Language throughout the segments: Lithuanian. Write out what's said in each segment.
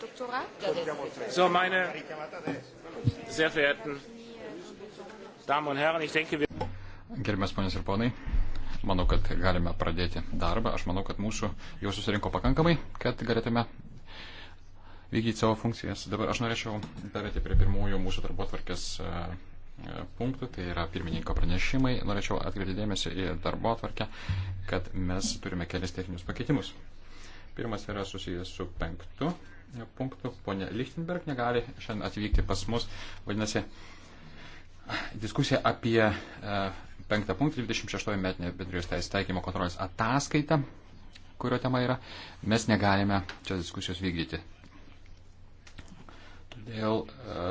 Dottorat? So, meine sehr verehrten Damen und Herren, ich denke, wir. Gerbiamas ponios ir ponai, manau, kad galime pradėti darbą. Aš manau, kad mūsų jau susirinko pakankamai, kad galėtume vykdyti savo funkcijas. Dabar aš norėčiau perėti prie pirmųjų mūsų darbo tvarkės e, e, punktų, tai yra pirmininko pranešimai. Norėčiau atkreipti dėmesį į darbo atvarkę, kad mes turime kelias techninius pakeitimus. Pirmas yra susijęs su penktu punktų. Pone Lichtenberg negali šiandien atvykti pas mus. Vadinasi, diskusija apie e, penktą punktą 26 metinę bendrijos teisės taikymo kontrolės ataskaitą, kurio tema yra, mes negalime čia diskusijos vykdyti. Todėl e,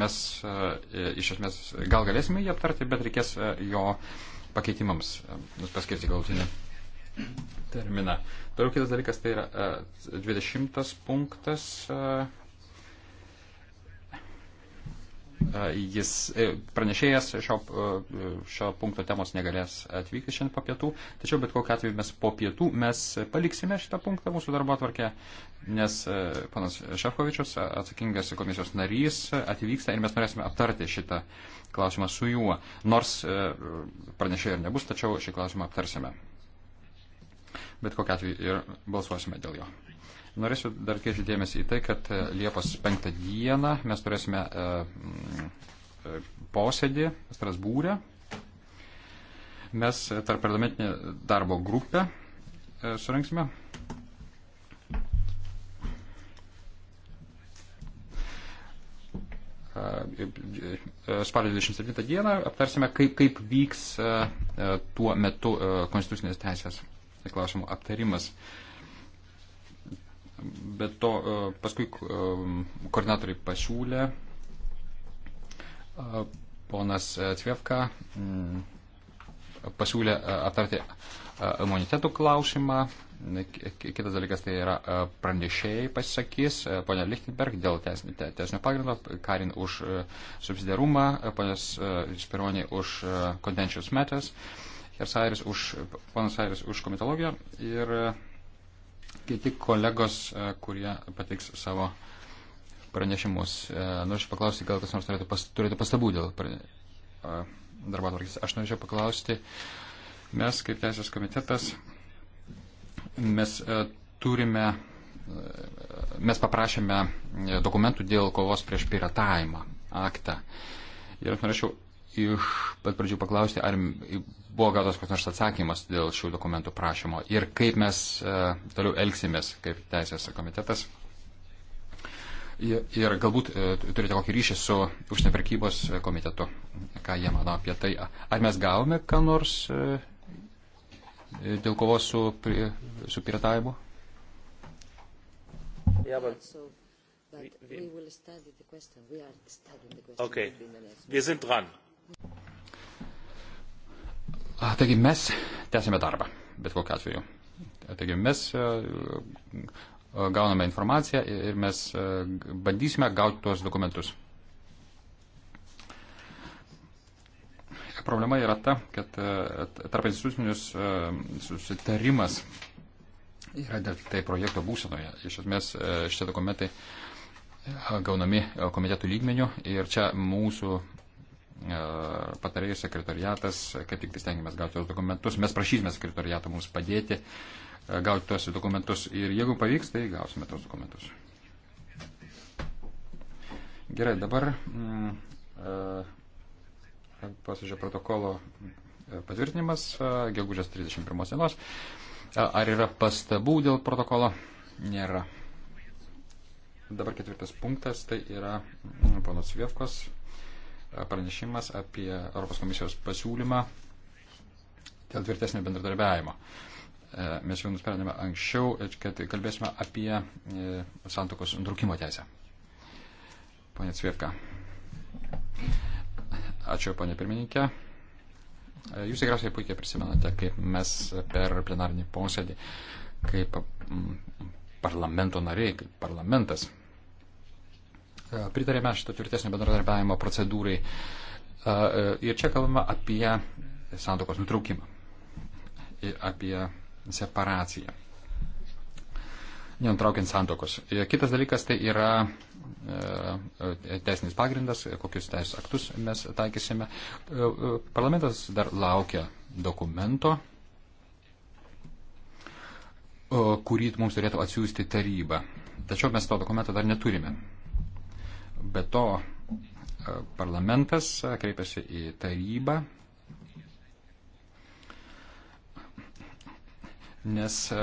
mes e, iš esmės gal galėsime jį aptarti, bet reikės jo pakeitimams paskirti galutinį terminą. Toliau kitas dalykas tai yra 20 e, punktas. E, e, jis pranešėjas šio, šio punkto temos negalės atvykti šiandien po pietų, tačiau bet kokiu atveju mes po pietų mes paliksime šitą punktą mūsų darbo atvarkę, nes panas Šefkovičius, atsakingas komisijos narys, atvyksta ir mes norėsime aptarti šitą klausimą su juo. Nors pranešėjo ir nebus, tačiau šį klausimą aptarsime. Bet kokia atveju ir balsuosime dėl jo. Norėčiau dar kreipti dėmesį į tai, kad e, Liepos 5 dieną mes turėsime e, e, posėdį Strasbūrė. Mes tarp parlamentinę darbo grupę surinksime. Spalio 27 dieną aptarsime, kaip, kaip vyks tuo metu konstitucinės teisės Tai klausimų aptarimas. Bet to e, paskui e, koordinatoriai pasiūlė e, ponas Cvievka mm, pasiūlė aptarti imunitetų klausimą. Kitas dalykas tai yra pranešėjai pasisakys, ponia Lichtenberg dėl teisinio pagrindo, Karin už subsidiarumą, ponas Spironė už contentions matters. Uh, ir Sairis už, panas Sairis už komitologiją ir e, kiti kolegos, e, kurie pateiks savo pranešimus. E, norėčiau paklausti, gal kas nors turėtų, pas, turėtų pastabų dėl darbo atvarkės. Aš norėčiau paklausti, mes kaip teisės komitetas, mes turime, mes paprašėme dokumentų dėl kovos prieš piratavimą aktą. Ir aš norėčiau iš pat pradžių paklausti, ar buvo gautas koks nors atsakymas dėl šių dokumentų prašymo ir kaip mes e, toliau elgsimės kaip Teisės komitetas. Ir galbūt e, turite kokį ryšį su užsienio prekybos komitetu, ką jie mano apie tai. Ar mes gavome ką nors e, dėl kovos su, su piratavimu? Ja, bet... Okay. Wir sind dran. Ah, taigi mes tęsime darbą, bet kokiu atveju. Taigi mes e, e, gauname informaciją ir mes e, bandysime gauti tuos dokumentus. Problema yra ta, kad tarp institucinius susitarimas yra dėl tai projekto būsenoje. Iš esmės šitie dokumentai gaunami komitetų lygmenių ir čia mūsų E, patarėjų sekretariatas, kaip tik tai stengiamės gauti tos dokumentus, mes prašysime sekretariato mums padėti e, gauti tos dokumentus ir jeigu pavyks, tai gausime tos dokumentus. Gerai, dabar mm, e, posėdžio protokolo patvirtinimas gegužės 31 dienos. Ar yra pastabų dėl protokolo? Nėra. Dabar ketvirtas punktas, tai yra mm, ponos Vievkos pranešimas apie Europos komisijos pasiūlymą dėl tvirtesnio bendradarbiavimo. E, mes jau nusprendėme anksčiau, e, kad kalbėsime apie e, santokos nutraukimo teisę. Pane Cvirka. Ačiū, pane pirmininkė. Jūs tikriausiai puikiai prisimenate, kaip mes per plenarinį posėdį, kaip mm, parlamento nariai, kaip parlamentas E, pritarėme šito tvirtesnio bendradarbiavimo procedūrai. E, e, ir čia kalbama apie santokos nutraukimą ir apie separaciją. Nenutraukiant santokos. Kitas dalykas tai yra teisinis pagrindas, kokius teisės aktus mes taikysime. Parlamentas dar laukia dokumento, kurį mums turėtų atsiųsti taryba. Tačiau mes to dokumento dar neturime. Be to, e, parlamentas e, kreipiasi į tarybą, nes e,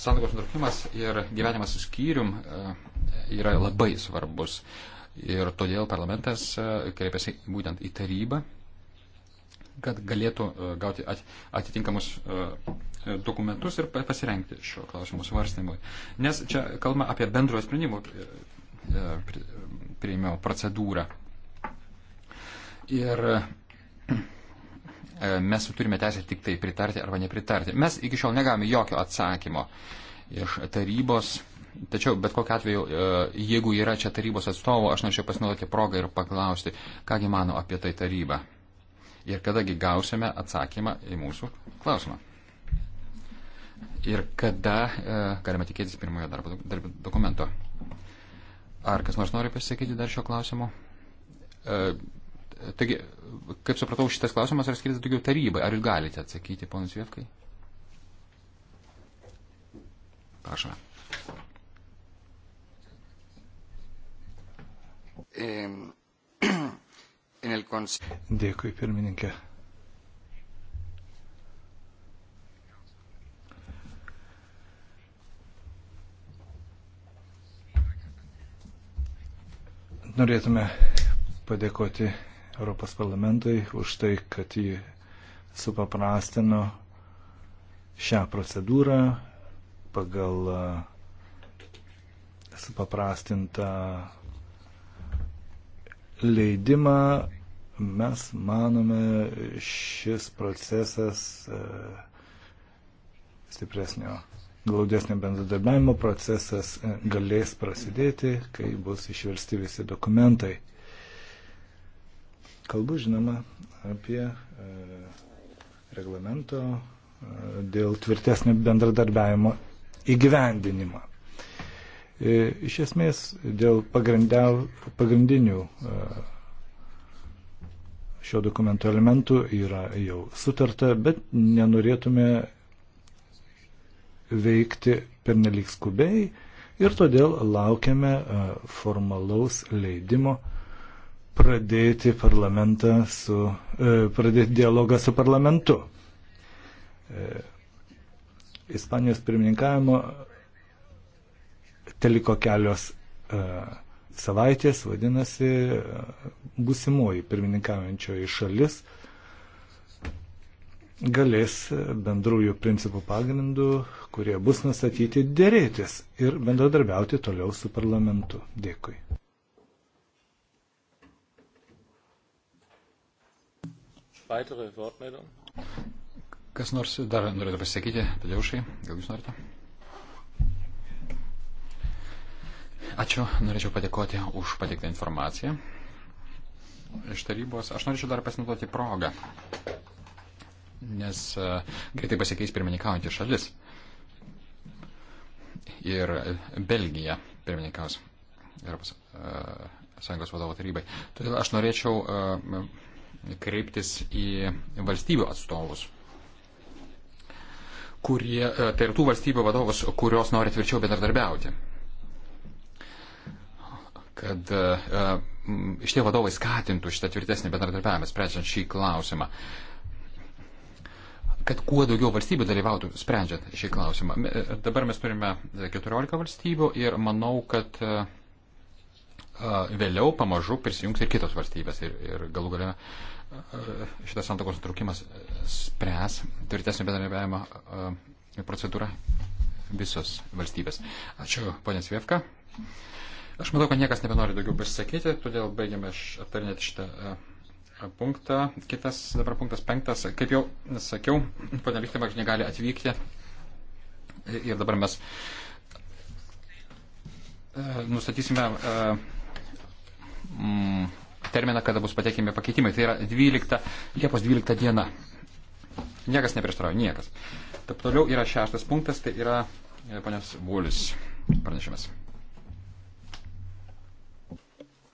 santokos nutraukimas ir gyvenimas skyrium yra labai svarbus. Ir todėl parlamentas kreipiasi būtent į tarybą, kad galėtų gauti atitinkamus dokumentus ir pasirengti šio klausimų svarstymui. Nes čia kalba apie bendrojo sprendimo prieimimo procedūrą. Ir e, mes turime teisę tik tai pritarti arba nepritarti. Mes iki šiol negavome jokio atsakymo iš tarybos. Tačiau, bet kokiu atveju, e, jeigu yra čia tarybos atstovo, aš norėčiau pasinaudoti progą ir paklausti, kągi mano apie tai taryba. Ir kadagi gausime atsakymą į mūsų klausimą. Ir kada e, galime tikėtis pirmojo darbo dokumento. Ar kas nors nori pasakyti dar šio klausimu? E, taigi, kaip supratau, šitas klausimas yra skirtas daugiau tarybai. Ar jūs galite atsakyti, ponas Vievkai? Prašome. Dėkui, pirmininkė. Norėtume padėkoti Europos parlamentui už tai, kad jį supaprastino šią procedūrą pagal supaprastintą leidimą. Mes manome, šis procesas stipresnio glaudesnio bendradarbiavimo procesas e, galės prasidėti, kai bus išversti visi dokumentai. Kalbu, žinoma, apie e, reglamento e, dėl tvirtesnio bendradarbiavimo įgyvendinimą. E, iš esmės, dėl pagrindinių e, šio dokumento elementų yra jau sutarta, bet nenorėtume veikti pernelyg skubiai ir todėl laukiame e, formalaus leidimo pradėti, su, e, pradėti dialogą su parlamentu. E, Ispanijos pirmininkavimo teliko kelios savaitės, vadinasi, būsimoji pirmininkaujančioji šalis galės bendrųjų principų pagrindų, kurie bus nustatyti, dėrėtis ir bendradarbiauti toliau su parlamentu. Dėkui. Kas nors dar norėtų pasakyti, Tadeušai, gal jūs norite? Ačiū, norėčiau padėkoti už pateiktą informaciją iš tarybos. Aš norėčiau dar pasinaudoti progą nes greitai pasikeis pirmininkaujantys šalis. Ir Belgija pirmininkaus Europos e, Sąjungos vadovo tarybai. Todėl aš norėčiau e, kreiptis į valstybių atstovus kurie, e, tai ir tų valstybių vadovus, kurios nori tvirčiau bendradarbiauti. Kad uh, šitie vadovai skatintų šitą tvirtesnį bendradarbiavimą, sprendžiant šį klausimą. Uh, kad kuo daugiau valstybių dalyvautų sprendžiant šį klausimą. E, dabar mes turime 14 valstybių ir manau, kad e, vėliau pamažu prisijungs ir kitos valstybės ir, ir galų galia šitas santokos nutraukimas e, spręs tvirtesnį bendradarbiavimo procedūrą visos valstybės. Ačiū, ponė Svievka. Aš manau, kad niekas nebenori daugiau pasisakyti, todėl baigiame aptarinėti šitą. Uh, punktą. Kitas dabar punktas penktas. Kaip jau sakiau, ponia Lichtenberg negali atvykti. Ir dabar mes e, nustatysime e, terminą, kada bus pateikimi pakeitimai. Tai yra 12, Liepos 12 diena. Niekas neprieštarauja, niekas. Taip toliau yra šeštas punktas, tai yra e, ponios Vulis pranešimas.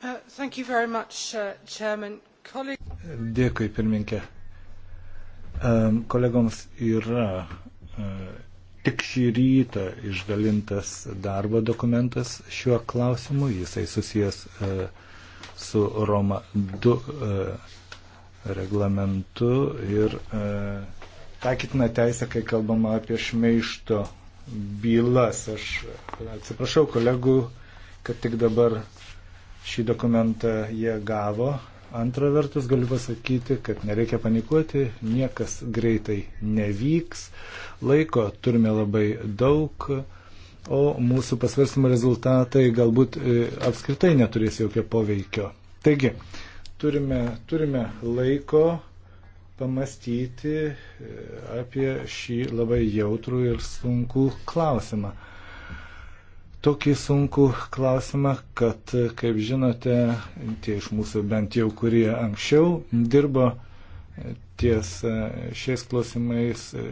Uh, much, uh, Dėkui, pirminkė. Kolegoms yra e, tik šį rytą išdalintas darbo dokumentas šiuo klausimu. Jisai susijęs e, su Roma 2 e, reglamentu ir taikytina teisė, kai kalbama apie šmeišto bylas. Aš atsiprašau kolegų, kad tik dabar šį dokumentą jie gavo Antra vertus galiu pasakyti, kad nereikia panikuoti, niekas greitai nevyks, laiko turime labai daug, o mūsų pasvarstymo rezultatai galbūt e, apskritai neturės jokio poveikio. Taigi, turime, turime laiko pamastyti e, apie šį labai jautrų ir sunkų klausimą tokį sunkų klausimą, kad, kaip žinote, tie iš mūsų bent jau, kurie anksčiau dirbo ties e, šiais klausimais, e,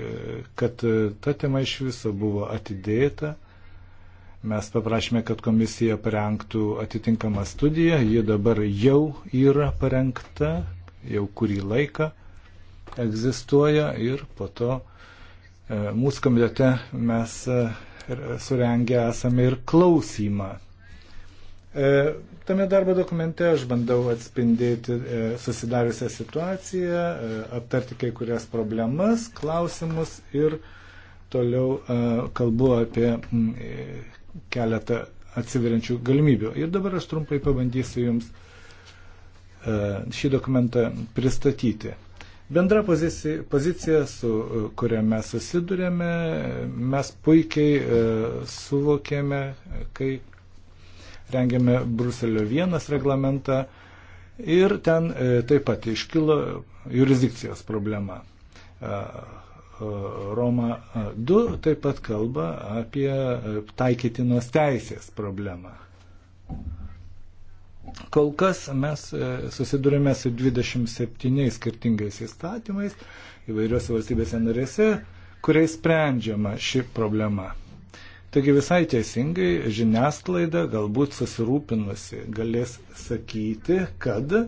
kad e, ta tema iš viso buvo atidėta. Mes paprašėme, kad komisija parengtų atitinkamą studiją, ji dabar jau yra parengta, jau kurį laiką egzistuoja ir po to mūsų komitete mes surengę esame ir klausimą. E, tame darbo dokumente aš bandau atspindėti e, susidariusią situaciją, e, aptarti kai kurias problemas, klausimus ir toliau kalbu apie keletą atsiveriančių galimybių. Ir dabar aš trumpai pabandysiu Jums šį dokumentą pristatyti. Bendra pozicija, pozicija su kuria mes susidurėme, mes puikiai e, suvokėme, kai rengėme Bruselio vienas reglamentą ir ten e, taip pat iškilo jurisdikcijos problema. E, Roma 2 taip pat kalba apie taikytinos teisės problemą. Kol kas mes e, susidurime su 27 skirtingais įstatymais įvairiuose valstybėse narėse, kuriais sprendžiama ši problema. Taigi visai teisingai žiniasklaida galbūt susirūpinusi galės sakyti, kad e,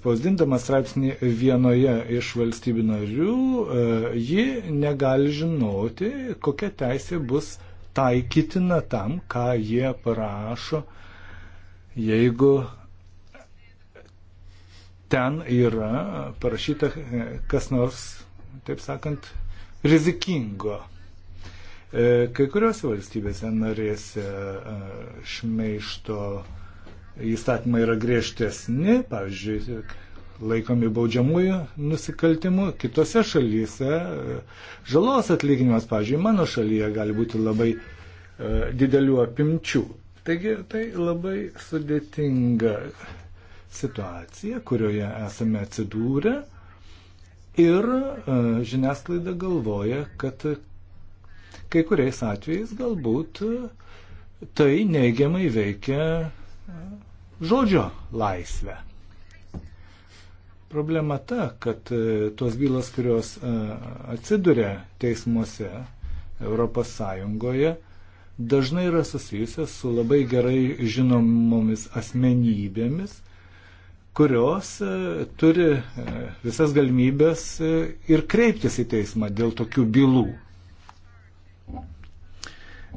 spausdindamas straipsnį vienoje iš valstybių narių, e, ji negali žinoti, kokia teisė bus taikytina tam, ką jie parašo jeigu ten yra parašyta e, kas nors, taip sakant, rizikingo. E, kai kuriuose valstybėse narėse e, šmeišto įstatymai yra griežtesni, pavyzdžiui, laikomi baudžiamųjų nusikaltimų, kitose šalyse žalos atlyginimas, pavyzdžiui, mano šalyje gali būti labai didelių apimčių. Taigi tai labai sudėtinga situacija, kurioje esame atsidūrę ir e, žiniasklaida galvoja, kad kai kuriais atvejais galbūt tai neigiamai veikia e, žodžio laisvę. Problema ta, kad e, tos bylos, kurios atsiduria teismuose Europos Sąjungoje, dažnai yra susijusios su labai gerai žinomomis asmenybėmis, kurios e, turi e, visas galimybės e, ir kreiptis į teismą dėl tokių bylų.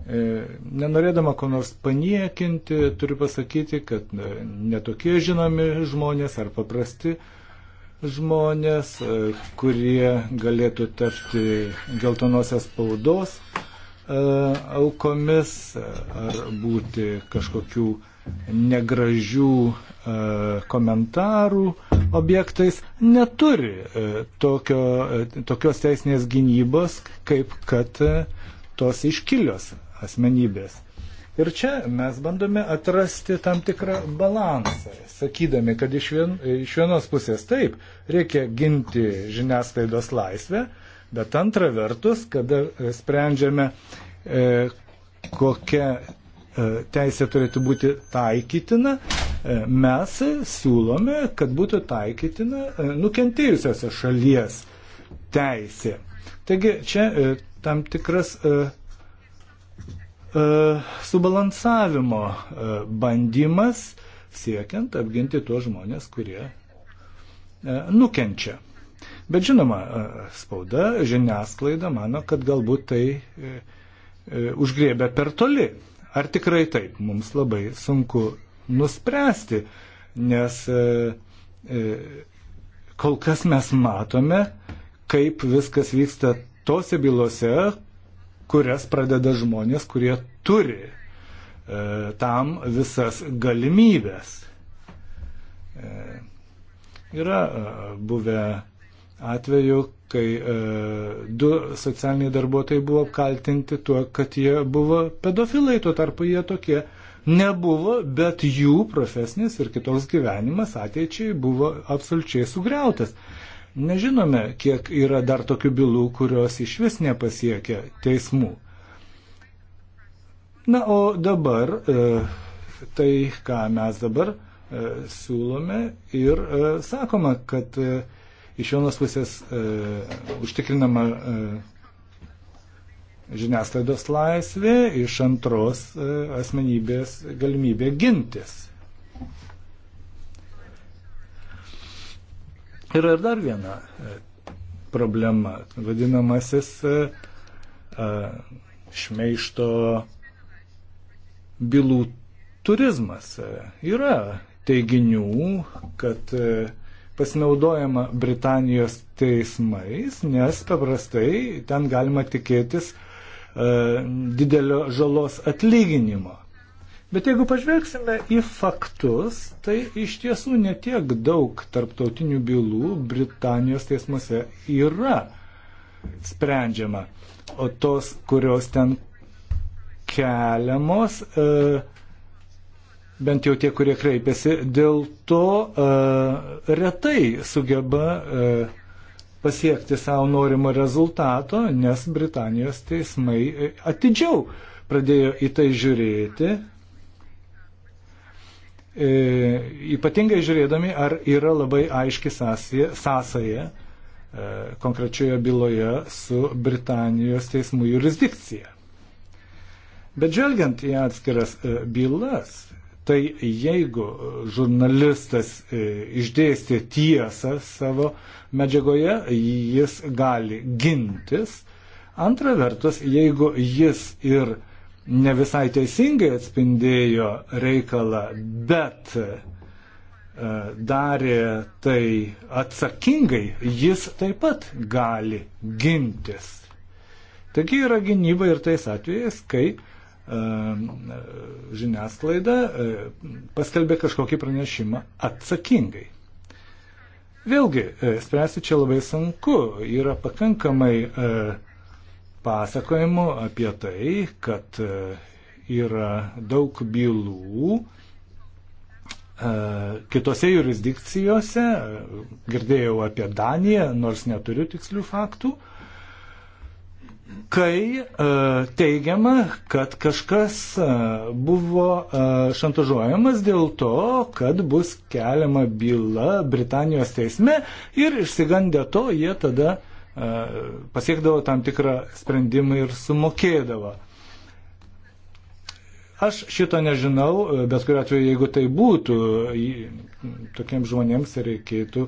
Nenorėdama ko nors paniekinti, turiu pasakyti, kad netokie žinomi žmonės ar paprasti žmonės, kurie galėtų tapti geltonosios spaudos E, aukomis, e, ar būti kažkokių negražių e, komentarų objektais, neturi tokio, tokios teisinės gynybos, kaip kad tos iškilios asmenybės. Ir čia mes bandome atrasti tam tikrą balansą, sakydami, kad iš, vien, iš vienos pusės taip, reikia ginti žiniasklaidos laisvę, Bet antra vertus, kada e, sprendžiame, e, kokia e, teisė turėtų būti taikytina, mes siūlome, kad būtų taikytina nukentėjusiose šalies teisė. Taigi čia tam tikras subalansavimo bandymas siekiant apginti tuos žmonės, kurie nukenčia. Bet žinoma, e, spauda, žiniasklaida mano, kad galbūt tai e, e, užgrėbė per toli. Ar tikrai taip? Mums labai sunku nuspręsti, nes kol kas mes matome, kaip viskas vyksta tose bylose, kurias pradeda žmonės, kurie turi e, tam visas galimybės. E, yra e, buvę atveju, kai e, du socialiniai darbuotojai buvo apkaltinti tuo, kad jie buvo pedofilai, tuo tarpu jie tokie nebuvo, bet jų profesinis ir kitoks gyvenimas ateičiai buvo absoliučiai sugriautas. Nežinome, kiek yra dar tokių bylų, kurios iš vis nepasiekia teismų. Na, o dabar e, tai, ką mes dabar e, siūlome ir e, sakoma, kad e, Iš vienos pusės e, užtikrinama e, žiniasklaidos laisvė, iš antros e, asmenybės galimybė gintis. Yra ir dar viena e, problema, vadinamasis e, e, šmeišto bylų turizmas. Yra teiginių, kad pasinaudojama Britanijos teismais, nes paprastai ten galima tikėtis e, didelio žalos atlyginimo. Bet jeigu pažvelgsime į faktus, tai iš tiesų netiek daug tarptautinių bylų Britanijos teismuose yra sprendžiama, o tos, kurios ten keliamos, e, bent jau tie, kurie kreipiasi, dėl to uh, retai sugeba uh, pasiekti savo norimo rezultato, nes Britanijos teismai e, atidžiau pradėjo į tai žiūrėti, e, ypatingai žiūrėdami, ar yra labai aiški sąsaja, sąsaja e, konkrečioje byloje su Britanijos teismų jurisdikcija. Bet žvelgiant į atskiras bylas, Tai jeigu žurnalistas e, išdėstė tiesą savo medžiagoje, jis gali gintis. Antra vertus, jeigu jis ir ne visai teisingai atspindėjo reikalą, bet e, darė tai atsakingai, jis taip pat gali gintis. Taigi yra gynyba ir tais atvejais, kai žiniasklaida e, paskelbė kažkokį pranešimą atsakingai. Vėlgi, e, spręsti čia labai sunku, yra pakankamai e, pasakojimų apie tai, kad yra daug bylų kitose jurisdikcijose, girdėjau apie Daniją, nors neturiu tikslių faktų, kai e, teigiama, kad kažkas e, buvo e, šantažuojamas dėl to, kad bus keliama byla Britanijos teisme ir išsigandę to jie tada pasiekdavo tam tikrą sprendimą ir sumokėdavo. Aš šito nežinau, bet kuriu atveju, jeigu tai būtų, tokiems žmonėms reikėtų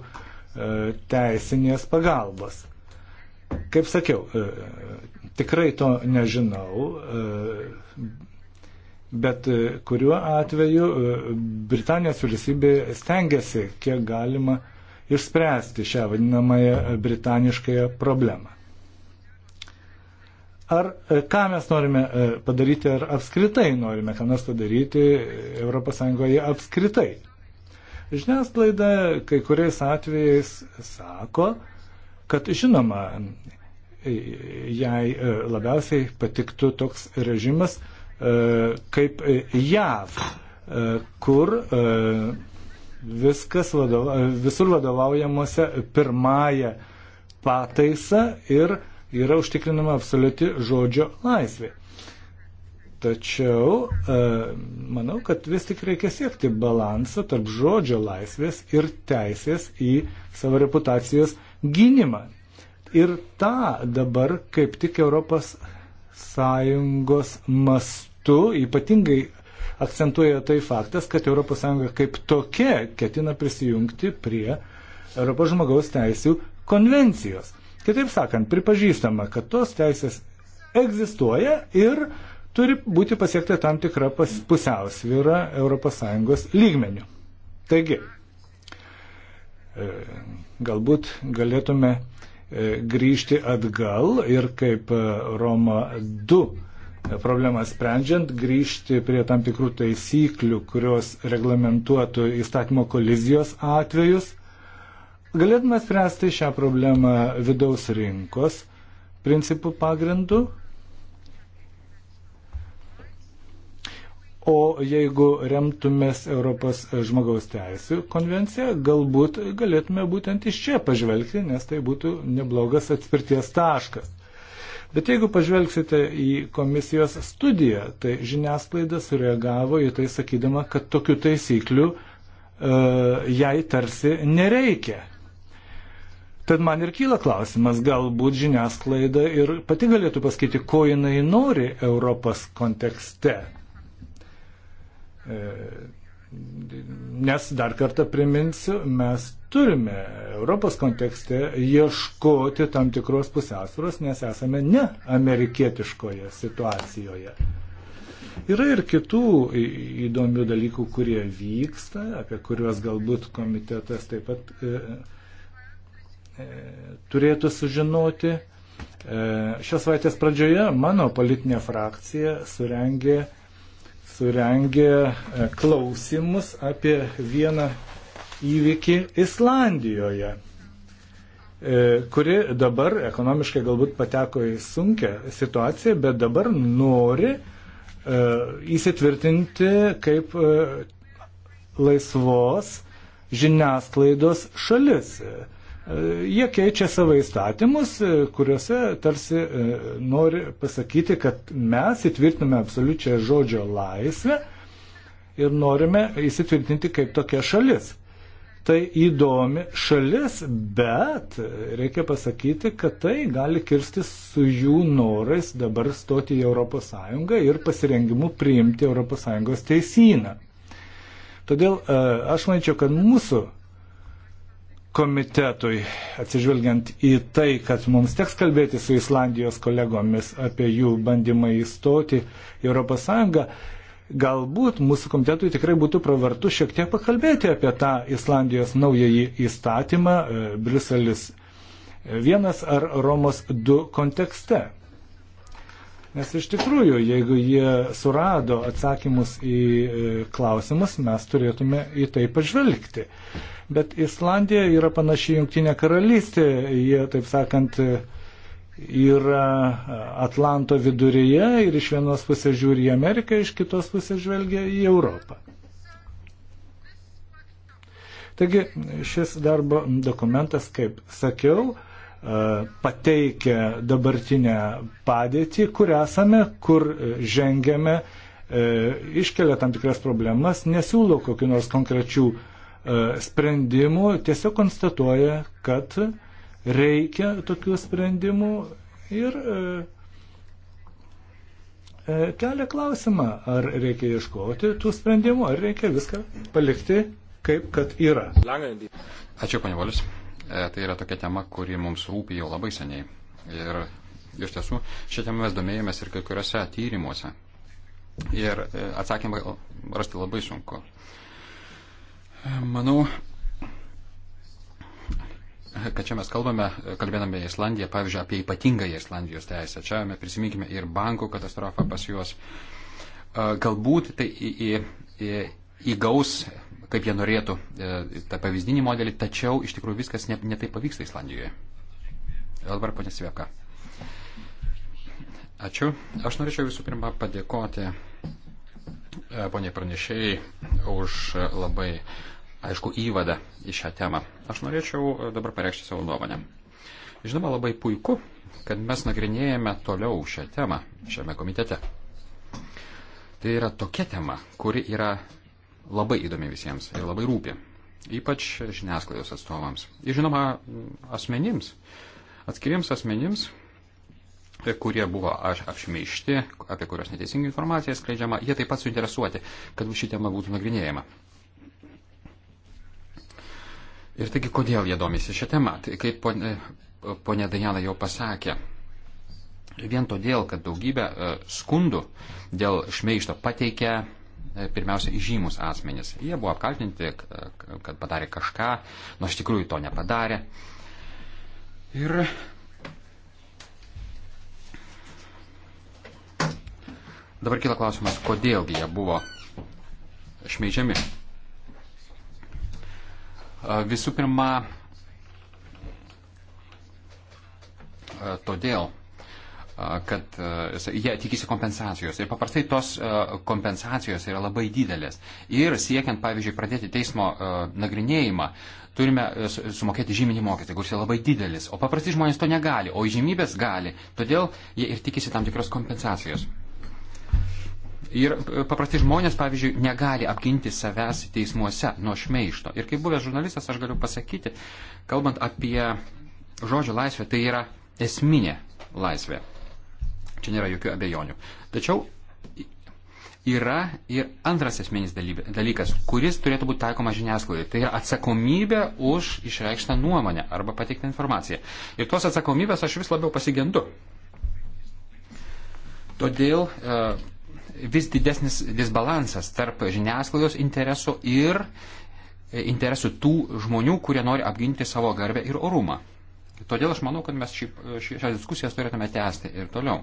teisinės pagalbos. Kaip sakiau, Tikrai to nežinau, e, bet kuriuo atveju e, Britanijos vyriausybė stengiasi, kiek galima, išspręsti šią vadinamąją britaniškąją problemą. Ar e, ką mes norime padaryti, ar apskritai norime ką nors padaryti ES apskritai? Žiniasklaida kai kuriais atvejais sako, kad žinoma, jai e, labiausiai patiktų toks režimas e, kaip JAV, e, kur viskas vadova, visur vadovaujamuose pirmąją pataisą ir yra užtikrinama absoliuti žodžio laisvė. Tačiau manau, kad vis tik reikia siekti balansą tarp žodžio laisvės ir teisės į savo reputacijos gynimą. Ir tą dabar kaip tik Europos Sąjungos mastu ypatingai akcentuoja tai faktas, kad ES kaip tokia ketina prisijungti prie Europos žmogaus teisų konvencijos. Kitaip sakant, pripažįstama, kad tos teisės egzistuoja ir turi būti pasiekta tam tikra pusiausvyra ES lygmenių. Taigi, e, galbūt galėtume E, grįžti atgal ir kaip e, Roma 2 e, problemą sprendžiant, grįžti prie tam tikrų taisyklių, kurios reglamentuotų įstatymo kolizijos atvejus. Galėtume spręsti šią problemą vidaus rinkos principų pagrindu, O jeigu remtumės Europos žmogaus teisų konvenciją, galbūt galėtume būtent iš čia pažvelgti, nes tai būtų neblogas atspirties taškas. Bet jeigu pažvelgsite į komisijos studiją, tai žiniasklaida sureagavo į tai sakydama, kad tokių taisyklių e, jai tarsi nereikia. Tad man ir kyla klausimas, galbūt žiniasklaida ir pati galėtų pasakyti, ko jinai nori Europos kontekste. E, nes dar kartą priminsiu, mes turime Europos kontekste ieškoti tam tikros pusiausvėros, nes esame ne amerikietiškoje situacijoje. Yra ir kitų įdomių dalykų, kurie vyksta, apie kuriuos galbūt komitetas taip pat e, e, turėtų sužinoti. E, šios savaitės pradžioje mano politinė frakcija surengė e, surengė e, klausimus apie vieną įvykį Islandijoje, e, kuri dabar ekonomiškai galbūt pateko į sunkę situaciją, bet dabar nori e, įsitvirtinti kaip laisvos žiniasklaidos šalis. Jie keičia savo įstatymus, e, kuriuose tarsi e, nori pasakyti, kad mes įtvirtiname absoliučią žodžio laisvę ir norime įsitvirtinti kaip tokia šalis. Tai įdomi šalis, bet reikia pasakyti, kad tai gali kirstis su jų norais dabar stoti į ES ir pasirengimu priimti ES teisyną. Todėl e, aš manyčiau, kad mūsų komitetui, atsižvelgiant į tai, kad mums teks kalbėti su Islandijos kolegomis apie jų bandymą įstoti į ES, galbūt mūsų komitetui tikrai būtų pravartu šiek tiek pakalbėti apie tą Islandijos naująjį įstatymą e, Briuselis vienas ar Romos du kontekste. Nes iš tikrųjų, jeigu jie surado atsakymus į e, klausimus, mes turėtume į tai pažvelgti. Bet Islandija yra panaši jungtinė karalystė, jie, taip sakant, yra Atlanto viduryje ir iš vienos pusės žiūri į Ameriką, iš kitos pusės žvelgia į Europą. Taigi šis darbo dokumentas, kaip sakiau, e, pateikia dabartinę padėtį, kur esame, kur žengėme, e, iškelia tam tikras problemas, nesiūlo kokiu nors konkrečių uh, E, sprendimų, tiesiog konstatuoja, kad reikia tokių sprendimų ir e, e, kelia klausimą, ar reikia ieškoti tų sprendimų, ar reikia viską palikti kaip kad yra. Ačiū, panė Valius. E, tai yra tokia tema, kuri mums rūpi jau labai seniai. Ir iš tiesų, šią temą mes domėjomės ir kai kuriuose tyrimuose. Ir atsakymą rasti labai sunku. Manau, kad čia mes kalbame, kalbėdami Islandiją, pavyzdžiui, apie ypatingąją Islandijos teisę. Čia mes prisiminkime ir bankų katastrofą pas juos. Galbūt tai į, į, įgaus, kaip jie norėtų, e, tą pavyzdinį modelį, tačiau iš tikrųjų viskas netai ne, ne pavyksta Islandijoje. Dabar ponė Sveka. Ačiū. Aš norėčiau visų pirma padėkoti E, poniai pranešėjai už labai aišku įvadą į šią temą. Aš norėčiau e, dabar pareikšti savo nuomonę. Žinoma, labai puiku, kad mes nagrinėjame toliau šią temą šiame komitete. Tai yra tokia tema, kuri yra labai įdomi visiems ir labai rūpi, ypač žiniasklaidos atstovams. Ir žinoma, asmenims, atskiriems asmenims, kurie buvo apšmeišti, apie kurios neteisinga informacija skleidžiama, jie taip pat suinteresuoti, kad ši tema būtų nagrinėjama. Ir taigi, kodėl jie domysi šią temą? Tai kaip ponė, ponė Dajana jau pasakė, vien todėl, kad daugybę e, skundų dėl šmeišto pateikė e, pirmiausia žymus asmenys. Jie buvo apkaltinti, kad padarė kažką, nors iš tikrųjų to nepadarė. Ir Dabar kila klausimas, kodėlgi jie buvo šmeižiami. Visų pirma, todėl, kad jie tikisi kompensacijos. Ir paprastai tos kompensacijos yra labai didelės. Ir siekiant, pavyzdžiui, pradėti teismo nagrinėjimą, turime sumokėti žyminį mokestį, kuris yra labai didelis. O paprasti žmonės to negali, o žymybės gali. Todėl jie ir tikisi tam tikros kompensacijos. Ir e, paprasti žmonės, pavyzdžiui, negali apginti savęs teismuose nuo šmeišto. Ir kaip buvęs žurnalistas, aš galiu pasakyti, kalbant apie žodžio laisvę, tai yra esminė laisvė. Čia nėra jokių abejonių. Tačiau yra ir antras esminis dalykas, kuris turėtų būti taikoma žiniasklaidai. Tai yra atsakomybė už išreikštą nuomonę arba pateiktą informaciją. Ir tos atsakomybės aš vis labiau pasigendu. Todėl e, vis didesnis disbalansas tarp žiniasklaidos interesų ir e, interesų tų žmonių, kurie nori apginti savo garbę ir orumą. Todėl aš manau, kad mes šį, šią diskusiją turėtume tęsti ir toliau.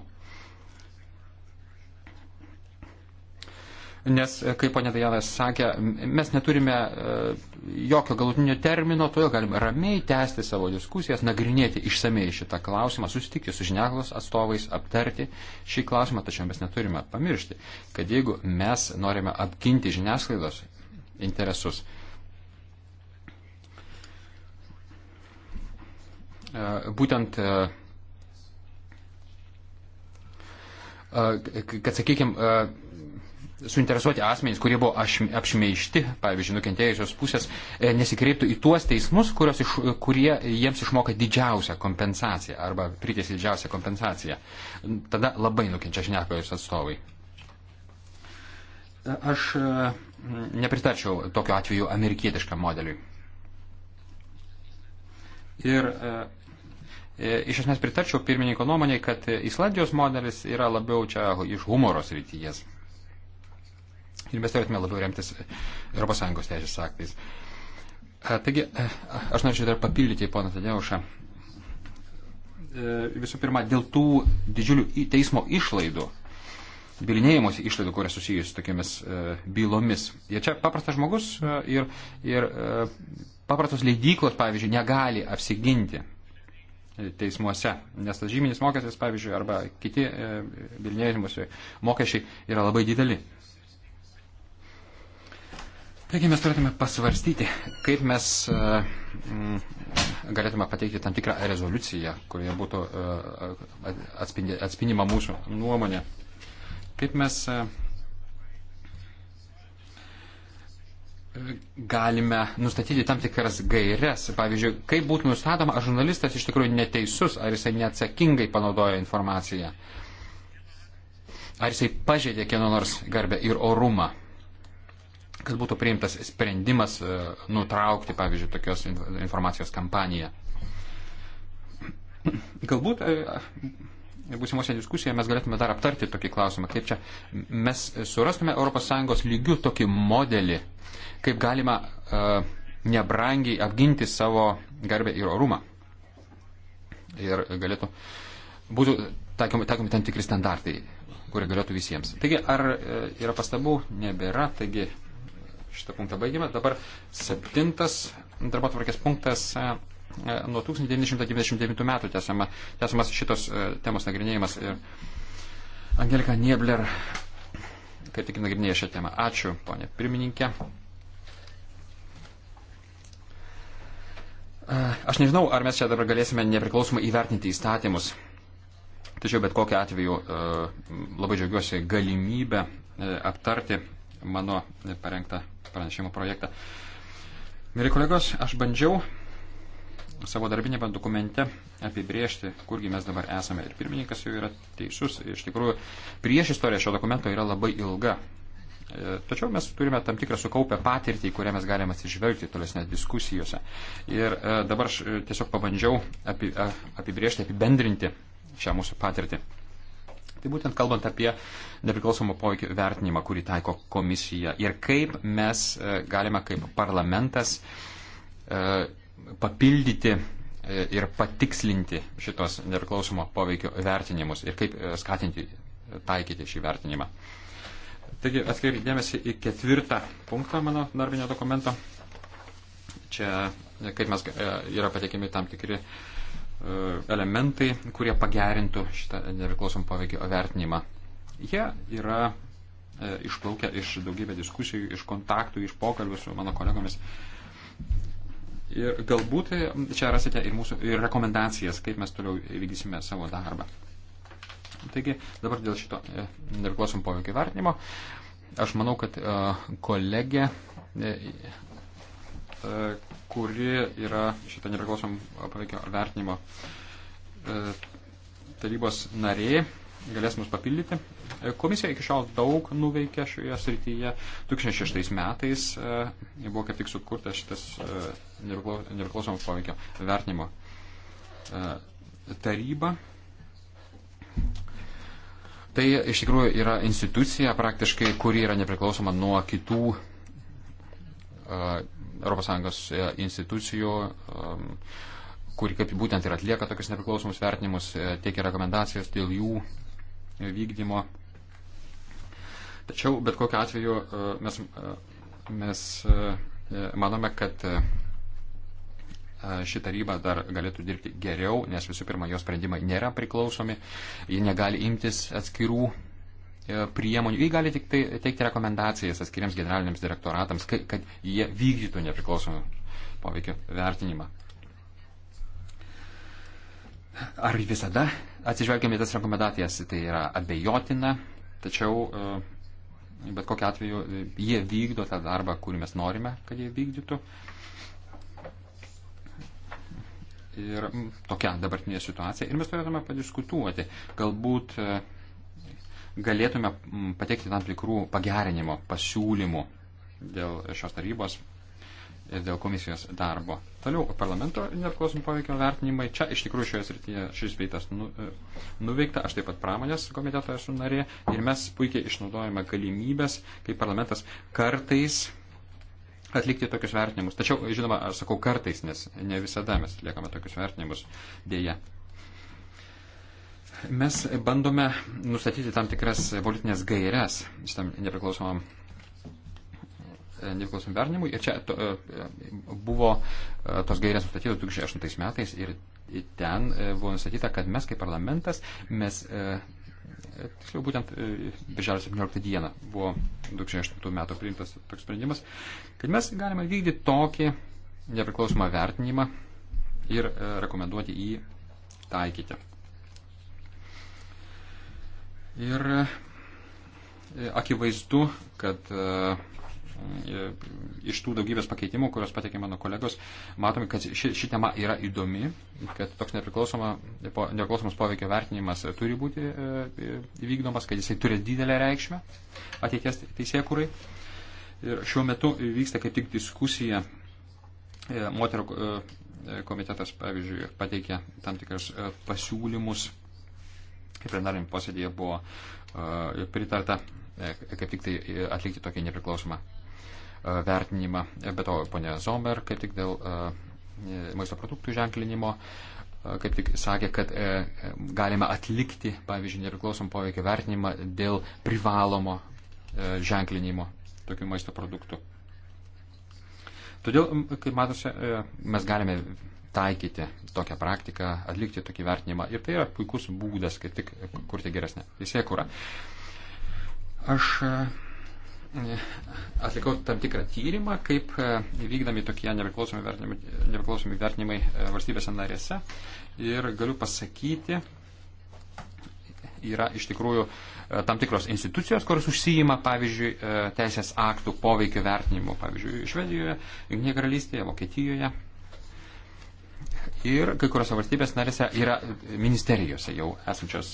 Nes, e, kaip ponė Dajanas sakė, mes neturime e, jokio galutinio termino, todėl galime ramiai tęsti savo diskusijas, nagrinėti išsamei šitą klausimą, susitikti su žiniaklos atstovais, aptarti šį klausimą, tačiau mes neturime pamiršti, kad jeigu mes norime apginti žiniasklaidos interesus, e, būtent kad, sakykime, suinteresuoti asmenys, kurie buvo apšmeišti, pavyzdžiui, nukentėjusios pusės, e, nesikreiptų į tuos teismus, iš, kurie jiems išmoka didžiausią kompensaciją arba priteisė didžiausią kompensaciją. Tada labai nukenčia žiniasklaidos atstovai. E, aš e, nepritarčiau tokiu atveju amerikietiškam modeliui. Ir Iš esmės pritarčiau pirmininko nuomonėje, kad Islandijos modelis yra labiau čia iš humoros rytyjas. Ir mes turėtume labiau remtis ES teisės aktais. Taigi, aš norėčiau dar papildyti poną Tadeušą. E, visų pirma, dėl tų didžiulių teismo išlaidų, bilinėjimosi išlaidų, kurias susijusi su tokiamis e, bylomis. Ir čia paprastas žmogus e, ir, ir paprastos leidyklos, pavyzdžiui, negali apsiginti teismuose, nes tas žyminis mokestis, pavyzdžiui, arba kiti bilinėjimuose mokesčiai yra labai dideli. Taigi mes turėtume pasvarstyti, kaip mes e, mm, galėtume pateikti tam tikrą rezoliuciją, kurioje būtų e, atspindima mūsų nuomonė. Kaip mes e, galime nustatyti tam tikras gairias. Pavyzdžiui, kaip būtų nustatoma, ar žurnalistas iš tikrųjų neteisus, ar jisai neatsakingai panaudojo informaciją, ar jisai pažeidė kieno nors garbę ir orumą kad būtų priimtas sprendimas e, nutraukti, pavyzdžiui, tokios informacijos kampaniją. Galbūt e, e, būsimuose diskusijoje mes galėtume dar aptarti tokį klausimą, kaip čia mes surastume ES lygių tokį modelį, kaip galima uh, nebrangiai apginti savo garbę ir orumą. Ir galėtų būtų taikomi, taikomi tam tikri standartai, kurie galėtų visiems. Taigi, ar yra pastabų? Nebėra. Taigi, šitą punktą baigėme. Dabar septintas darbo tvarkės punktas e, e, nuo 1999 metų tęsiama, tęsiamas šitos e, temos nagrinėjimas. Ir Angelika Niebler kaip tik nagrinėja šią temą. Ačiū, ponė pirmininkė. Aš nežinau, ar mes čia dabar galėsime nepriklausomai įvertinti įstatymus. Tačiau bet kokiu atveju labai džiaugiuosi galimybę aptarti mano parengtą pranešimo projektą. Mėly kolegos, aš bandžiau savo darbinėme dokumente apibriežti, kurgi mes dabar esame. Ir pirmininkas jau yra teisus. Iš tikrųjų, prieš istoriją šio dokumento yra labai ilga. E, tačiau mes turime tam tikrą sukaupę patirtį, kurią mes galime atsižvelgti tolesnės diskusijose. Ir e, dabar aš e, tiesiog pabandžiau apibriežti, apibendrinti šią mūsų patirtį. Tai būtent kalbant apie nepriklausomą poveikio vertinimą, kurį taiko komisija ir kaip mes e, galime kaip parlamentas e, papildyti e, ir patikslinti šitos nepriklausomo poveikio vertinimus ir kaip skatinti taikyti šį vertinimą. Taigi atkreipkite dėmesį į ketvirtą punktą mano darbinio dokumento. Čia, kaip mes yra patikimi tam tikri uh, E, elementai, kurie pagerintų šitą nepriklausomą poveikį vertinimą. Jie yra e, išplaukę iš daugybę diskusijų, iš kontaktų, iš pokalbių su mano kolegomis. Ir galbūt e, čia rasite ir mūsų ir rekomendacijas, kaip mes toliau vykdysime savo darbą. Taigi dabar dėl šito nepriklausom poveikio vertinimo. Aš manau, kad kolegė E, kuri yra šitą nepriklausomą poveikio vertinimo e, tarybos narė, galės mus papildyti. E, komisija iki šiol daug nuveikė šioje srityje. 2006 metais buvo kaip tik sukurtas šitas nepriklausomą poveikio vertinimo taryba. Tai iš tikrųjų yra institucija praktiškai, kuri yra nepriklausoma nuo kitų ES e, institucijų, um, kuri kaip būtent ir atlieka tokius nepriklausomus vertinimus, e, teikia rekomendacijas dėl jų vykdymo. Tačiau bet kokiu atveju e, mes, mes manome, kad ši taryba dar galėtų dirbti geriau, nes visų pirma, jos sprendimai nėra priklausomi, ji negali imtis atskirų E, priemonių. Jis gali tik tai, teikti rekomendacijas atskiriams generaliniams direktoratams, kad jie vykdytų nepriklausomą poveikio vertinimą. Ar visada atsižvelgiame į tas rekomendacijas, tai yra abejotina, tačiau e, bet kokiu atveju e, jie vykdo tą darbą, kurį mes norime, kad jie vykdytų. Ir tokia dabartinė situacija. Ir mes turėtume padiskutuoti. Galbūt galėtume mm, pateikti tam tikrų pagerinimo pasiūlymų dėl šios tarybos ir dėl komisijos darbo. Toliau parlamento nepriklausomų poveikio vertinimai. Čia iš tikrųjų šioje srityje šis veitas nu, e, nuveikta. Aš taip pat pramonės komiteto esu narė ir mes puikiai išnaudojame galimybės, kaip parlamentas kartais atlikti tokius vertinimus. Tačiau, žinoma, aš sakau kartais, nes ne visada mes atliekame tokius vertinimus dėje. Mes bandome nustatyti tam tikras politinės gairias šitam nepriklausomam e, nepriklausomam vertinimui. Ir čia to, e, buvo e, tos gairės nustatytos 2008 metais ir ten buvo nustatyta, kad mes kaip parlamentas, mes, tiksliau būtent birželio 17 dieną buvo 2008 metų priimtas toks sprendimas, kad mes galime vykdyti tokį nepriklausomą vertinimą ir rekomenduoti jį taikyti. Ir e, akivaizdu, kad e, e, iš tų daugybės pakeitimų, kurios pateikė mano kolegos, matome, kad ši, ši tema yra įdomi, kad toks nepriklausomas poveikio vertinimas turi būti vykdomas, kad jisai turi didelę reikšmę ateities teisėkūrai. Ir šiuo metu vyksta kaip tik diskusija. Moterų komitetas, pavyzdžiui, pateikė tam tikras pasiūlymus plenarinėme posėdėje buvo e, pritarta e, kaip tik tai atlikti tokį nepriklausomą e, vertinimą. Be to, ponė Zomer, kaip tik dėl maisto produktų ženklinimo, kaip tik sakė, kad galime atlikti, pavyzdžiui, nepriklausomą poveikį vertinimą dėl privalomo ženklinimo tokių maisto produktų. Todėl, kaip matosi, mes galime taikyti tokią praktiką, atlikti tokį vertinimą. Ir tai yra puikus būdas, kaip tik kurti geresnę teisėkurą. Aš e, atlikau tam tikrą tyrimą, kaip e, vykdami tokie nepriklausomi vertinimai, nepriklausomi vertinimai e, valstybėse narėse. Ir galiu pasakyti, yra iš tikrųjų tam tikros institucijos, kurios užsijima, pavyzdžiui, teisės aktų poveikio vertinimu, pavyzdžiui, Švedijoje, Junktinėje karalystėje, Vokietijoje, ir kai kuriuose valstybės narėse yra ministerijose jau esančios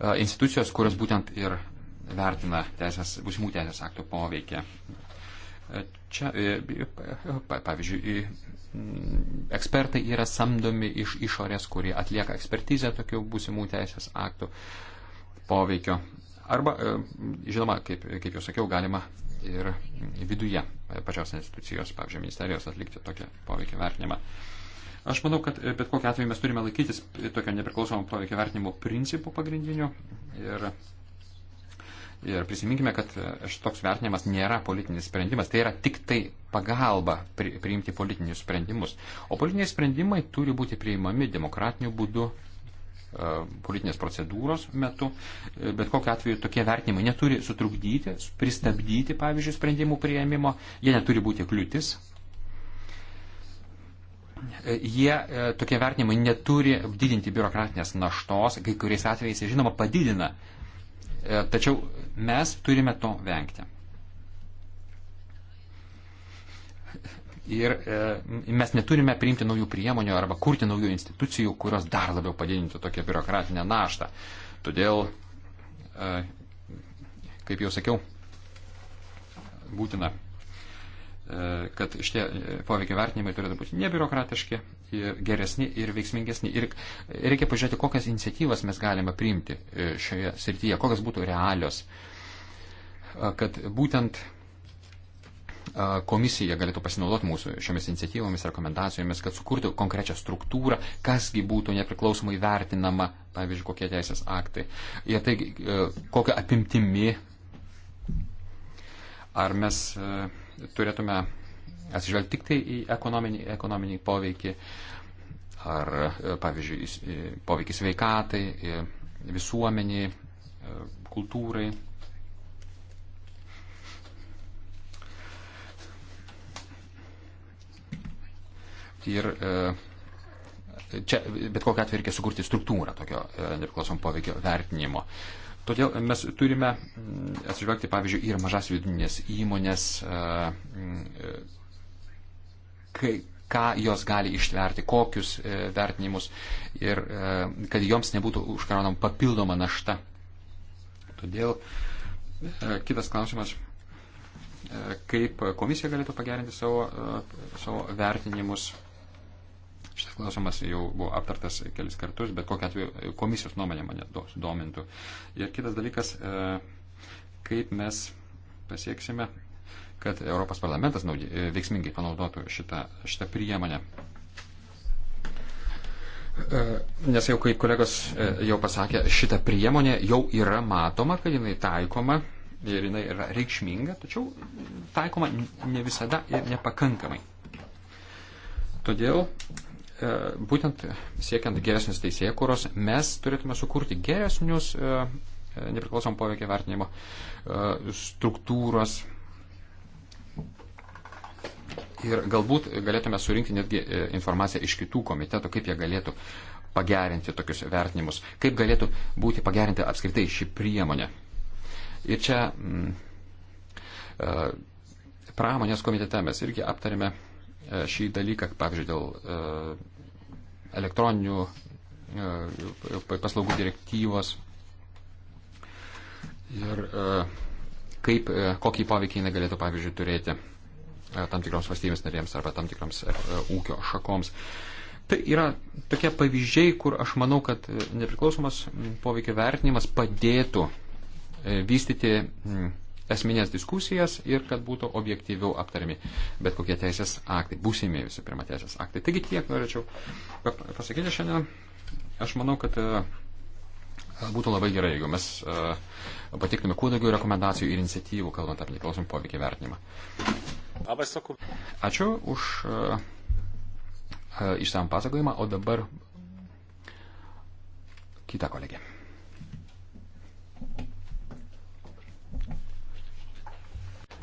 e, institucijos, kurios būtent ir vertina teisės, būsimų teisės aktų poveikį. E, čia, e, pavyzdžiui, ekspertai yra samdomi iš išorės, kurie atlieka ekspertizę tokių būsimų teisės aktų poveikio. Arba, žinoma, kaip, kaip jau sakiau, galima ir viduje pačios institucijos, pavyzdžiui, ministerijos atlikti tokią poveikio vertinimą. Aš manau, kad e, bet kokiu atveju mes turime laikytis tokio nepriklausomo poveikio vertinimo principų pagrindinių ir, ir prisiminkime, kad e, šitoks vertinimas nėra politinis sprendimas, tai yra tik tai pagalba pri, priimti politinius sprendimus. O politiniai sprendimai turi būti priimami demokratiniu būdu E, politinės procedūros metu. E, bet kokiu atveju tokie vertinimai neturi sutrukdyti, pristabdyti, pavyzdžiui, sprendimų prieimimo, jie neturi būti kliūtis. E, jie tokie vertinimai neturi didinti biurokratinės naštos, kai kuriais atvejais, žinoma, padidina. Tačiau mes turime to vengti. Ir e, mes neturime priimti naujų priemonių arba kurti naujų institucijų, kurios dar labiau padidintų tokią biurokratinę naštą. Todėl, e, kaip jau sakiau, būtina, e, kad šitie e, poveikio vertinimai turėtų būti nebiurokratiški, ir geresni ir veiksmingesni. Ir reikia pažiūrėti, kokias iniciatyvas mes galime priimti e, šioje srityje, kokias būtų realios, e, kad būtent komisija galėtų pasinaudoti mūsų šiomis iniciatyvomis, rekomendacijomis, kad sukurti konkrečią struktūrą, kasgi būtų nepriklausomai vertinama, pavyzdžiui, kokie teisės aktai. Ir tai e, kokią apimtimi, ar mes e, turėtume atsižvelgti tik tai į ekonominį, ekonominį poveikį, ar, e, pavyzdžiui, poveikį sveikatai, visuomeniai, kultūrai Ir e, čia bet kokią atveju reikia sukurti struktūrą tokio e, nepriklausom poveikio vertinimo. Todėl mes turime mm, atsižvelgti, pavyzdžiui, ir mažas vidutinės įmonės, e, mm, kai, ką jos gali ištverti, kokius vertinimus ir kad joms nebūtų užkraunama papildoma našta. Todėl kitas klausimas kaip komisija galėtų pagerinti savo, savo vertinimus Šitas klausimas jau buvo aptartas kelis kartus, bet kokia atveju e, komisijos nuomonė mane domintų. Ir kitas dalykas, e, kaip mes pasieksime, kad Europos parlamentas naudė, e, veiksmingai panaudotų šitą, šitą priemonę. Nes jau kaip kolegos jau pasakė, šita priemonė jau yra matoma, kad jinai taikoma ir jinai yra reikšminga, tačiau taikoma ne visada ir nepakankamai. Todėl E, būtent siekiant geresnius teisėkuros, mes turėtume sukurti geresnius e, e, nepriklausom poveikio vertinimo struktūros. Ir galbūt galėtume surinkti netgi informaciją iš kitų komitetų, kaip jie galėtų pagerinti tokius vertinimus, kaip galėtų būti pagerinti apskritai šį priemonę. Ir čia mm, pramonės komitete mes irgi aptarėme E, šį dalyką, pavyzdžiui, dėl e, elektroninių e, paslaugų direktyvos ir kaip, kokį poveikį jinai galėtų, pavyzdžiui, turėti tam tikroms valstybės narėms arba tam tikroms ūkio šakoms. Tai yra tokie pavyzdžiai, kur aš manau, kad nepriklausomas poveikio vertinimas padėtų vystyti esminės diskusijas ir kad būtų objektyviau aptariami bet kokie teisės aktai, būsimieji visų pirma teisės aktai. Taigi tiek norėčiau pasakyti šiandien. Aš manau, kad e, būtų labai gerai, jeigu mes e, patiktume kuo daugiau rekomendacijų ir iniciatyvų, kalbant apie neklausomą poveikį vertinimą. Ačiū už e, išsam pasakojimą, o dabar kita kolegė.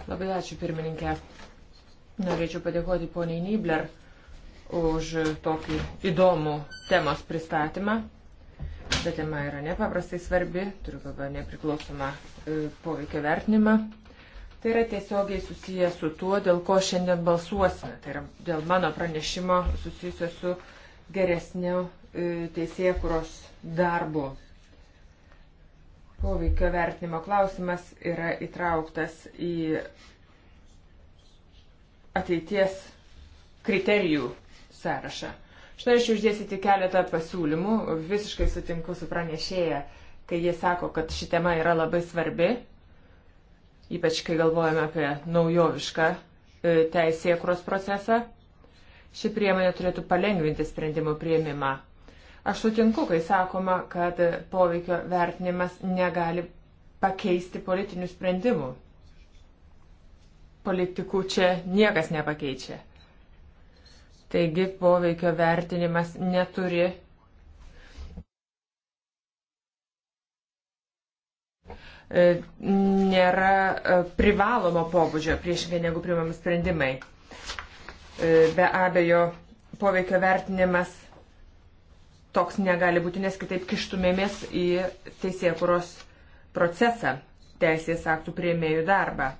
Labai ačiū pirmininkė. Norėčiau padėkoti poniai Nibler už tokį įdomų temos pristatymą. Ta tema yra nepaprastai svarbi, turiu galvoje nepriklausomą e, poveikio vertinimą. Tai yra tiesiogiai susiję su tuo, dėl ko šiandien balsuosime. Tai yra dėl mano pranešimo susijusio su geresniu e, teisėkuros darbu Poveikio vertinimo klausimas yra įtrauktas į ateities kriterijų sąrašą. Štai aš išdėsyti keletą pasiūlymų. Visiškai sutinku su pranešėja, kai jie sako, kad ši tema yra labai svarbi, ypač kai galvojame apie naujovišką e, teisėkros procesą. Ši priemonė turėtų palengvinti sprendimų prieimimą Aš sutinku, kai sakoma, kad poveikio vertinimas negali pakeisti politinių sprendimų. Politikų čia niekas nepakeičia. Taigi poveikio vertinimas neturi. E, nėra e, privalomo pobūdžio priešingai negu primami sprendimai. E, be abejo, poveikio vertinimas toks negali būti, nes kitaip kištumėmės į teisėkuros procesą, teisės aktų prieimėjų darbą.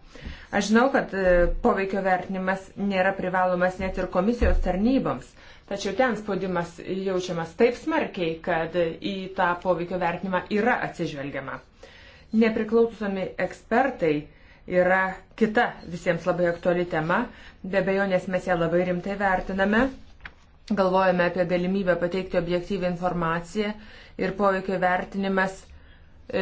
Aš žinau, kad e, poveikio vertinimas nėra privalomas net ir komisijos tarnyboms, tačiau ten spaudimas jaučiamas taip smarkiai, kad į tą poveikio vertinimą yra atsižvelgiama. Nepriklausomi ekspertai yra kita visiems labai aktuali tema, be abejo, nes mes ją labai rimtai vertiname galvojame apie galimybę pateikti objektyvę informaciją ir poveikio vertinimas e,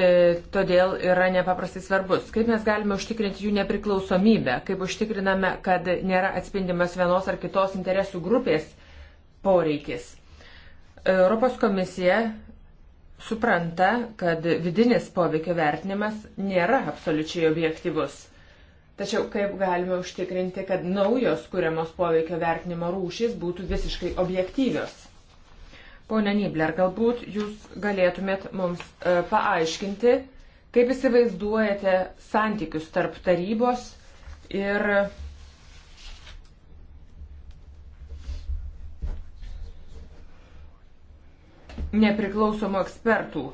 todėl yra nepaprastai svarbus. Kaip mes galime užtikrinti jų nepriklausomybę, kaip užtikriname, kad nėra atspindimas vienos ar kitos interesų grupės poreikis. Europos komisija supranta, kad vidinis poveikio vertinimas nėra absoliučiai objektivus. Tačiau kaip galime užtikrinti, kad naujos kuriamos poveikio vertinimo rūšys būtų visiškai objektyvios? Pone Nibler, galbūt jūs galėtumėt mums e, paaiškinti, kaip įsivaizduojate santykius tarp tarybos ir nepriklausomų ekspertų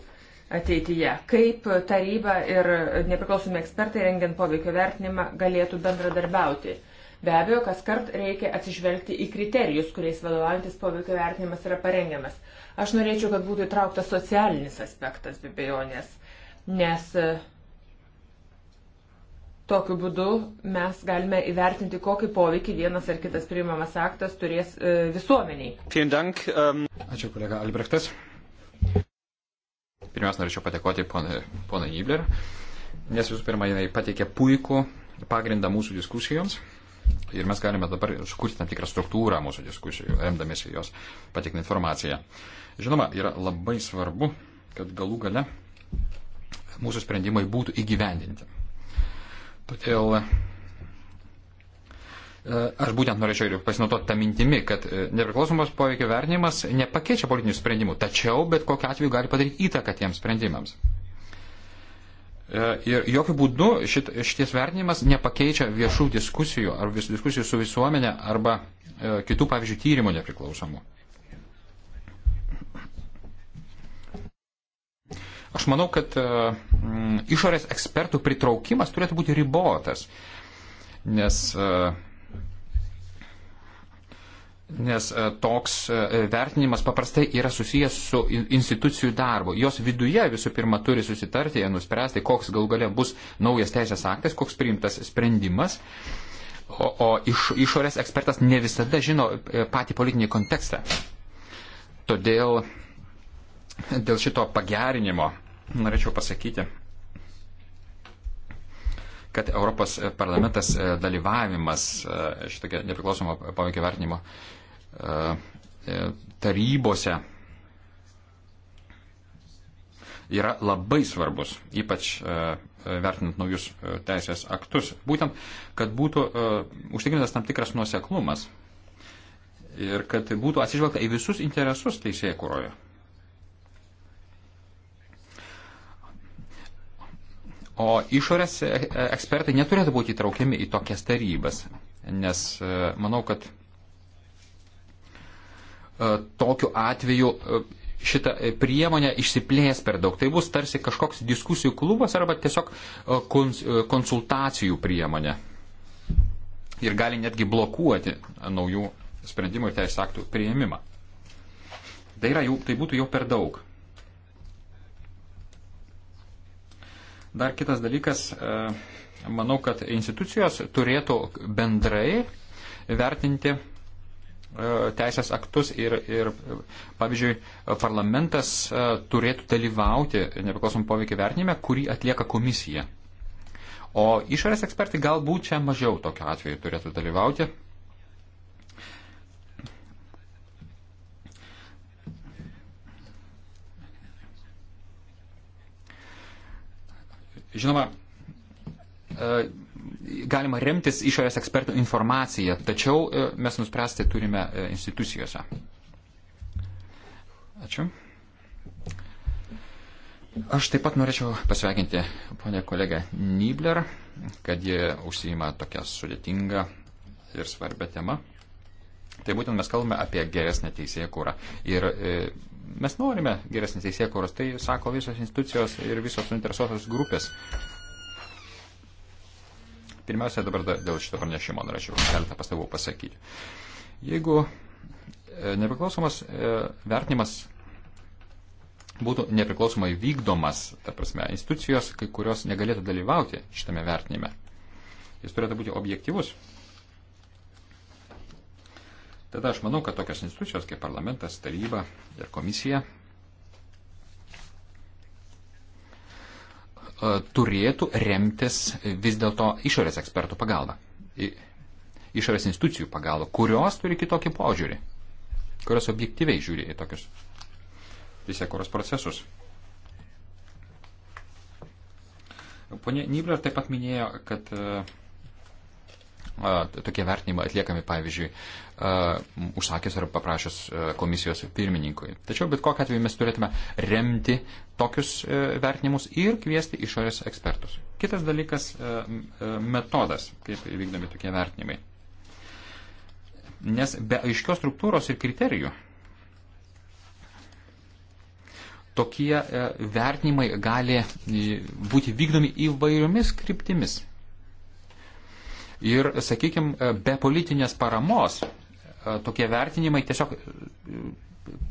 ateityje. Kaip taryba ir nepriklausomi ekspertai rengiant poveikio vertinimą galėtų bendradarbiauti. Be abejo, kas kart reikia atsižvelgti į kriterijus, kuriais vadovaujantis poveikio vertinimas yra parengiamas. Aš norėčiau, kad būtų įtrauktas socialinis aspektas be bejonės, nes e, tokiu būdu mes galime įvertinti, kokį poveikį vienas ar kitas priimamas aktas turės e, visuomeniai. Dank, um... Ačiū, kolega Albrechtas. Pirmiausia, norėčiau patekoti ponai Nibler, nes visų pirma, jinai pateikė puikų pagrindą mūsų diskusijoms. Ir mes galime dabar sukurti tam tikrą struktūrą mūsų diskusijų, remdamėsi jos patikinę informaciją. Žinoma, yra labai svarbu, kad galų gale mūsų sprendimai būtų įgyvendinti. Todėl E, aš būtent norėčiau ir pasinaudoti tą mintimį, kad e, nepriklausomos poveikio vertinimas nepakeičia politinių sprendimų, tačiau bet kokiu atveju gali padaryti įtaką tiems sprendimams. E, ir jokių būdų šit, šities vertinimas nepakeičia viešų diskusijų ar vis, diskusijų su visuomenė arba e, kitų, pavyzdžiui, tyrimų nepriklausomų. Aš manau, kad e, m, išorės ekspertų pritraukimas turėtų būti ribotas, nes e, nes e, toks e, vertinimas paprastai yra susijęs su institucijų darbu. Jos viduje visų pirma turi susitarti, nuspręsti, koks gal galia bus naujas teisės aktas, koks priimtas sprendimas. O, o iš, išorės ekspertas ne visada žino e, patį politinį kontekstą. Todėl dėl šito pagerinimo norėčiau pasakyti, kad Europos parlamentas dalyvavimas šitokia nepriklausoma poveikio vertinimo E, tarybose yra labai svarbus, ypač e, vertinant naujus e, teisės aktus. Būtent, kad būtų užtikrintas tam tikras nuoseklumas ir kad būtų atsižvelgta į visus interesus teisėjai kūroje. O išorės ekspertai neturėtų būti įtraukiami į tokias tarybas, nes manau, kad E, tokiu atveju e, šitą e, priemonę išsiplės per daug. Tai bus tarsi kažkoks diskusijų klubas arba tiesiog konsultacijų priemonė. Ir gali netgi blokuoti naujų sprendimų ir teisės aktų prieimimą. Tai, yra, jau, tai būtų jau per daug. Dar kitas dalykas, manau, kad institucijos turėtų bendrai vertinti E, teisės aktus ir, ir pavyzdžiui, parlamentas e, turėtų dalyvauti nepriklausomų poveikį vertinime, kurį atlieka komisija. O išorės ekspertai galbūt čia mažiau tokiu atveju turėtų dalyvauti. Žinoma, e, galima remtis išorės ekspertų informaciją, tačiau e, mes nuspręsti turime e, institucijose. Ačiū. Aš taip pat norėčiau pasveikinti ponę kolegę Nibler, kad ji užsijima tokią sudėtingą ir svarbią temą. Tai būtent mes kalbame apie geresnę teisėją kūrą. Ir e, mes norime geresnės teisėkūros, tai sako visos institucijos ir visos suinteresuotos grupės. Pirmiausia, dabar dėl šito pranešimo norėčiau keletą pastabų pasakyti. Jeigu e, nepriklausomas e, vertinimas būtų nepriklausomai vykdomas, ta prasme, institucijos, kai kurios negalėtų dalyvauti šitame vertinime. Jis turėtų būti objektivus. Tada aš manau, kad tokios institucijos kaip parlamentas, taryba ir komisija E, turėtų remtis vis dėlto išorės ekspertų pagalba, išorės institucijų pagalba, kurios turi kitokį požiūrį, kurios objektyviai žiūri į tokius teisėkuros procesus. Pone Nibler taip pat minėjo, kad e, tokie vertinimai atliekami, pavyzdžiui, užsakęs ar paprašęs komisijos pirmininkui. Tačiau bet kokią atveju mes turėtume remti tokius e, vertinimus ir kviesti išorės ekspertus. Kitas dalykas - metodas, kaip vykdomi tokie vertinimai. Nes be aiškios struktūros ir kriterijų tokie e, vertinimai gali e, būti vykdomi įvairiomis kryptimis. Ir, sakykime, be politinės paramos e, tokie vertinimai tiesiog e,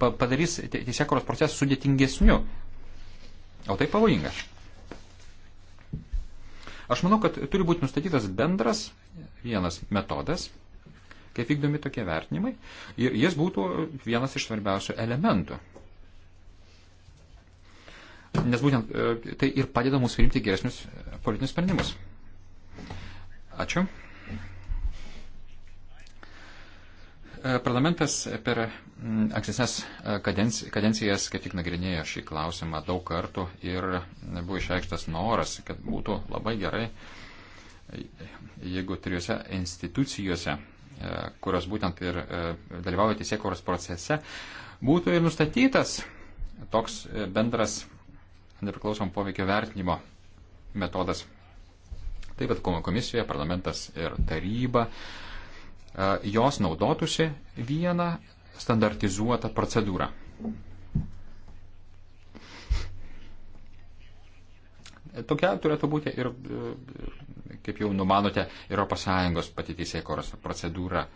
padarys teisėkuros procesą sudėtingesniu. O tai pavojinga. Aš manau, kad turi būti nustatytas bendras vienas metodas, kaip vykdomi tokie vertinimai, ir jis būtų vienas iš svarbiausių elementų. Nes būtent e, tai ir padeda mums priimti geresnius politinius sprendimus. Ačiū. E, parlamentas per ankstesnės e, kadencijas, kaip tik nagrinėjo šį klausimą daug kartų ir buvo išreikštas noras, kad būtų labai gerai, jeigu trijose institucijose, e, kurios būtent ir dalyvauja teisėkuros procese, būtų ir nustatytas toks bendras nepriklausom poveikio vertinimo metodas. Taip pat komisijoje parlamentas ir taryba jos naudotųsi vieną standartizuotą procedūrą. Tokia turėtų būti ir, kaip jau numanote, ES pati teisėkoros procedūra.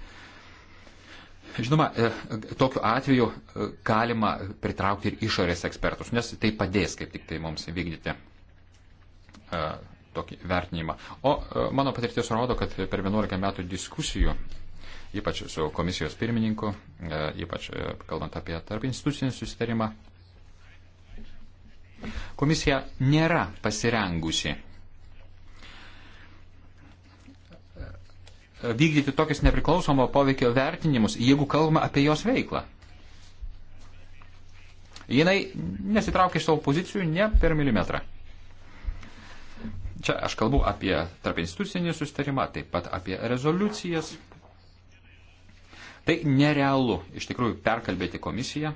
Žinoma, e, tokiu atveju e, galima pritraukti ir išorės ekspertus, nes tai padės kaip tik tai mums vykdyti e, tokį vertinimą. O mano patirtis rodo, kad per 11 metų diskusijų ypač su komisijos pirmininku, e, ypač e, kalbant apie tarp institucinį susitarimą. Komisija nėra pasirengusi e, vykdyti tokius nepriklausomo poveikio vertinimus, jeigu kalbama apie jos veiklą. Jinai nesitraukia iš savo pozicijų ne per milimetrą. Čia aš kalbu apie tarp institucinį sustarimą, taip pat apie rezoliucijas, Tai nerealu iš tikrųjų perkalbėti komisiją.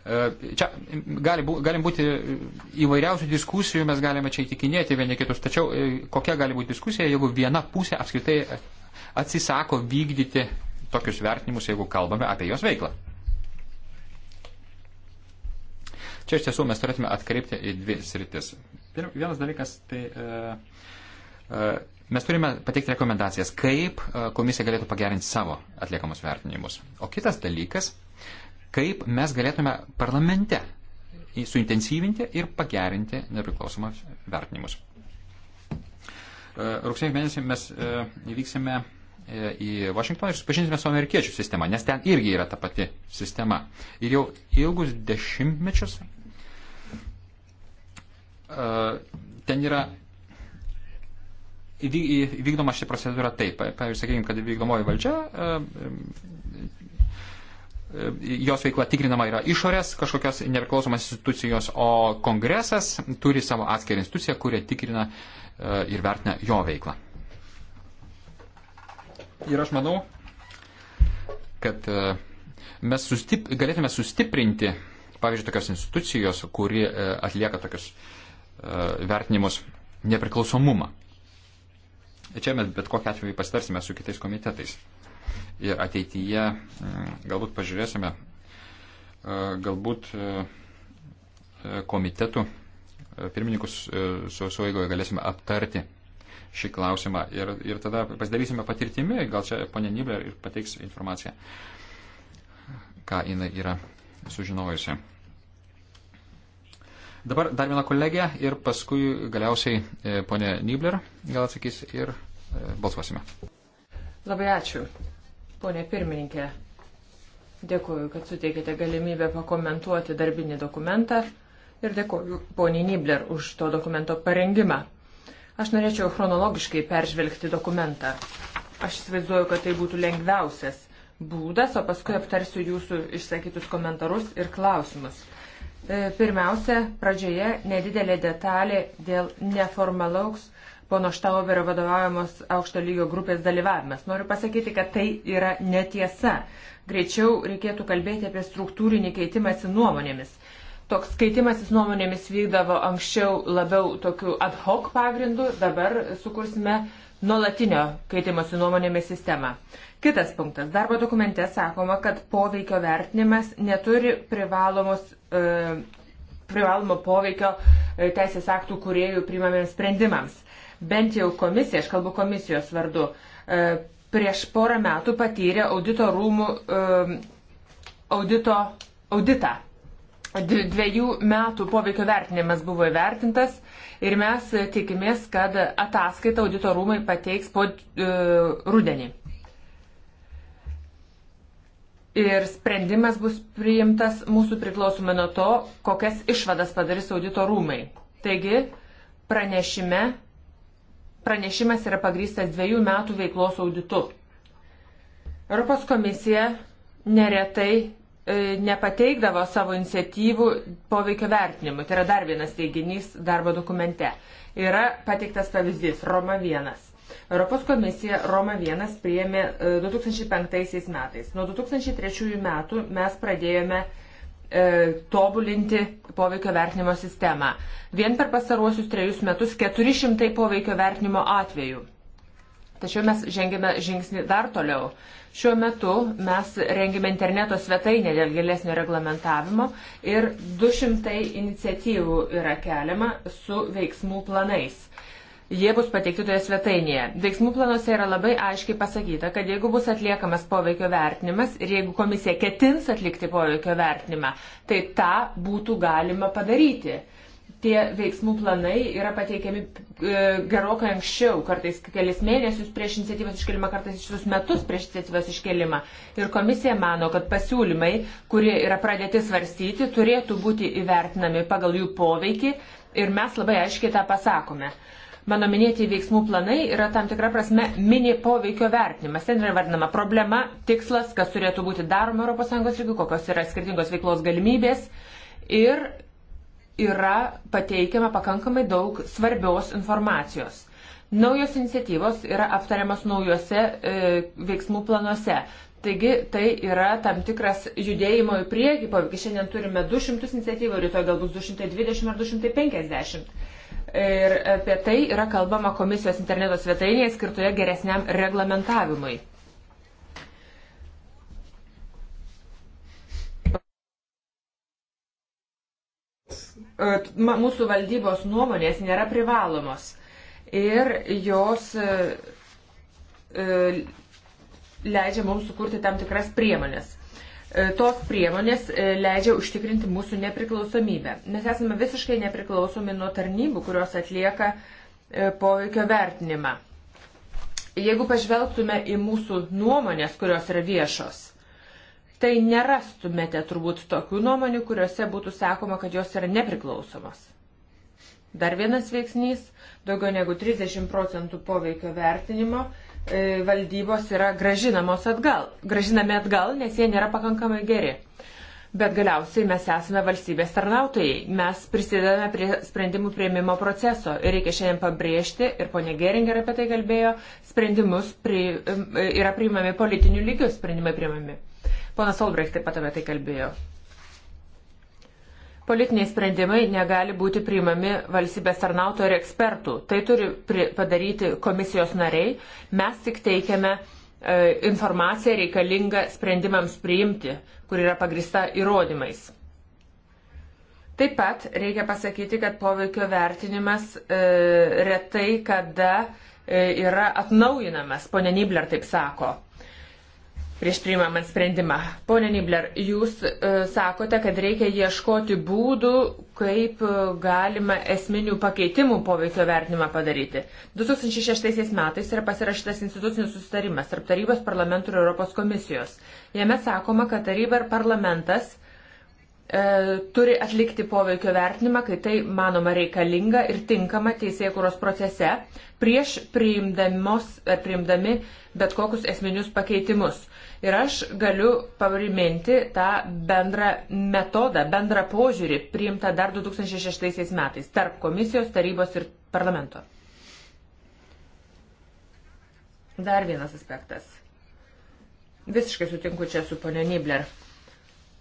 E, čia gali, galim būti įvairiausių diskusijų, mes galime čia įtikinėti vieni kitus, tačiau e, kokia gali būti diskusija, jeigu viena pusė apskritai atsisako vykdyti tokius vertinimus, jeigu kalbame apie jos veiklą. Čia iš tiesų mes turėtume atkreipti į dvi sritis. Vienas dalykas tai e, e, Mes turime pateikti rekomendacijas, kaip e, komisija galėtų pagerinti savo atliekamus vertinimus. O kitas dalykas, kaip mes galėtume parlamente suintensyvinti ir pagerinti nepriklausomus vertinimus. E, rugsėjo mėnesį mes e, įvyksime į Vašingtoną ir susipažinsime su amerikiečių sistema, nes ten irgi yra ta pati sistema. Ir jau ilgus dešimtmečius ten yra vykdoma ši procedūra taip. Pavyzdžiui, sakykime, kad vykdomoji valdžia, e, e, e, jos veikla tikrinama yra išorės kažkokios nepriklausomos institucijos, o kongresas turi savo atskirą instituciją, kurie tikrina ir vertina jo veiklą. Ir aš manau, kad mes sustip, galėtume sustiprinti, pavyzdžiui, tokios institucijos, kuri atlieka tokius vertinimus nepriklausomumą. Čia mes bet kokiu atveju pasitarsime su kitais komitetais. Ir ateityje mm, galbūt pažiūrėsime, e, galbūt e, e, komitetų pirmininkus su suėgoje galėsime aptarti šį klausimą ir, ir tada pasidarysime patirtimi, gal čia ponė Nibler ir pateiks informaciją, ką jinai yra sužinojusi. Dabar dar viena kolegė ir paskui galiausiai e, ponė Nibler gal atsakys ir e, balsuosime. Labai ačiū, ponė pirmininkė. Dėkuoju, kad suteikėte galimybę pakomentuoti darbinį dokumentą ir dėkuoju poniai Nibler už to dokumento parengimą. Aš norėčiau chronologiškai peržvelgti dokumentą. Aš įsivaizduoju, kad tai būtų lengviausias būdas, o paskui aptarsiu jūsų išsakytus komentarus ir klausimus. E, pirmiausia, pradžioje nedidelė detalė dėl neformalaus pono Štauberio vadovaujamos aukšto lygio grupės dalyvavimas. Noriu pasakyti, kad tai yra netiesa. Greičiau reikėtų kalbėti apie struktūrinį keitimąsi nuomonėmis. Toks keitimasis nuomonėmis vykdavo anksčiau labiau tokiu ad hoc pagrindu, dabar sukursime nuolatinio keitimosi nuomonėmis sistemą. Kitas punktas. Darbo dokumente sakoma, kad poveikio vertinimas neturi privalomos, e, privalomo poveikio e, teisės aktų kuriejų priimamiems sprendimams. Bent jau komisija, aš kalbu komisijos vardu, e, prieš porą metų patyrė audito rūmų e, audito, auditą. Dviejų metų poveikio vertinimas buvo įvertintas ir mes tikimės, kad ataskaitą auditorumai pateiks po e, rudenį. Ir sprendimas bus priimtas mūsų priklausomai nuo to, kokias išvadas padarys auditorumai. Taigi, pranešime, pranešimas yra pagrystas dviejų metų veiklos auditu. Europos komisija neretai E, nepateikdavo savo iniciatyvų poveikio vertinimui. Tai yra dar vienas teiginys darbo dokumente. Yra pateiktas pavyzdys Roma 1. Europos komisija Roma 1 priėmė 2005 e, metais. Nuo 2003 metų mes pradėjome e, tobulinti poveikio vertinimo sistemą. Vien per pastaruosius trejus metus 400 poveikio vertinimo atvejų Tačiau mes žengėme žingsnį dar toliau. Šiuo metu mes rengime interneto svetainę dėl gilesnio reglamentavimo ir 200 iniciatyvų yra keliama su veiksmų planais. Jie bus pateikti toje svetainėje. Veiksmų planuose yra labai aiškiai pasakyta, kad jeigu bus atliekamas poveikio vertinimas ir jeigu komisija ketins atlikti poveikio vertinimą, tai tą būtų galima padaryti tie veiksmų planai yra pateikiami e, gerokai anksčiau, kartais kelis mėnesius prieš iniciatyvos iškelimą, kartais visus metus prieš iniciatyvos iškelimą. Ir komisija mano, kad pasiūlymai, kurie yra pradėti svarstyti, turėtų būti įvertinami pagal jų poveikį ir mes labai aiškiai tą pasakome. Mano minėti veiksmų planai yra tam tikra prasme mini poveikio vertinimas. Ten yra vardinama problema, tikslas, kas turėtų būti daroma ES lygių, kokios yra skirtingos veiklos galimybės ir yra pateikiama pakankamai daug svarbios informacijos. Naujos iniciatyvos yra aptariamas naujuose e, veiksmų planuose. Taigi tai yra tam tikras judėjimo į priekį poveikis. Šiandien turime 200 iniciatyvų, rytoj galbūt 220 ar 250. Ir apie tai yra kalbama komisijos interneto svetainėje skirtoje geresniam reglamentavimui. E, mūsų valdybos nuomonės nėra privalomos ir jos e, e, leidžia mums sukurti tam tikras priemonės. Tos priemonės leidžia užtikrinti mūsų nepriklausomybę. Mes esame visiškai nepriklausomi nuo tarnybų, kurios atlieka poveikio vertinimą. Jeigu pažvelgtume į mūsų nuomonės, kurios yra viešos, tai nerastumėte turbūt tokių nuomonių, kuriuose būtų sakoma, kad jos yra nepriklausomos. Dar vienas veiksnys - daugiau negu 30 procentų poveikio vertinimo e, valdybos yra gražinamos atgal, gražinami atgal, nes jie nėra pakankamai geri. Bet galiausiai mes esame valstybės tarnautojai, mes prisidedame prie sprendimų prieimimo proceso ir reikia šiandien pabrėžti, ir ponė Geringer apie tai kalbėjo, sprendimus pri, e, yra priimami politinių lygių sprendimai priimami. Ponas Olbrecht taip pat apie tai kalbėjo. Politiniai sprendimai negali būti priimami valstybės tarnautojų ir ekspertų. Tai turi padaryti komisijos nariai. Mes tik teikiame e, informaciją reikalingą sprendimams priimti, kur yra pagrista įrodymais. Taip pat reikia pasakyti, kad poveikio vertinimas e, retai kada e, yra atnaujinamas, ponė Nibler taip sako prieš priimamant sprendimą. Pone Nibler, jūs e, sakote, kad reikia ieškoti būdų, kaip e, galima esminių pakeitimų poveikio vertinimą padaryti. 2006 metais yra pasirašytas institucinis sustarimas tarp tarybos parlamentų ir Europos komisijos. Jame sakoma, kad taryba ir parlamentas e, turi atlikti poveikio vertinimą, kai tai manoma reikalinga ir tinkama teisėkuros procese prieš e, priimdami bet kokius esminius pakeitimus. Ir aš galiu pariminti tą bendrą metodą, bendrą požiūrį priimtą dar 2006 metais tarp komisijos, tarybos ir parlamento. Dar vienas aspektas. Visiškai sutinku čia su ponio Nibler.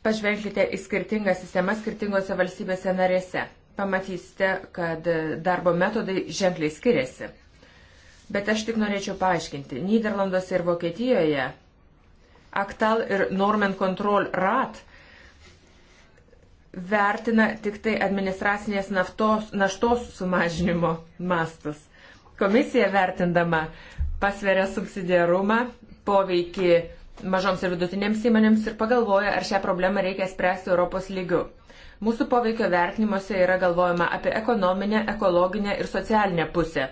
Pažvelkite į skirtingas sistemas skirtingose valstybėse narėse. Pamatysite, kad darbo metodai ženkliai skiriasi. Bet aš tik norėčiau paaiškinti, Niderlanduose ir Vokietijoje Aktal ir Norman Control Rat vertina tik tai administracinės naftos, naštos sumažinimo mastus. Komisija vertindama pasveria subsidiarumą, poveikį mažoms ir vidutinėms įmonėms ir pagalvoja, ar šią problemą reikia spręsti Europos lygiu. Mūsų poveikio vertinimuose yra galvojama apie ekonominę, ekologinę ir socialinę pusę.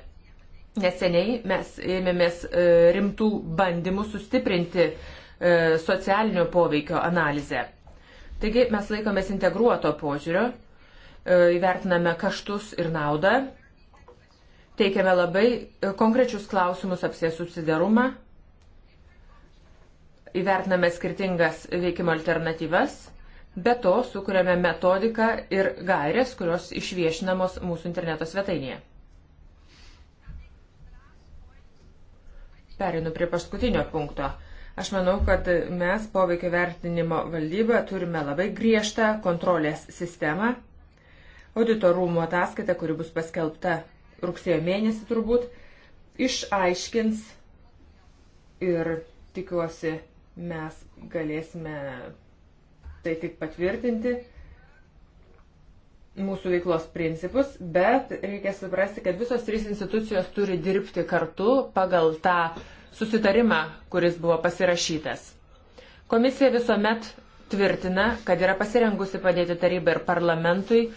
Neseniai mes ėmėmės e, rimtų bandymų sustiprinti uh, E, socialinio poveikio analizę. Taigi mes laikomės integruoto požiūrio, e, įvertiname kaštus ir naudą, teikiame labai e, konkrečius klausimus apie subsidiarumą, įvertiname skirtingas veikimo alternatyvas, be to sukūrėme metodiką ir gairės, kurios išviešinamos mūsų interneto svetainėje. Perinu prie paskutinio punkto. Aš manau, kad mes poveikio vertinimo valdybą turime labai griežtą kontrolės sistemą. Audito rūmų ataskaita, kuri bus paskelbta rugsėjo mėnesį turbūt, išaiškins ir tikiuosi mes galėsime tai tik patvirtinti mūsų veiklos principus, bet reikia suprasti, kad visos trys institucijos turi dirbti kartu pagal tą uh, susitarimą, kuris buvo pasirašytas. Komisija visuomet tvirtina, kad yra pasirengusi padėti tarybai ir parlamentui e,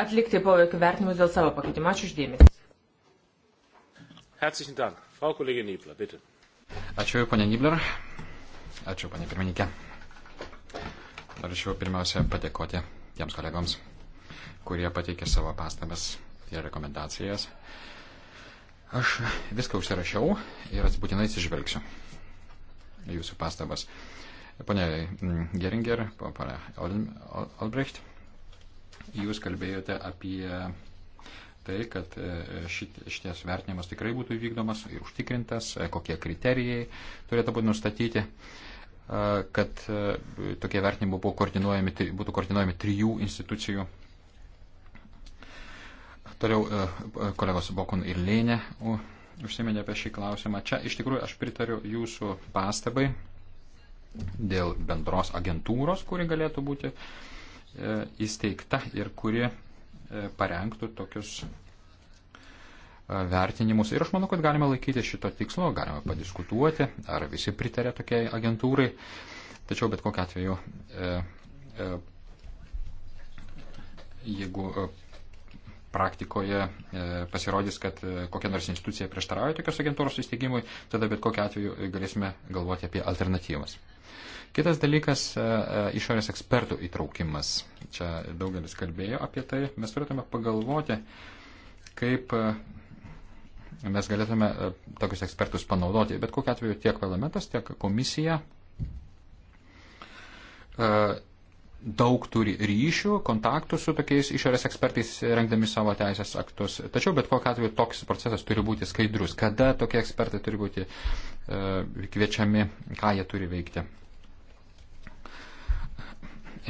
atlikti poveikio vertinimus dėl savo pakeitimo. Ačiū uždėmesi. Herzlichen Dank. Frau Kollegin Niebler, bitte. Ačiū, ponė Nibler. Ačiū, ponė pirmininkė. Norėčiau pirmiausia padėkoti tiems kolegoms, kurie pateikė savo pastabas ir rekomendacijas. Uh, Aš viską užsirašiau ir atsibūtinai atsižvelgsiu jūsų pastabas. Pane mm, Geringer, pane Albrecht, jūs kalbėjote apie tai, kad e, šities vertinimas tikrai būtų vykdomas ir užtikrintas, e, kokie kriterijai turėtų būti nustatyti, e, kad tokie vertinimai būtų koordinuojami, būtų koordinuojami trijų institucijų Toliau e, e, kolegos Bokun ir Lėnė užsiminė apie šį klausimą. Čia iš tikrųjų aš pritariu jūsų pastabai dėl bendros agentūros, kuri galėtų būti e, įsteigta ir kuri parengtų tokius vertinimus. Ir aš manau, kad galime laikyti šito tikslo, galime padiskutuoti, ar visi pritarė tokiai agentūrai. Tačiau bet kokiu atveju, jeigu praktikoje e, pasirodys, kad e, kokia nors institucija prieštarauja tokios agentūros įsteigimui, tada bet kokiu atveju galėsime galvoti apie alternatyvas. Kitas dalykas e, - išorės ekspertų įtraukimas. Čia daugelis kalbėjo apie tai. Mes turėtume pagalvoti, kaip mes galėtume tokius ekspertus panaudoti. Bet kokiu atveju tiek parlamentas, tiek komisija daug turi ryšių, kontaktų su tokiais išorės ekspertais, rengdami savo teisės aktus. Tačiau bet kokiu atveju toks procesas turi būti skaidrus, kada tokie ekspertai turi būti e, kviečiami, ką jie turi veikti.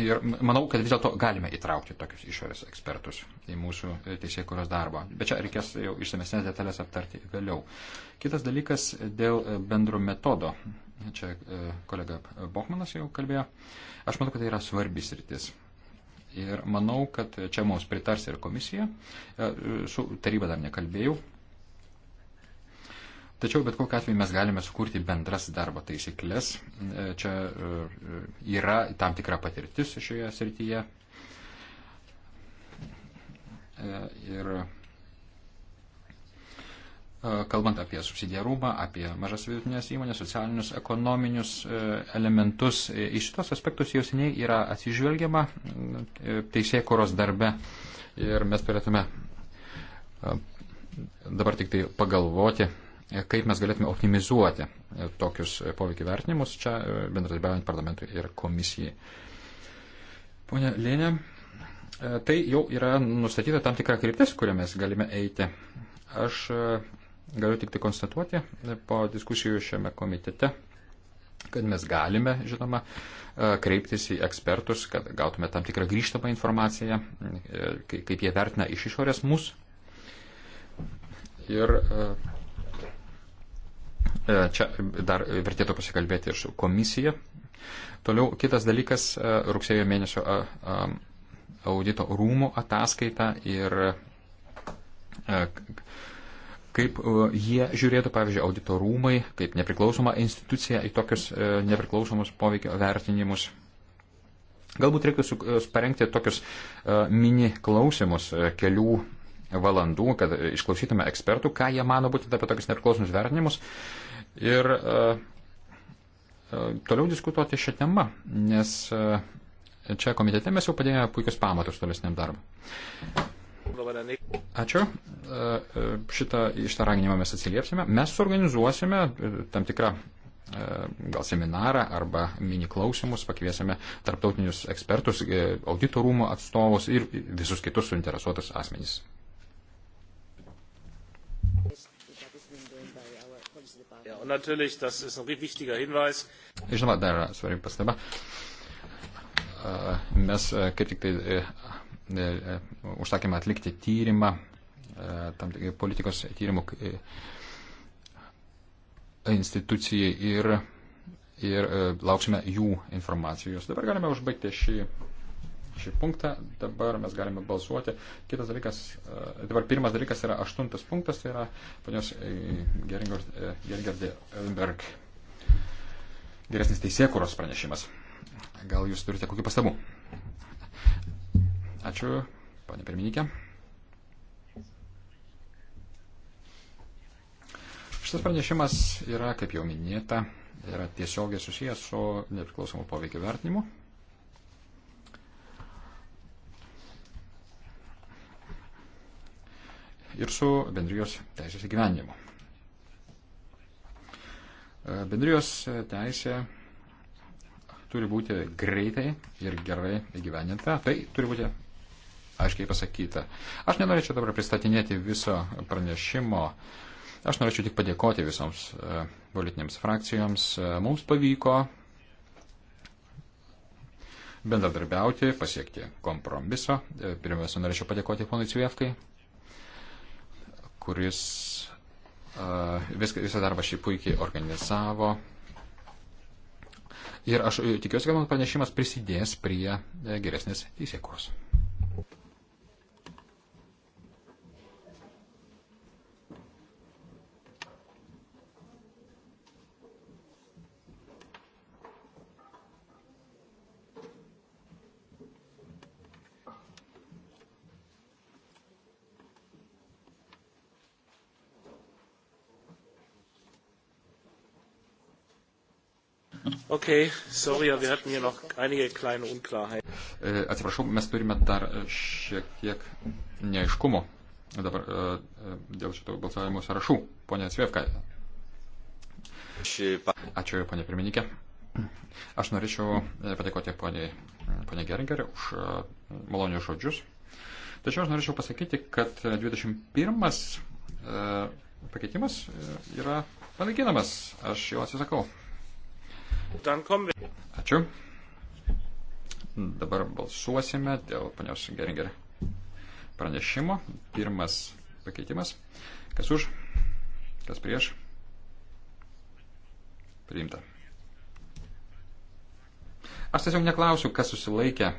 Ir manau, kad vis dėlto galime įtraukti tokius išorės ekspertus į mūsų e, teisėjų kurios darbą. Bet čia reikės jau išsamesnės detalės aptarti vėliau. Kitas dalykas dėl e, bendro metodo čia e, kolega Bochmanas jau kalbėjo, aš manau, kad tai yra svarbis rytis. Ir manau, kad čia mums pritars ir komisija, e, su taryba dar nekalbėjau. Tačiau bet kokiu atveju mes galime sukurti bendras darbo taisyklės. E, čia yra tam tikra patirtis šioje srityje. Ir kalbant apie subsidiarumą, apie mažas vidutinės įmonės, socialinius, ekonominius e, elementus, e, į šitos aspektus jau seniai yra atsižvelgiama e, teisėjai koros darbe ir mes turėtume dabar tik tai pagalvoti, kaip mes galėtume optimizuoti tokius poveikį vertinimus čia bendradarbiaujant parlamentui ir komisijai. Pone Lėnė, tai jau yra nustatyta tam tikra kryptis, kurią mes galime eiti. Aš galiu tik tai konstatuoti e, po diskusijų šiame komitete, kad mes galime, žinoma, e, kreiptis į ekspertus, kad gautume tam tikrą grįžtamą informaciją, e, kaip jie vertina iš išorės mus. Ir čia dar vertėtų pasikalbėti ir su komisija. Toliau kitas dalykas - rugsėjo mėnesio audito rūmų ataskaita ir kaip e, jie žiūrėtų, pavyzdžiui, auditorumai, kaip nepriklausoma institucija į tokius e, nepriklausomus poveikio vertinimus. Galbūt reiktų su, e, parengti tokius mini klausimus kelių valandų, kad išklausytume ekspertų, ką jie mano būtent apie tokius nepriklausomus vertinimus. Ir toliau diskutuoti šią temą, nes čia komitete mes jau padėjome puikius pamatus tolesniam darbui. Ačiū. E, e, šitą, šitą raginimą mes atsiliepsime. Mes suorganizuosime e, tam tikrą gal seminarą arba mini klausimus, pakviesime tarptautinius ekspertus, auditorumo atstovus ir visus kitus suinteresuotus asmenys. Žinoma, dar svarbi pastaba. Mes kaip tik tai E, e, užsakėme atlikti tyrimą, e, tam politikos tyrimų institucijai ir, ir lauksime jų informacijos. Dabar galime užbaigti šį, šį punktą, dabar mes galime balsuoti. Kitas dalykas, dabar pirmas dalykas yra aštuntas punktas, tai yra ponios Gergerdė Elberg geresnis teisėkuros pranešimas. Gal jūs turite kokių pastabų? Ačiū, panė pirmininkė. Šitas pranešimas yra, kaip jau minėta, yra tiesiogiai susijęs su nepriklausomu poveikiu vertinimu. Ir su bendrijos teisės įgyvenimu. Bendrijos teisė turi būti greitai ir gerai įgyveninta. Tai turi būti aiškiai pasakyta. Aš nenorėčiau dabar pristatinėti viso pranešimo. Aš norėčiau tik padėkoti visoms e, politinėms frakcijoms. E, mums pavyko bendradarbiauti, pasiekti kompromiso. E, pirmiausia, norėčiau padėkoti ponui Cvievkai, kuris viską, visą darbą šį puikiai organizavo. Ir aš tikiuosi, kad mano pranešimas prisidės prie geresnės teisėkūros. Okay, sorry, wir hatten hier noch einige kleine Unklarheiten. Äh, atsiprašau, mes turime dar äh, šiek tiek neaiškumo dabar äh, dėl šito balsavimo sąrašų. Pone Svevka. Ačiū, ponė pirmininkė. Aš norėčiau padėkoti poniai, poniai Geringeriu už malonius žodžius. Tačiau aš norėčiau pasakyti, kad 21 pakeitimas yra panaikinamas. Aš jo atsisakau. Ačiū. Dabar balsuosime dėl panios Geringer pranešimo. Pirmas pakeitimas. Kas už, kas prieš. Priimta. Aš tiesiog neklausiu, kas susilaikė.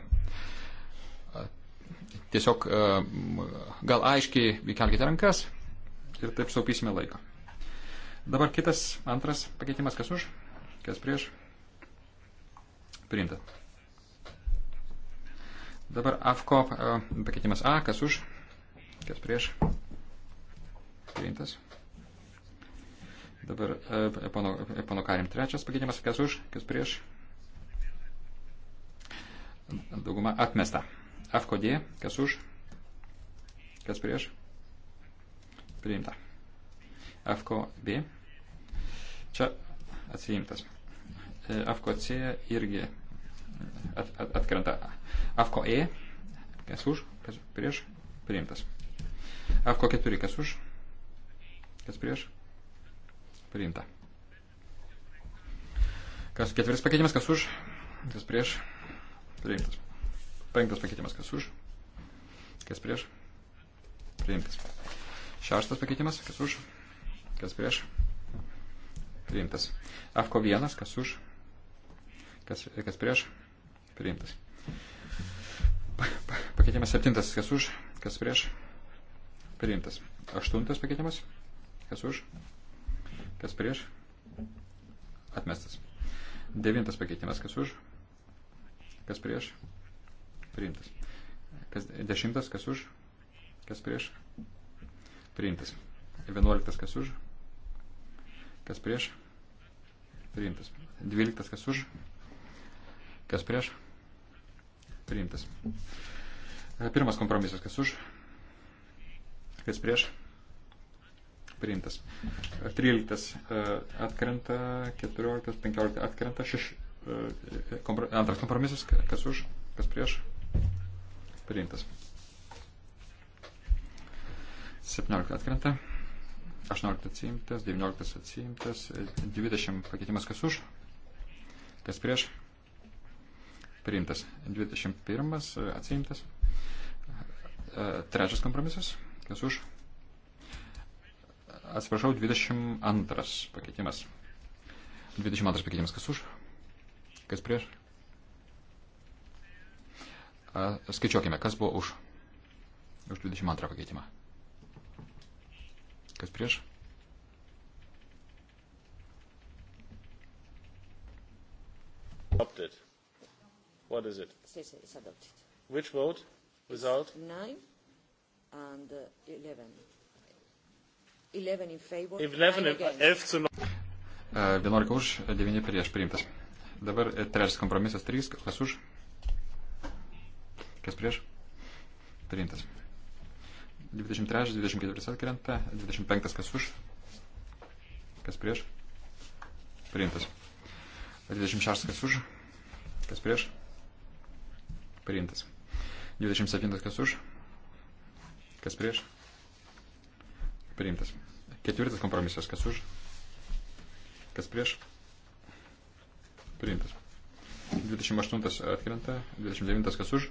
Tiesiog e, gal aiškiai įkelkite rankas ir taip saupysime laiką. Dabar kitas antras pakeitimas, kas už, kas prieš. Priimta. Dabar AFCO e, pakeitimas A, kas už, kas prieš. Priimtas. Dabar e, e, pono, pono Karim trečias pakeitimas, kas už, kas prieš. Dauguma atmesta. AFCO D, kas už, kas prieš. Priimta. AFCO B. Čia atsiimtas. AFCO C irgi at, at, atkrenta. AFCO E, kas už, kas prieš, priimtas. AFCO 4, kas už, kas prieš, priimta. Kas ketvirtas pakeitimas, kas už, kas prieš, priimtas. Penktas pakeitimas, kas už, kas prieš, priimtas. Šeštas pakeitimas, kas už, kas prieš, priimtas. Afko vienas, kas už, kas, kas prieš, Priimtas. Pakeitimas septintas, kas už, kas prieš. Priimtas. Aštuntas pakeitimas, kas už, kas prieš. Atmestas. Devintas pakeitimas, kas už, kas prieš. Priimtas. Kas, dešimtas, kas už, kas prieš. Priimtas. Vienuoliktas, kas už, kas prieš. Priimtas. Dvyliktas, kas už, kas prieš priimtas. E, pirmas kompromisas, kas už, kas prieš, priimtas. 13 e, e, atkrenta, 14, 15 atkrenta, 6, kompro, antras kompromisas, kas už, kas prieš, priimtas. 17 atkrenta, 18 atsiimtas, 19 atsiimtas, 20 pakeitimas kas už, kas prieš, priimtas. 21 atsiimtas. E, trečias kompromisas. Kas už? Atsiprašau, 22 pakeitimas. 22 pakeitimas. Kas už? Kas prieš? E, skaičiuokime, kas buvo už. Už 22 pakeitimą. Kas prieš? Adopted. What is it? Yes, it's adopted. Which vote? Result? It's nine and uh, 11. 11 in favor. 11 F zu e, 11 už, 9 prieš priimtas. Dabar e, trečias kompromisas 3, kas už? Kas prieš? Priimtas. 23, 24 atkrenta, 25 kas už? Kas prieš? Priimtas. 26 kas už? Kas prieš? Priimtas. 27 kas už, kas prieš. Priimtas. Ketvirtas kompromisas kas už, kas prieš. Priimtas. 28 atkrenta, 29 kas už,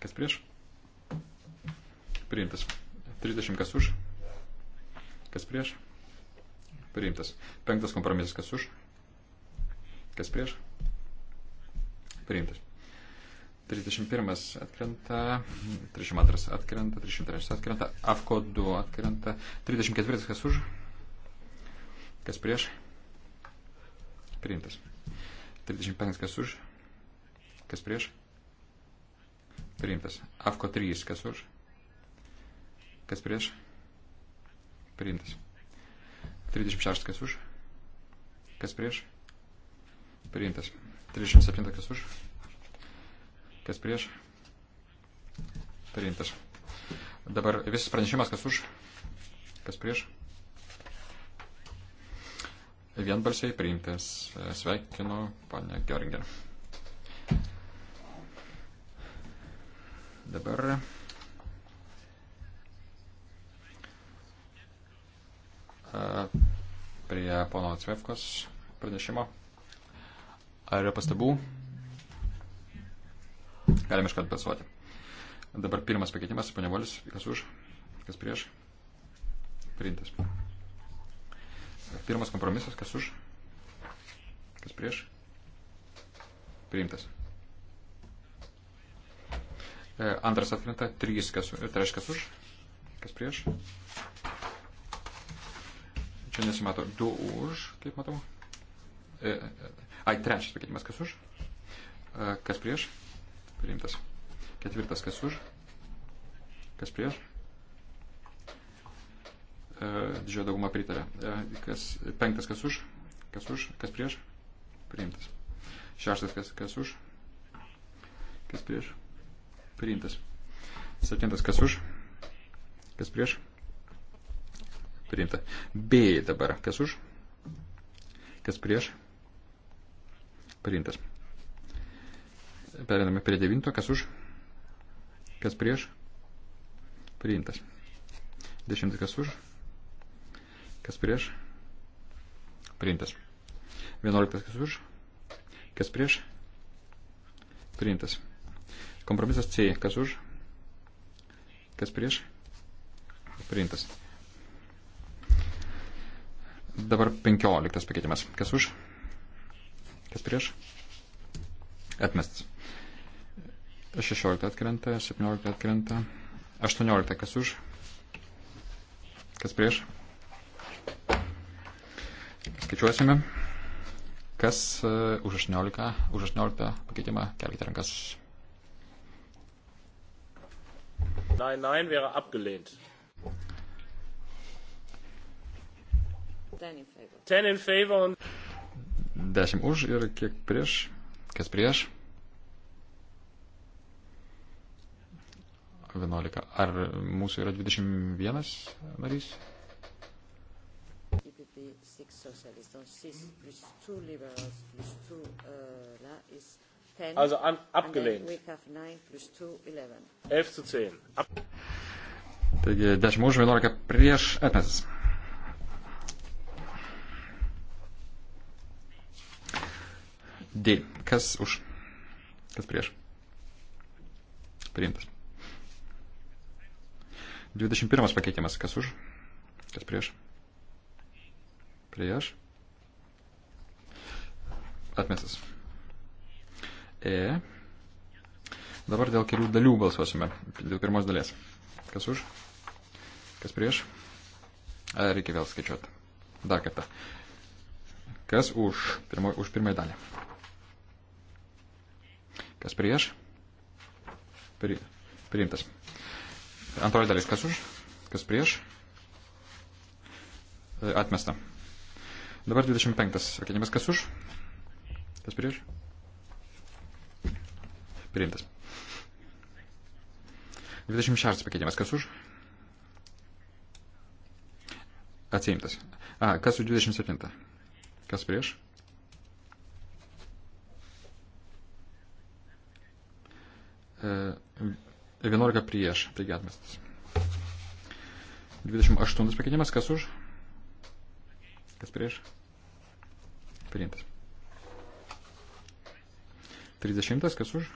kas prieš. Priimtas. 30 kas už, kas prieš. Priimtas. Penktas kompromisas kas už, kas prieš. Priimtas. 31 atkrenta, 32 atkrenta, 33 atkrenta, AFCO 2 atkrenta, 34 kas už, kas prieš, priimtas. 35 kas už, kas prieš, priimtas. AFCO 3 kas už, kas prieš, priimtas. 36 kas už, kas prieš, priimtas. 37 kas už, Kas prieš? Priimtas. Dabar visas pranešimas, kas už? Kas prieš? Vienbalsiai priimtas. Sveikinu, ponia Gerger. Dabar. Prie pono Cvefkos pranešimo. Ar yra pastabų? Galime iškart balsuoti. Dabar pirmas pakeitimas, panevolis, kas už, kas prieš. Priimtas. Pirmas kompromisas, kas už, kas prieš. Priimtas. E, antras atkrenta, trys, kas, treš, tai kas už, kas prieš. Čia nesimato, du už, kaip matau. E, e, ai, trečias pakeitimas, kas už, kas prieš priimtas. Ketvirtas, kas už, kas prieš. E, didžioji dauguma pritarė. E, kas, penktas, kas už, kas už, kas prieš, priimtas. Šeštas, kas, kas už, kas prieš, priimtas. Septintas, kas už, kas prieš, priimta. B dabar, kas už, kas prieš, priimtas. Periname prie devinto, kas už, kas prieš, priimtas. Dešimtas, kas už, kas prieš, priimtas. Vienuoliktas, kas už, kas prieš, priimtas. Kompromisas C, kas už, kas prieš, priimtas. Dabar 15 pakeitimas. Kas už? Kas prieš? Atmestas. 16 atkrenta, 17 atkrenta, 18 kas už, kas prieš. Skaičiuosime, kas e, už 18, už 18 pakeitimą, kelkite rankas. Nein, nein, wäre abgelehnt. 10 in favor. 10 už ir kiek prieš, kas prieš. 11. Ar mūsų yra 21 narys? Uh, also an, abgelehnt. 11 zu 10. Ab Taigi 10 už 11 prieš atmestas. D. Kas už? Kas prieš? Priimtas. 21 pakeitimas. Kas už? Kas prieš? Prieš. Atmestas. E. Dabar dėl kelių dalių balsuosime. Dėl pirmos dalies. Kas už? Kas prieš? A, reikia vėl skaičiuoti. Dar kartą. Kas už, pirmo, už pirmąją dalį? Kas prieš? Pri, priimtas. Antroji dalis, kas už, kas prieš. E, atmesta. Dabar 25. Sakinimas, kas už, kas prieš. Priimtas. 26 pakeitimas. Kas už? Atsiimtas. A, kas už 27? Kas prieš? E, 11 prieš, taigi atmestas. 28 pakeitimas, kas už? Kas prieš? Priimtas. 30, kas už?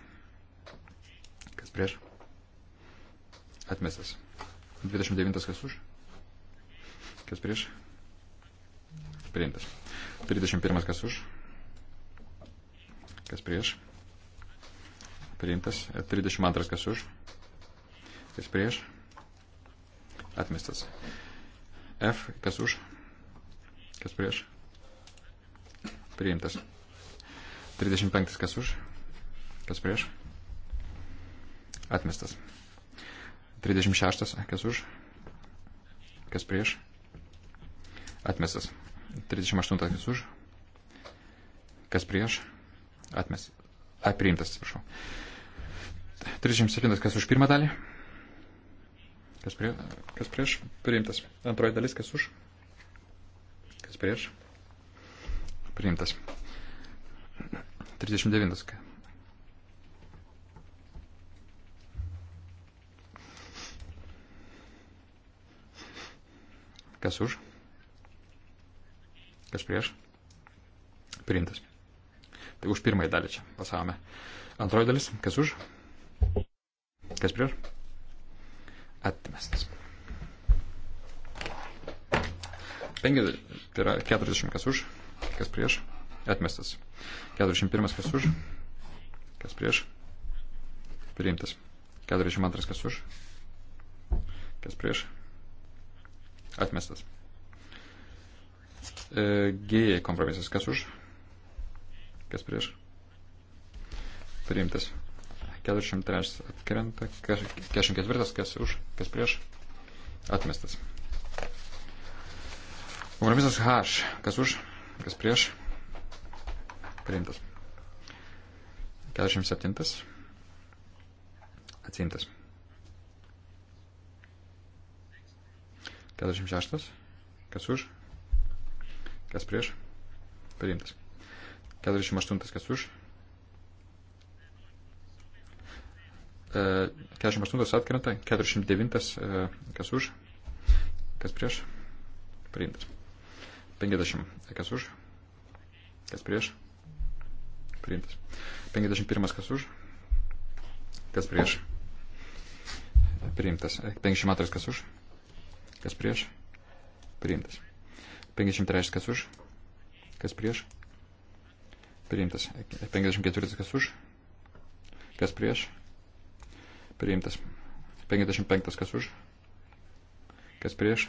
Kas prieš? Atmestas. 29, kas už? Kas prieš? Priimtas. 31, kas už? Kas prieš? Priimtas. 32, kas už? kas prieš, atmestas. F, kas už, kas prieš, priimtas. 35, kas už, kas prieš, atmestas. 36, kas už, kas prieš, atmestas. 38, kas už, kas prieš, atmestas. Apriimtas, atsiprašau. 37, kas už pirmą dalį, Kas, prie, kas prieš? Priimtas. Antroji dalis, kas už? Kas prieš? Priimtas. 39. Kas už? Kas prieš? Priimtas. Tai už pirmąjį dalį čia pasavome. Antroji dalis, kas už? Kas prieš? atmestas. 50, tai yra 40 kas už, kas prieš, atmestas. 41 kas už, kas prieš, priimtas. 42 kas už, kas prieš, atmestas. E, G kompromisas kas už, kas prieš, priimtas. 43 atkrenta, 44 kas už, kas prieš, atmestas. Kompromisas H, kas už, kas prieš, priimtas. 47 atsiimtas. 46 kas už, kas prieš, priimtas. 48 kas už, 48 atkrenta, 49 e, kas už, kas prieš, priimtas. 50 e, kas už, kas prieš, priimtas. 51 kas už, kas prieš, priimtas. 52 kas už, kas prieš, priimtas. 53 kas už, kas prieš, priimtas. 54 kas už, kas prieš, Priimtas. 55 kas už. Kas prieš.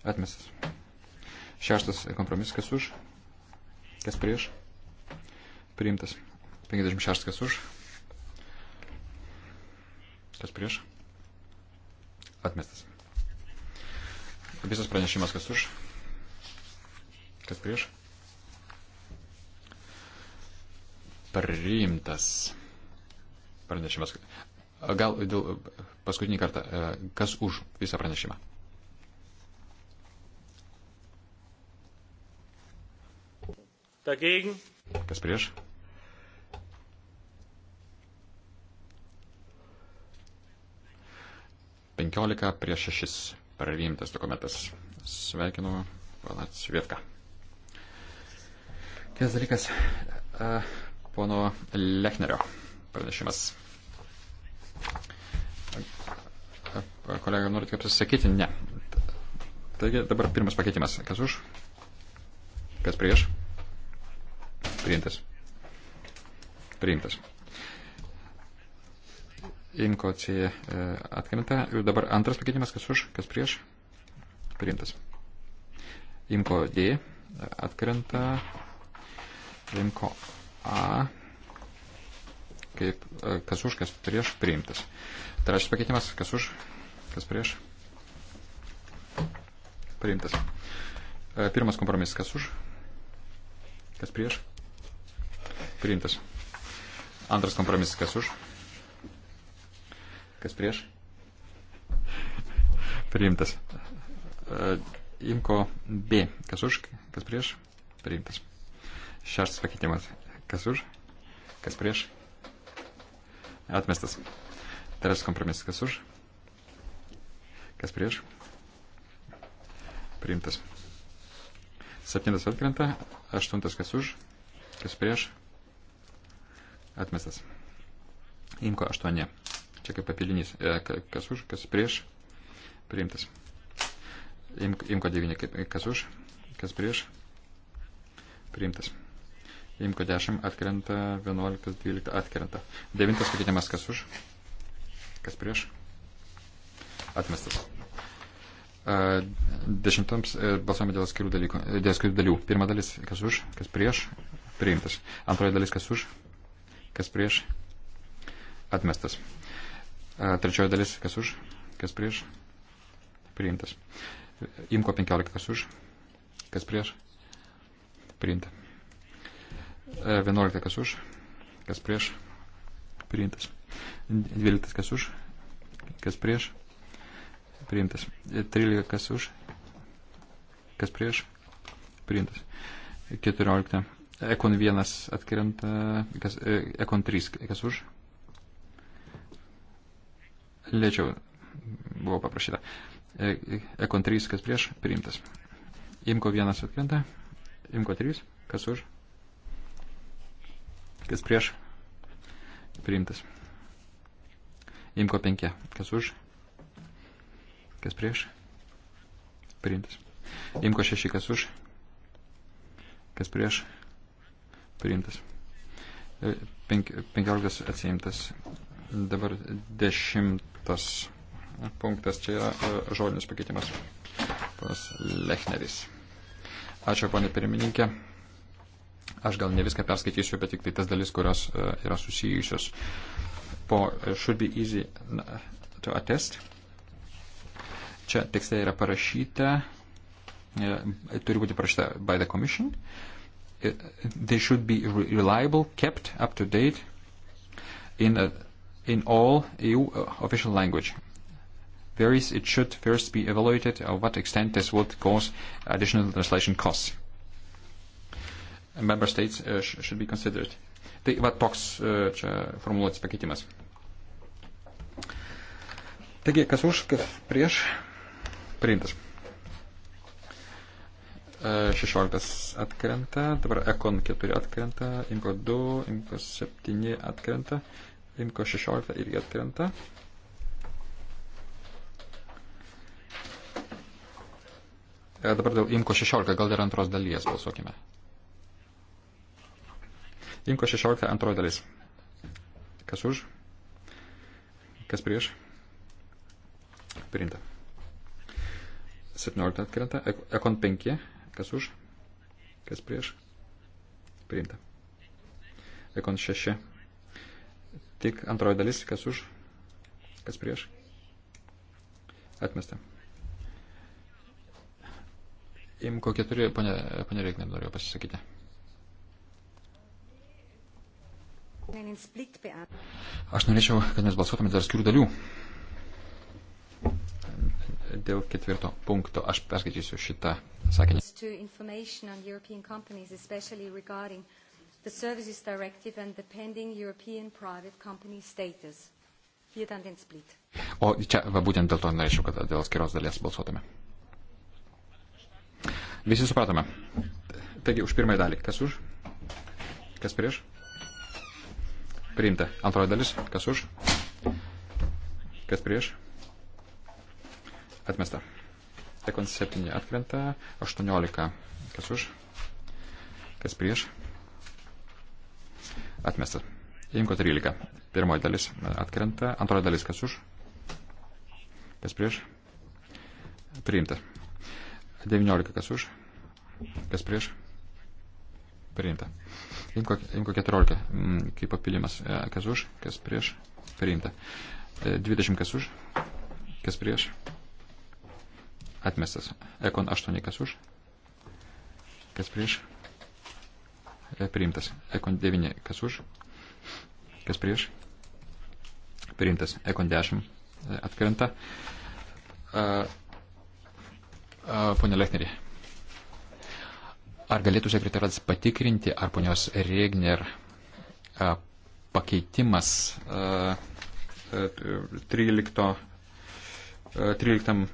Atmestas. Šeštas kompromisas kas už. Kas prieš. Priimtas. 56 kas už. Kas prieš. Atmestas. Visas pranešimas kas už. Kas prieš. Priimtas pranešimas. Gal dėl, paskutinį kartą, e, kas už visą pranešimą? Dagegen. Kas prieš? Penkiolika prieš šešis prariimtas dokumentas. Sveikinu, panas Vietka. Kitas dalykas, e, pono Lechnerio pranešimas. Kolega, norite kaip pasisakyti? Ne. Taigi dabar pirmas pakeitimas. Kas už? Kas prieš? Priimtas. Priimtas. Imko C e, atkrenta. Ir dabar antras pakeitimas. Kas už? Kas prieš? Priimtas. Imko D atkrenta. Imko A. Kaip, e, kas už, kas prieš, priimtas. Trečias pakeitimas, kas už, kas prieš. Priimtas. E, pirmas kompromisas, kas už, kas prieš. Priimtas. Antras kompromisas, kas už, kas prieš. Priimtas. E, imko B, kas už, kas prieš. Priimtas. Šeštas pakeitimas, kas už, kas prieš. Atmestas. Trečias kompromisas, kas už, Kas prieš? Priimtas. Septintas atkrenta, aštuntas kas už, kas prieš? Atmestas. Imko aštuoni. Čia kaip papilinys. E, kas už, kas prieš? Priimtas. Imko devyni. Kas už, kas prieš? Priimtas. Imko 10 atkrenta, 11, 12 atkrenta. 9 pakeitimas kas už, kas prieš? Atmestas. Dešimtams e, balsuojame dėl skirių, dalykų, e, dėl skirių dalių. Pirma dalis, kas už, kas prieš, priimtas. Antroji dalis, kas už, kas prieš, atmestas. E, trečioji dalis, kas už, kas prieš, priimtas. Imko 15, kas už, kas prieš, priimta. 11, kas už, kas prieš, priimtas. 12, kas už, kas prieš, priimtas priimtas. 13 kas už, kas prieš, priimtas. 14. Ekon 1 atkrenta, kas, e, Ekon 3 kas už. Lėčiau buvo paprašyta. E, ekon 3 kas prieš, priimtas. Imko 1 atkrenta, Imko 3 kas už, kas prieš, priimtas. Imko 5 kas už Kas prieš? Priimtas. Imko 6, kas už? Kas prieš? Priimtas. 15 e, atsiimtas. Dabar 10 punktas. Čia yra e, žodinis pakeitimas. Pas Lechneris. Ačiū, ponė pirmininkė. Aš gal ne viską perskaitysiu, bet tik tai tas dalis, kurios e, yra susijusios. Po should be easy to attest Čia tekste yra parašyta, e, turi būti parašyta by the commission. E, they should be reliable, kept up to date in, a, uh, in all EU uh, official language. Whereas it should first be evaluated to what extent this would cause additional translation costs. Member states uh, sh should be considered. Tai va toks uh, čia formuluotis pakeitimas. Taigi, kas už, kas prieš. Priimtas. 16 e, atkrenta, dabar Ekon 4 atkrenta, Imko 2, Imko 7 atkrenta, Imko 16 irgi atkrenta. E, dabar dėl Imko 16, gal dar antros dalies balsuokime. Imko 16 antroji dalis. Kas už? Kas prieš? Priimta. 17 atkrenta. Ekon 5. Kas už? Kas prieš? Priimta. Ekon 6. Tik antroji dalis. Kas už? Kas prieš? Atmesta. Imko 4. Pane, pane Reiknė norėjo pasisakyti. Aš norėčiau, kad mes balsuotume dar skirių dalių dėl ketvirto punkto. Aš perskaitysiu šitą sakinį. the Services Directive and the pending European Private Company Status. Hier dan den Split. O čia va, būtent dėl to norėčiau, kad dėl skiros dalies balsuotume. Visi supratome. Taigi, už pirmąją dalį. Kas už? Kas prieš? Priimta. Antroji dalis. Kas už? Kas prieš? Atmesta. Ekon 7 atkrenta. 18. Kas už? Kas prieš? Atmesta. Imko 13. Pirmoji dalis atkrenta. Antroji dalis kas už? Kas prieš? Priimta. 19 kas už? Kas prieš? Priimta. Imko, imko 14, mm, kaip papildymas, e, kas už, kas prieš, priimta. 20 e, kas už, kas prieš, Atmestas. Ekon 8 e, kas už. Kas prieš. Priimtas. Ekon 9 kas už. Kas prieš. Priimtas. Ekon 10 atkrenta. E, e, Pone Lechnerį. Ar galėtų sekretariatas patikrinti, ar ponios Regner pakeitimas 13 13,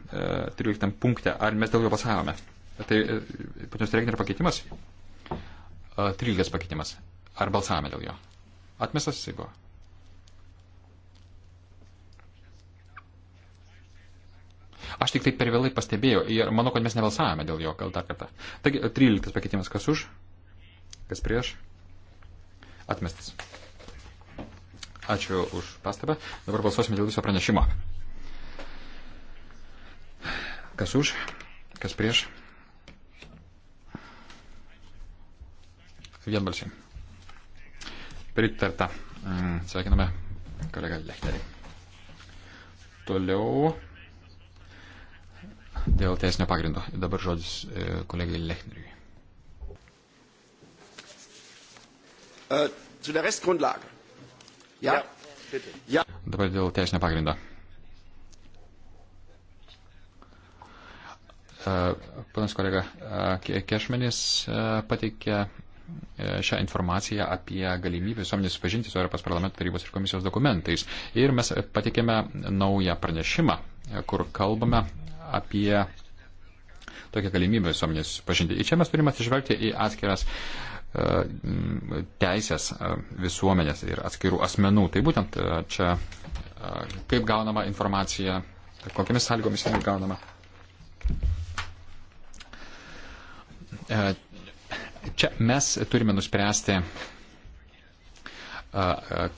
13 e, punkte. Ar mes dėl jo pasavome? Tai e, pačios Regner pakeitimas? 13 e, pakeitimas. Ar balsavome dėl jo? Atmestas jisai buvo. Aš tik tai per vėlai pastebėjau ir manau, kad mes nebalsavome dėl jo, gal dar kartą. Taigi, 13 pakeitimas kas už, kas prieš, atmestas. Ačiū už pastabą. Dabar balsuosime dėl viso pranešimo. Kas už, kas prieš. Vienbalsiai. Pritarta. Mm, sveikiname kolegą Lechterį. Toliau dėl teisinio pagrindo. Dabar žodis e, kolegai Lechneriui. Äh, zu der Rechtsgrundlage. Ja. ja. Dabar dėl teisinio pagrindo. Panas kolega Kešmenis pateikė e, šią informaciją apie galimybę visuomenės supažinti su Europos parlamento tarybos ir komisijos dokumentais. Ir mes patikėme naują pranešimą, e, kur kalbame apie tokią galimybę visuomenės supažinti. Ir čia mes turime atsižvelgti į atskiras e, teisės visuomenės ir atskirų asmenų. Tai būtent čia kaip gaunama informacija, kokiamis sąlygomis jinai gaunama. E, čia mes turime nuspręsti, e,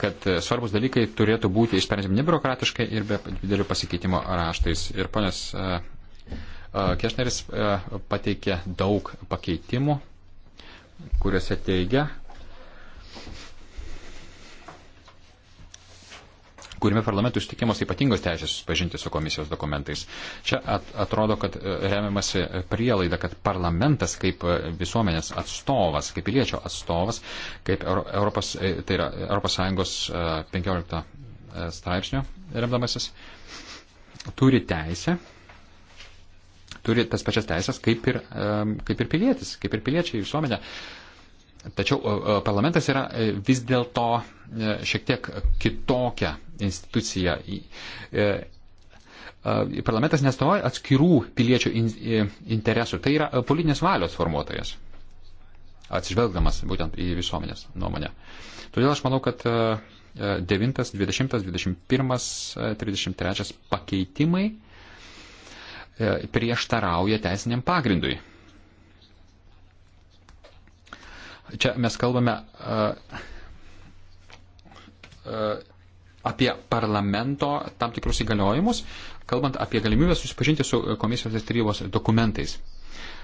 kad svarbus dalykai turėtų būti išsprendžiami nebiurokratiškai ir be didelių pasikeitimo raštais. Ir ponas e, Kešneris pateikė daug pakeitimų, kuriuose teigia, kuriame parlamentui sutikimos ypatingos teisės susipažinti su komisijos dokumentais. Čia at, atrodo, kad e, remiamasi prielaida, kad parlamentas kaip e, visuomenės atstovas, kaip piliečio atstovas, kaip Europos, e, tai yra Europos Sąjungos 15 straipsnio remdamasis, turi teisę turi tas pačias teisės kaip ir, kaip ir pilietis, kaip ir piliečiai visuomenė. Uh, Tačiau e, e, parlamentas yra e, vis dėlto šiek tiek kitokia institucija. Parlamentas nestovoja atskirų piliečių interesų, tai yra politinės valios formuotojas, atsižvelgdamas būtent į visuomenės nuomonę. Todėl aš manau, kad 9, 20, 21, 33 pakeitimai prieštarauja teisiniam pagrindui Čia mes kalbame e, e, apie parlamento tam tikrus įgaliojimus, kalbant apie galimybę susipažinti su komisijos ir tarybos dokumentais,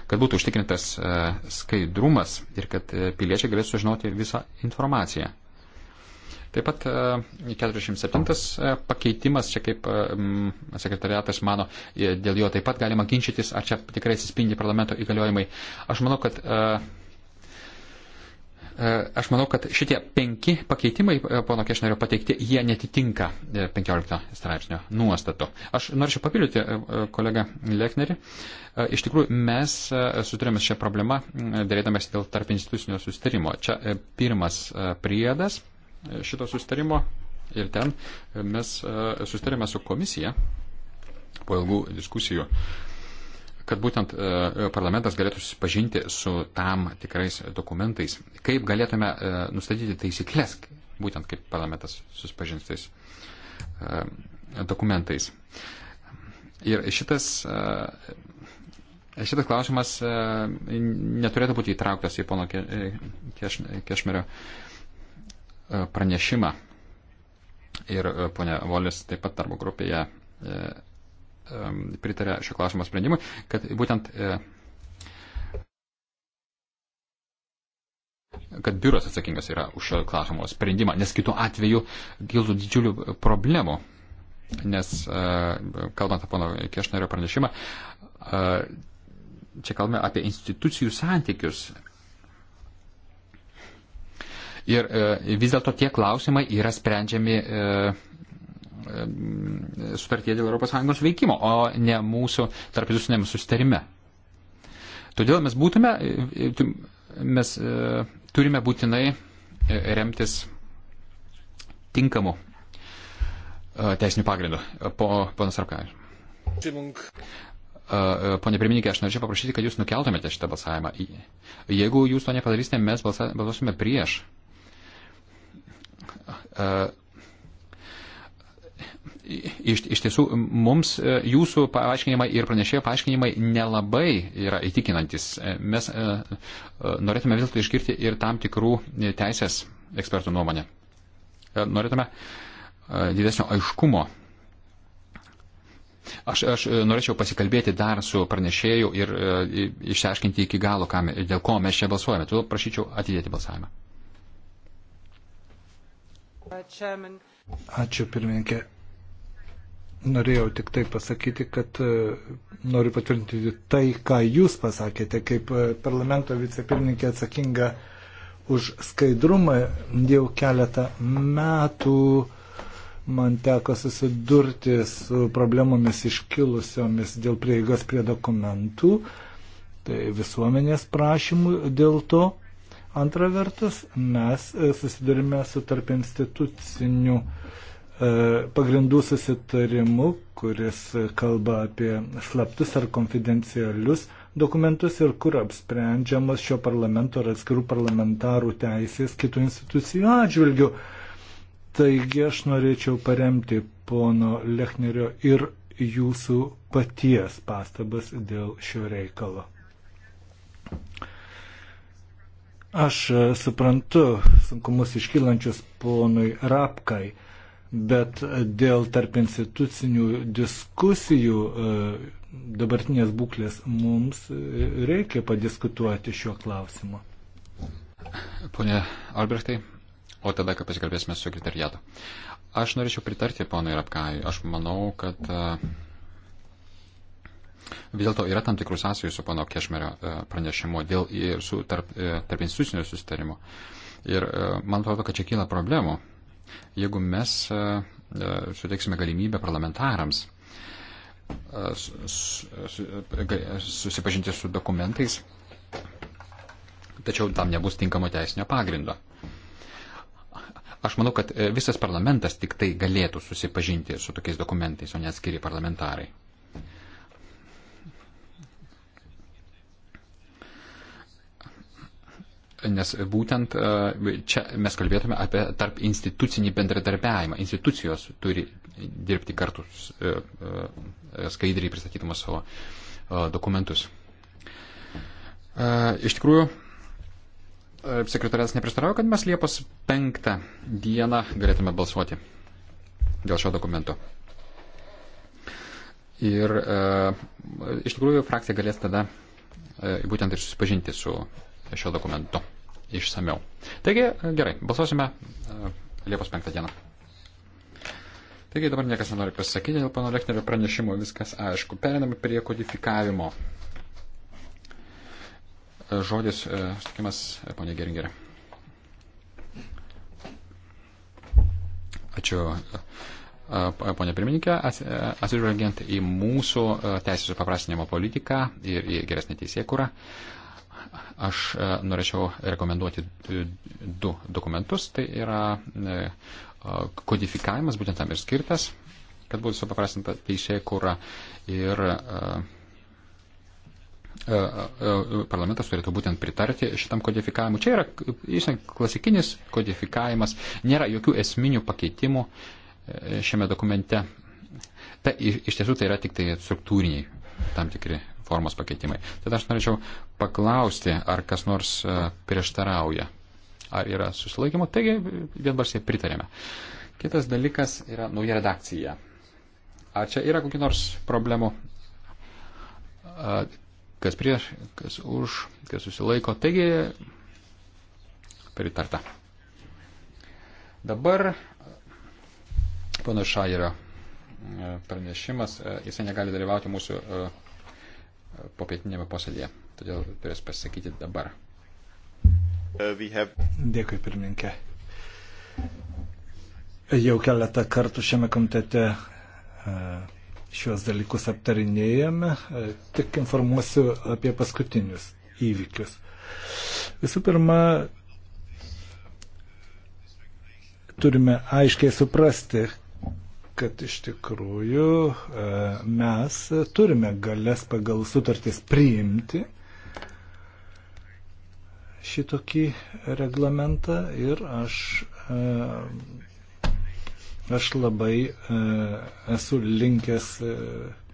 kad būtų užtikrintas e, skaidrumas ir kad piliečiai galėtų sužinoti visą informaciją. Taip pat 47 pakeitimas, čia kaip sekretariatas mano, dėl jo taip pat galima ginčytis, ar čia tikrai atsispindi parlamento įgaliojimai. Aš manau, kad E, aš manau, kad šitie penki pakeitimai, e, pono Kešnerio pateikti, jie netitinka 15 e, straipsnio nuostato. Aš norėčiau papildyti kolegą Lechnerį. Iš tikrųjų, mes suturėmės šią problemą, dėrėdamės dėl tarp institucinio sustarimo. Čia pirmas priedas šito sustarimo ir ten mes sustarėme su komisija po ilgų diskusijų kad būtent e, parlamentas galėtų susipažinti su tam tikrais dokumentais. Kaip galėtume e, nustatyti taisyklės, būtent kaip parlamentas susipažins tais e, dokumentais. Ir šitas, šitas klausimas neturėtų būti įtrauktas į pono Kešmerio pranešimą. Ir ponia Volis taip pat darbo grupėje Um, pritarė šio klausimo sprendimui, kad būtent e, kad biuras atsakingas yra už šio klausimo sprendimą, nes kitu atveju kiltų didžiulių problemų. Nes, e, kalbant apie pono Kešnerio pranešimą, e, čia kalbame apie institucijų santykius. Ir vis dėlto tie klausimai yra sprendžiami sutartie dėl ES veikimo, o ne mūsų tarp visusinėme sustarime. Todėl mes būtume, e, mes e, turime būtinai e, remtis tinkamu teisiniu pagrindu. Po, ponas Rapkavičius. Pone pirmininkė, aš norėčiau paprašyti, kad jūs nukeltumėte šitą balsavimą. Jeigu jūs to nepadarysite, mes balsuosime prieš. Iš, iš tiesų, mums e, jūsų paaiškinimai ir pranešėjo paaiškinimai nelabai yra įtikinantis. E, mes e, norėtume vis dėlto išgirti ir tam tikrų teisės ekspertų nuomonę. Norėtume didesnio aiškumo. Aš, aš norėčiau pasikalbėti dar su pranešėju ir išsiaiškinti iki galo, kam, dėl ko mes čia balsuojame. Todėl prašyčiau atidėti balsavimą. Uh, Ačiū pirmininkė. Norėjau tik tai pasakyti, kad e, noriu patvirtinti tai, ką jūs pasakėte, kaip e, parlamento vicepirmininkė atsakinga už skaidrumą jau keletą metų man teko susidurti su problemomis iškilusiomis dėl prieigos prie dokumentų, tai visuomenės prašymų dėl to. Antra vertus, mes e, susidurime su tarp instituciniu uh, E, pagrindų susitarimu, kuris kalba apie slaptus ar konfidencialius dokumentus ir kur apsprendžiamas šio parlamento ar atskirų parlamentarų teisės kitų institucijų atžvilgių. Taigi aš norėčiau paremti pono Lechnerio ir jūsų paties pastabas dėl šio reikalo. Aš suprantu sunkumus iškylančius ponui Rapkai bet dėl tarp institucinių diskusijų e, dabartinės būklės mums e, reikia padiskutuoti šiuo klausimu. Pone Albrechtai, o tada, kai pasikalbėsime su sekretariatu. Aš norėčiau pritarti ponui Rapkai. Aš manau, kad e, vis dėlto yra tam tikrų sąsajų su pono Kešmerio pranešimu dėl ir su tarp, tarp institucinio susitarimo. Ir man atrodo, kad čia kyla problemų jeigu mes e, e, suteiksime galimybę parlamentarams e, susipažinti su dokumentais, tačiau tam nebus tinkamo teisinio pagrindo. Aš manau, kad visas parlamentas tik tai galėtų susipažinti su tokiais dokumentais, o ne atskiri parlamentarai. nes būtent e, čia mes kalbėtume apie tarp institucinį bendradarbiavimą. Institucijos turi dirbti kartu e, e, skaidriai pristatydamas savo dokumentus. Iš tikrųjų, sekretorės neprieštarauja, kad mes Liepos penktą dieną galėtume balsuoti dėl šio dokumento. Ir e, iš tikrųjų frakcija galės tada e, būtent ir susipažinti su šio dokumento išsameu. Taigi, gerai, balsuosime e, Liepos 5 dieną. Taigi dabar niekas nenori pasakyti dėl pano Lechnerio pranešimo, viskas aišku. Periname prie kodifikavimo. E, žodis, e, sutikimas, ponė Geringerė. Ačiū, ponė pirmininkė. Atsižvelgiant į mūsų teisės supaprastinimo politiką ir į geresnį teisėkurą, Aš e, norėčiau rekomenduoti du dokumentus. Tai yra e, e, kodifikavimas, būtent tam ir skirtas, kad būtų supaprastinta teisėjai kūra ir parlamentas turėtų būtent pritarti šitam kodifikavimu. Čia yra žinai, klasikinis kodifikavimas, nėra jokių esminių pakeitimų šiame dokumente. Ta, iš tiesų tai yra tik tai struktūriniai tam tikri formos pakeitimai. Tad aš norėčiau paklausti, ar kas nors e, prieštarauja, ar yra susilaikymo. Taigi vienbarsiai pritarėme. Kitas dalykas yra nauja redakcija. Ar čia yra kokių nors problemų? E, kas prieš, kas už, kas susilaiko. Taigi pritarta. Dabar pana Šairio e, pranešimas, jisai negali dalyvauti mūsų po pietinėme posėdėje. Todėl turės pasakyti dabar. Uh, have... Dėkui, pirmininkė. Jau keletą kartų šiame komitete uh, šiuos dalykus aptarinėjame, uh, tik informuosiu apie paskutinius įvykius. Visų pirma, turime aiškiai suprasti, kad iš tikrųjų e, mes turime galės pagal sutartis priimti šitokį reglamentą ir aš, e, aš labai e, esu linkęs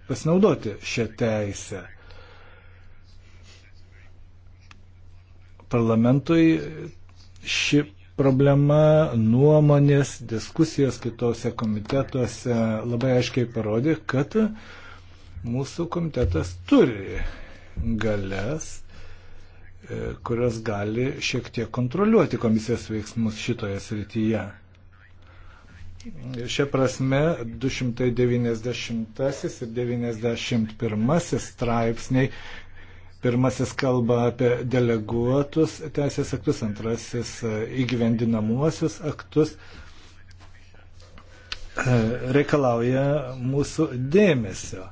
pasinaudoti šią teisę. Parlamentui ši problema, nuomonės, diskusijos kitose komitetuose labai aiškiai parodė, kad mūsų komitetas turi galės, e, kurios gali šiek tiek kontroliuoti komisijos veiksmus šitoje srityje. Šia prasme 290 ir 91 straipsniai Pirmasis kalba apie deleguotus teisės aktus, antrasis e, įgyvendinamuosius aktus e, reikalauja mūsų dėmesio. E,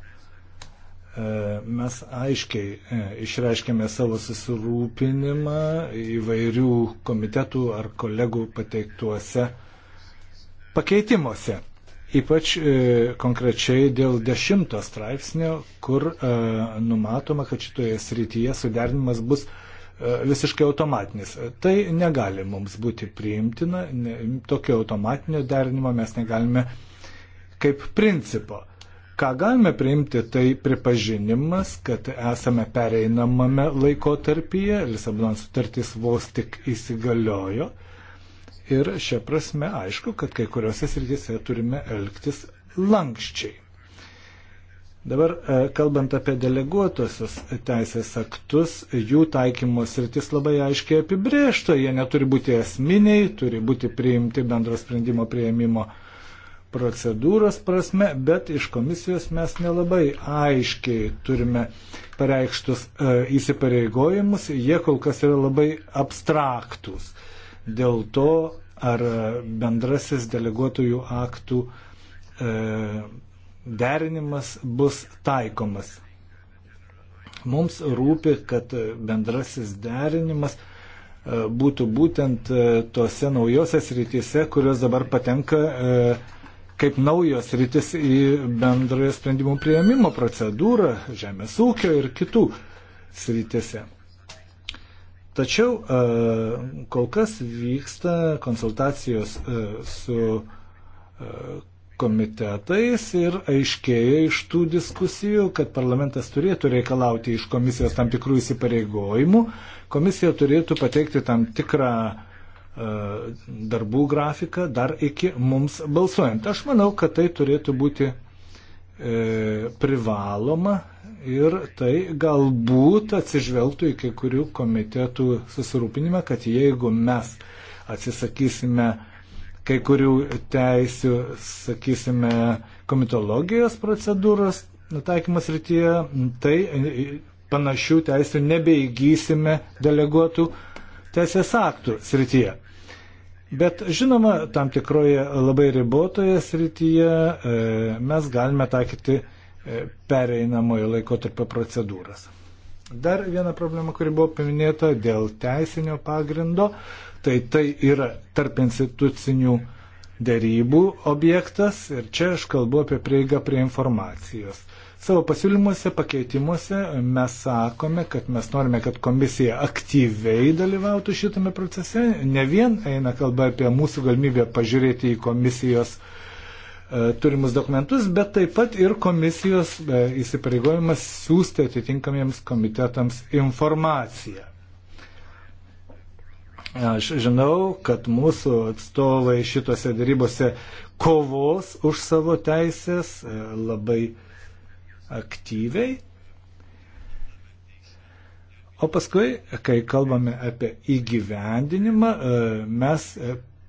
mes aiškiai išreiškėme savo susirūpinimą įvairių komitetų ar kolegų pateiktuose pakeitimuose. Ypač e, konkrečiai dėl dešimto straipsnio, kur e, numatoma, kad šitoje srityje suderinimas bus e, visiškai automatinis. Tai negali mums būti priimtina, tokio automatinio derinimo mes negalime kaip principo. Ką galime priimti, tai pripažinimas, kad esame pereinamame laiko tarpyje, Lisabonos sutartis vos tik įsigaliojo Ir šia prasme aišku, kad kai kuriuose srityse turime elgtis lankščiai. Dabar e, kalbant apie deleguotosius teisės aktus, jų taikymo sritis labai aiškiai apibrėžta, jie neturi būti esminiai, turi būti priimti bendro sprendimo prieimimo procedūros prasme, bet iš komisijos mes nelabai aiškiai turime pareikštus e, įsipareigojimus, jie kol kas yra labai abstraktus. E, dėl to, ar bendrasis deleguotojų aktų e, derinimas bus taikomas. Mums rūpi, kad bendrasis derinimas e, būtų būtent e, tose naujose srityse, kurios dabar patenka e, kaip naujos rytis į bendrojo sprendimų prieimimo procedūrą, žemės ūkio ir kitų srityse. Tačiau e, kol kas vyksta konsultacijos e, su e, komitetais ir aiškėja iš tų diskusijų, kad parlamentas turėtų reikalauti iš komisijos tam tikrų įsipareigojimų, komisija turėtų pateikti tam tikrą darbų grafiką dar iki mums balsuojant. Aš manau, kad tai turėtų būti e, privaloma ir tai galbūt atsižvelgtų į kai kurių komitetų susirūpinimą, kad jeigu mes atsisakysime kai kurių teisių, sakysime, komitologijos procedūros taikymas rytyje, tai panašių teisių nebeįgysime deleguotų teisės aktų srityje. Bet žinoma, tam tikroje labai ribotoje srityje e, mes galime taikyti E, pereinamojo laikotarpio procedūras. Dar viena problema, kuri buvo paminėta dėl teisinio pagrindo, tai tai yra tarp institucinių dėrybų objektas ir čia aš kalbu apie prieigą prie informacijos. Savo pasiūlymuose, pakeitimuose mes sakome, kad mes norime, kad komisija aktyviai dalyvautų šitame procese. Ne vien eina kalba apie mūsų galimybę pažiūrėti į komisijos uh, E, turimus dokumentus, bet taip pat ir komisijos e, įsipareigojimas siūsti atitinkamiems komitetams informaciją. Aš žinau, kad mūsų atstovai šitose darybose kovos už savo teisės e, labai aktyviai. O paskui, kai kalbame apie įgyvendinimą, mes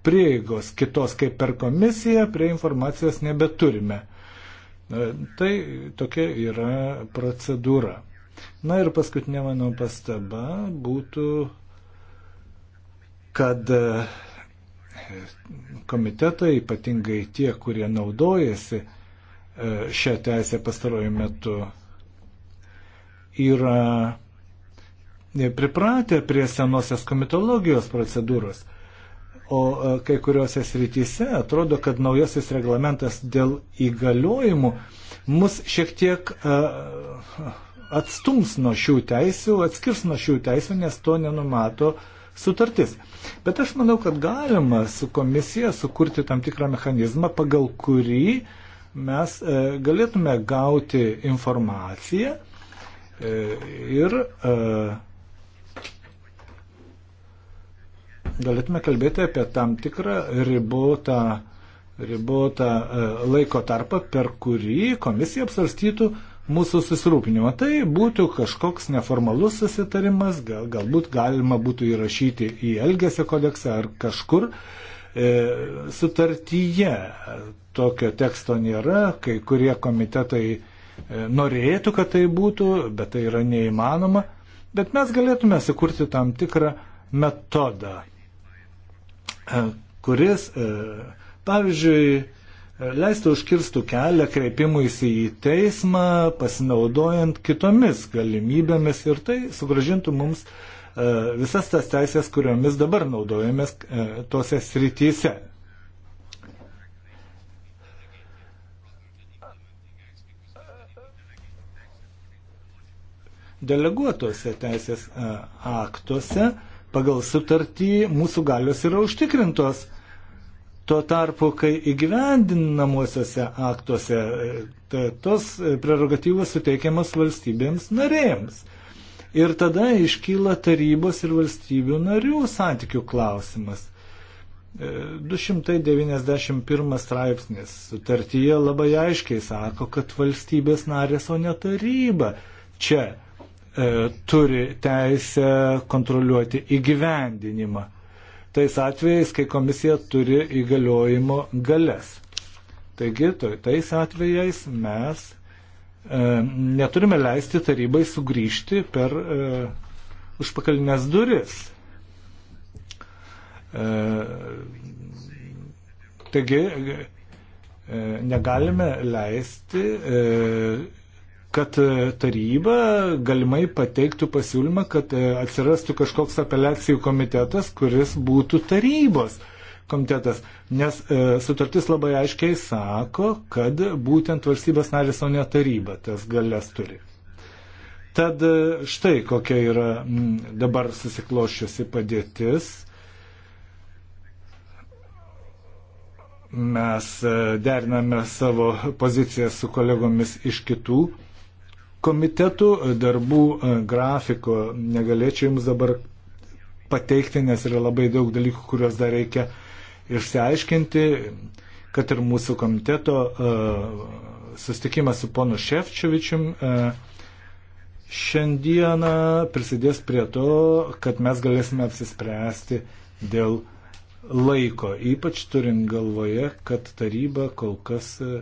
prieigos kitos kaip per komisiją prie informacijos nebeturime. Tai tokia yra procedūra. Na ir paskutinė mano pastaba būtų, kad e, komitetai, ypatingai tie, kurie naudojasi e, šią teisę pastaruoju metu, yra e, pripratę prie senosios komitologijos procedūros. O e, kai kuriuose srityse atrodo, kad naujasis reglamentas dėl įgaliojimų mus šiek tiek e, atstums nuo šių teisių, atskirs nuo šių teisių, nes to nenumato sutartis. Bet aš manau, kad galima su komisija sukurti tam tikrą mechanizmą, pagal kurį mes e, galėtume gauti informaciją ir galėtume kalbėti apie tam tikrą ribotą, ribotą e, laiko tarpą, per kurį komisija apsarstytų mūsų susirūpinimą. Tai būtų kažkoks neformalus susitarimas, gal, galbūt galima būtų įrašyti į Elgesio kodeksą ar kažkur e, sutartyje. Tokio teksto nėra, kai kurie komitetai e, norėtų, kad tai būtų, bet tai yra neįmanoma. Bet mes galėtume sukurti tam tikrą metodą. E, kuris, e, pavyzdžiui, e, leistų užkirstų kelią kreipimuisi į teismą, pasinaudojant kitomis galimybėmis ir tai sugražintų mums visas tas teisės, kuriomis dabar naudojamės tose srityse. Deleguotose teisės aktuose Pagal sutartį mūsų galios yra užtikrintos. Tuo tarpu, kai įgyvendinamosiose aktuose e, tai tos e, prerogatyvos suteikiamas valstybėms narėms. Ir tada iškyla tarybos ir valstybių narių santykių klausimas. 291 e, straipsnis sutartyje labai aiškiai sako, kad valstybės narės, o ne taryba čia E, turi teisę kontroliuoti įgyvendinimą. Tais atvejais, kai komisija turi įgaliojimo galės. Taigi, tais atvejais mes e, neturime leisti tarybai sugrįžti per e, užpakalinės duris. E, taigi, e, negalime leisti. E, kad e, taryba galimai pateiktų pasiūlymą, kad e, atsirastų kažkoks apeliacijų komitetas, kuris būtų tarybos komitetas. Nes e, sutartis labai aiškiai sako, kad būtent valstybės narės, o ne taryba tas galės turi. Tad e, štai kokia yra m, dabar susikloščiusi padėtis. Mes deriname savo poziciją su kolegomis iš kitų komitetų e, darbų e, grafiko negalėčiau jums dabar pateikti, nes yra labai daug dalykų, kuriuos dar reikia išsiaiškinti, kad ir mūsų komiteto e, sustikimas su ponu Šefčiovičium šiandieną prisidės prie to, kad mes galėsime apsispręsti dėl laiko, ypač turint galvoje, kad taryba kol kas uh,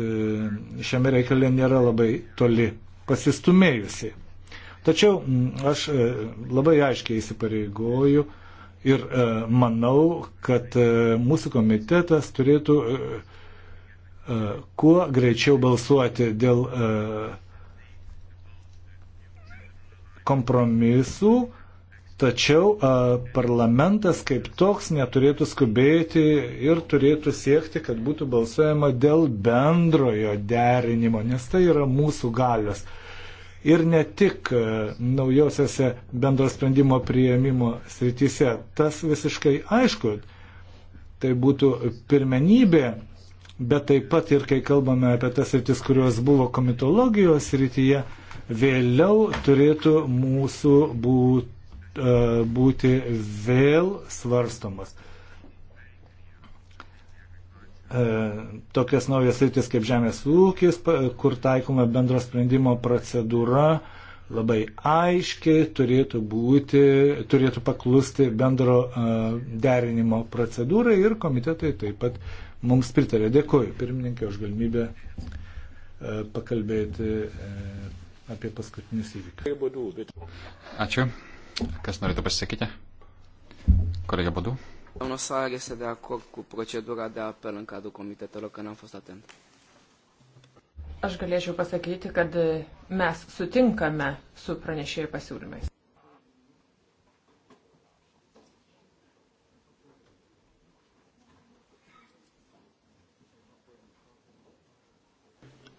E, šiame reikale nėra labai toli pasistumėjusi. Tačiau aš e, labai aiškiai įsipareigoju ir e, manau, kad mūsų komitetas turėtų kuo greičiau balsuoti dėl kompromisų, Tačiau a, parlamentas kaip toks neturėtų skubėti ir turėtų siekti, kad būtų balsuojama dėl bendrojo derinimo, nes tai yra mūsų galios. Ir ne tik a, naujosiose bendro sprendimo prieimimo srityse, tas visiškai aišku, tai būtų pirmenybė, bet taip pat ir kai kalbame apie tas sritis, kurios buvo komitologijos srityje, vėliau turėtų mūsų būti E, būti vėl svarstomas. E, tokias naujas rytis kaip žemės ūkis, kur taikoma bendro sprendimo procedūra, labai aiški turėtų būti, turėtų paklusti bendro e, derinimo procedūrai ir komitetai taip pat mums pritarė. Dėkuoju, pirmininkė, už galimybę pakalbėti apie paskutinius įvykius. Ačiū. Kas norėtų pasisakyti? Colega Bodu. Doamna Sar este de acord cu procedura de apel în cadrul comitetelor, că n-am fost atent. Aš galėčiau pasakyti, kad mes sutinkame su pranešėjų pasiūlymais.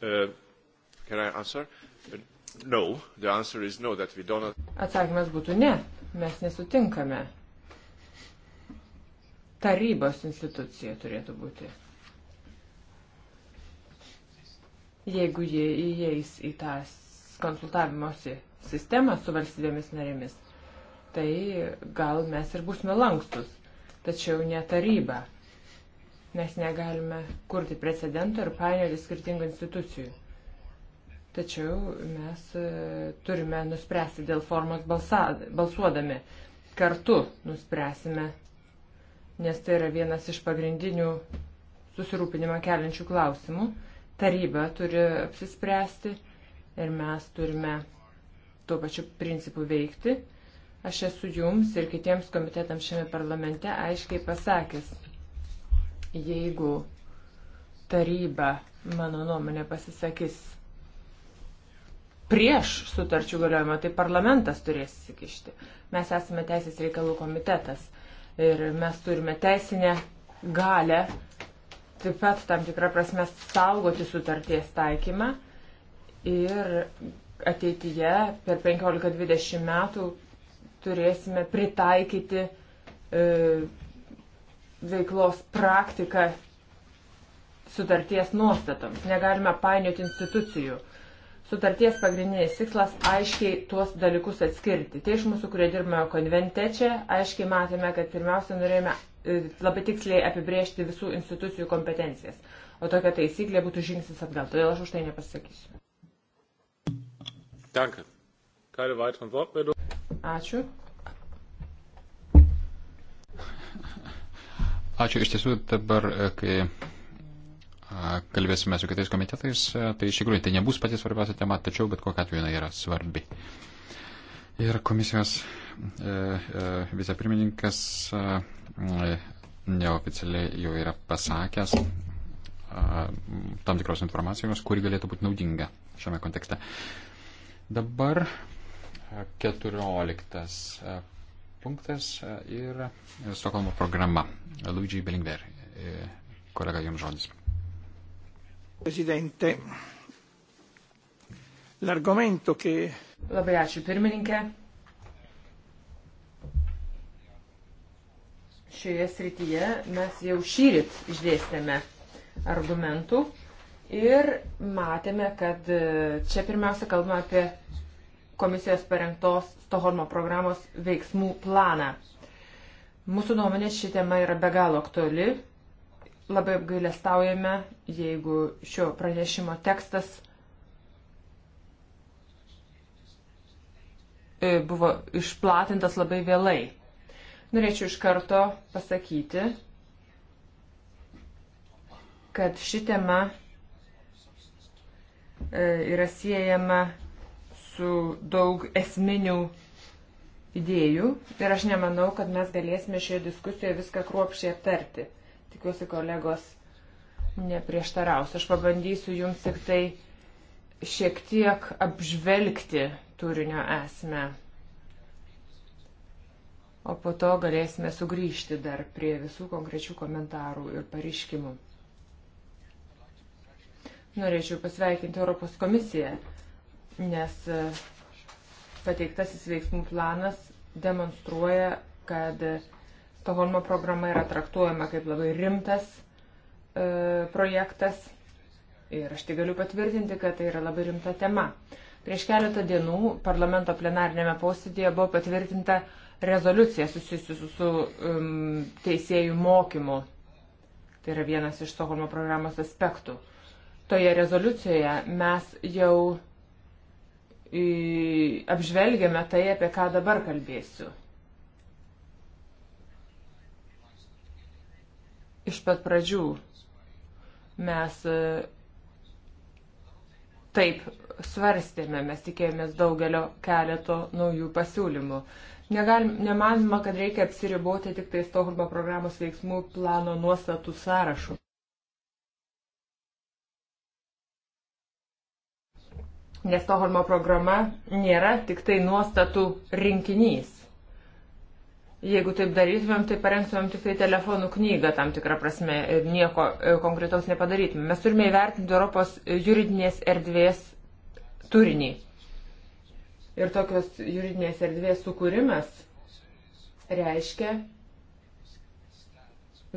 Uh, can I answer? No, the answer is no, that we don't. Atsakymas būtų ne, mes nesutinkame. Tarybos institucija turėtų būti. Jeigu jie įeis į tą konsultavimosi sistemą su valstybėmis narėmis, tai gal mes ir būsime lankstus, tačiau ne taryba. Mes negalime kurti precedento ir painioti skirtingų institucijų. Tačiau mes e, turime nuspręsti dėl formos balsa, balsuodami. Kartu nuspręsime, nes tai yra vienas iš pagrindinių susirūpinimą keliančių klausimų. Taryba turi apsispręsti ir mes turime tuo pačiu principu veikti. Aš esu jums ir kitiems komitetams šiame parlamente aiškiai pasakęs, jeigu taryba, mano nuomonė, pasisakys prieš sutarčių galiojimą, tai parlamentas turės įsikišti. Mes esame Teisės reikalų komitetas ir mes turime teisinę galę taip pat tam tikrą prasme saugoti sutarties taikymą ir ateityje per 15-20 metų turėsime pritaikyti e, veiklos praktiką sutarties nuostatoms. Negalime painioti institucijų. Sutarties pagrindinis tikslas aiškiai tuos dalykus atskirti. Tie iš mūsų, kurie dirbame konvente čia, aiškiai matėme, kad pirmiausia norėjome e, labai tiksliai apibriežti visų institucijų kompetencijas. O tokia taisyklė būtų žingsnis atgal. Todėl aš už tai nepasakysiu. Danke. Keine weiteren Wortmeldungen. Ačiū. Ačiū iš tiesų dabar, e, kai kalbėsime su kitais komitetais, tai iš tikrųjų tai nebus pati svarbiausia tema, tačiau bet kokia atveju jinai yra svarbi. Ir komisijos e, e, vicepirmininkas e, neoficialiai jau yra pasakęs e, tam tikros informacijos, kuri galėtų būti naudinga šiame kontekste. Dabar 14 punktas ir Stokholmo programa. Luigi Belingver, e, kolega, jums žodis. Prezidente. L'argomento che... Labai ačiū pirmininkė. Šioje srityje mes jau šyrit išdėstėme argumentų ir matėme, kad e, čia pirmiausia kalbame apie komisijos parengtos Stoholmo programos veiksmų planą. Mūsų nuomonė ši tema yra be galo aktuali Labai apgailestaujame, jeigu šio pranešimo tekstas e, buvo išplatintas labai vėlai. Norėčiau iš karto pasakyti, kad ši tema e, yra siejama su daug esminių idėjų ir aš nemanau, kad mes galėsime šioje diskusijoje viską kruopšiai aptarti. Tikiuosi, kolegos neprieštaraus. Aš pabandysiu jums tik tai šiek tiek apžvelgti turinio esmę. O po to galėsime sugrįžti dar prie visų konkrečių komentarų ir pareiškimų. Norėčiau pasveikinti Europos komisiją, nes e, pateiktasis veiksmų planas demonstruoja, kad Stokholmo programa yra traktuojama kaip labai rimtas e, projektas ir aš tik galiu patvirtinti, kad tai yra labai rimta tema. Prieš keletą dienų parlamento plenarinėme posėdėje buvo patvirtinta rezoliucija susijusi su, su um, teisėjų mokymu. Tai yra vienas iš Stokholmo programos aspektų. Toje rezoliucijoje mes jau į, apžvelgėme tai, apie ką dabar kalbėsiu. Iš pat pradžių mes e, taip svarstėme, mes tikėjomės daugelio keleto naujų pasiūlymų. Negalim, nemanoma, kad reikia apsiriboti tik tai Stokholmo programos veiksmų plano nuostatų sąrašu. Nes Stokholmo programa nėra tik tai nuostatų rinkinys. Jeigu taip darytumėm, tai parengtumėm tik tai telefonų knygą tam tikrą prasme ir nieko e, konkretaus nepadarytumėm. Mes turime įvertinti Europos juridinės erdvės turinį. Ir tokios juridinės erdvės sukūrimas reiškia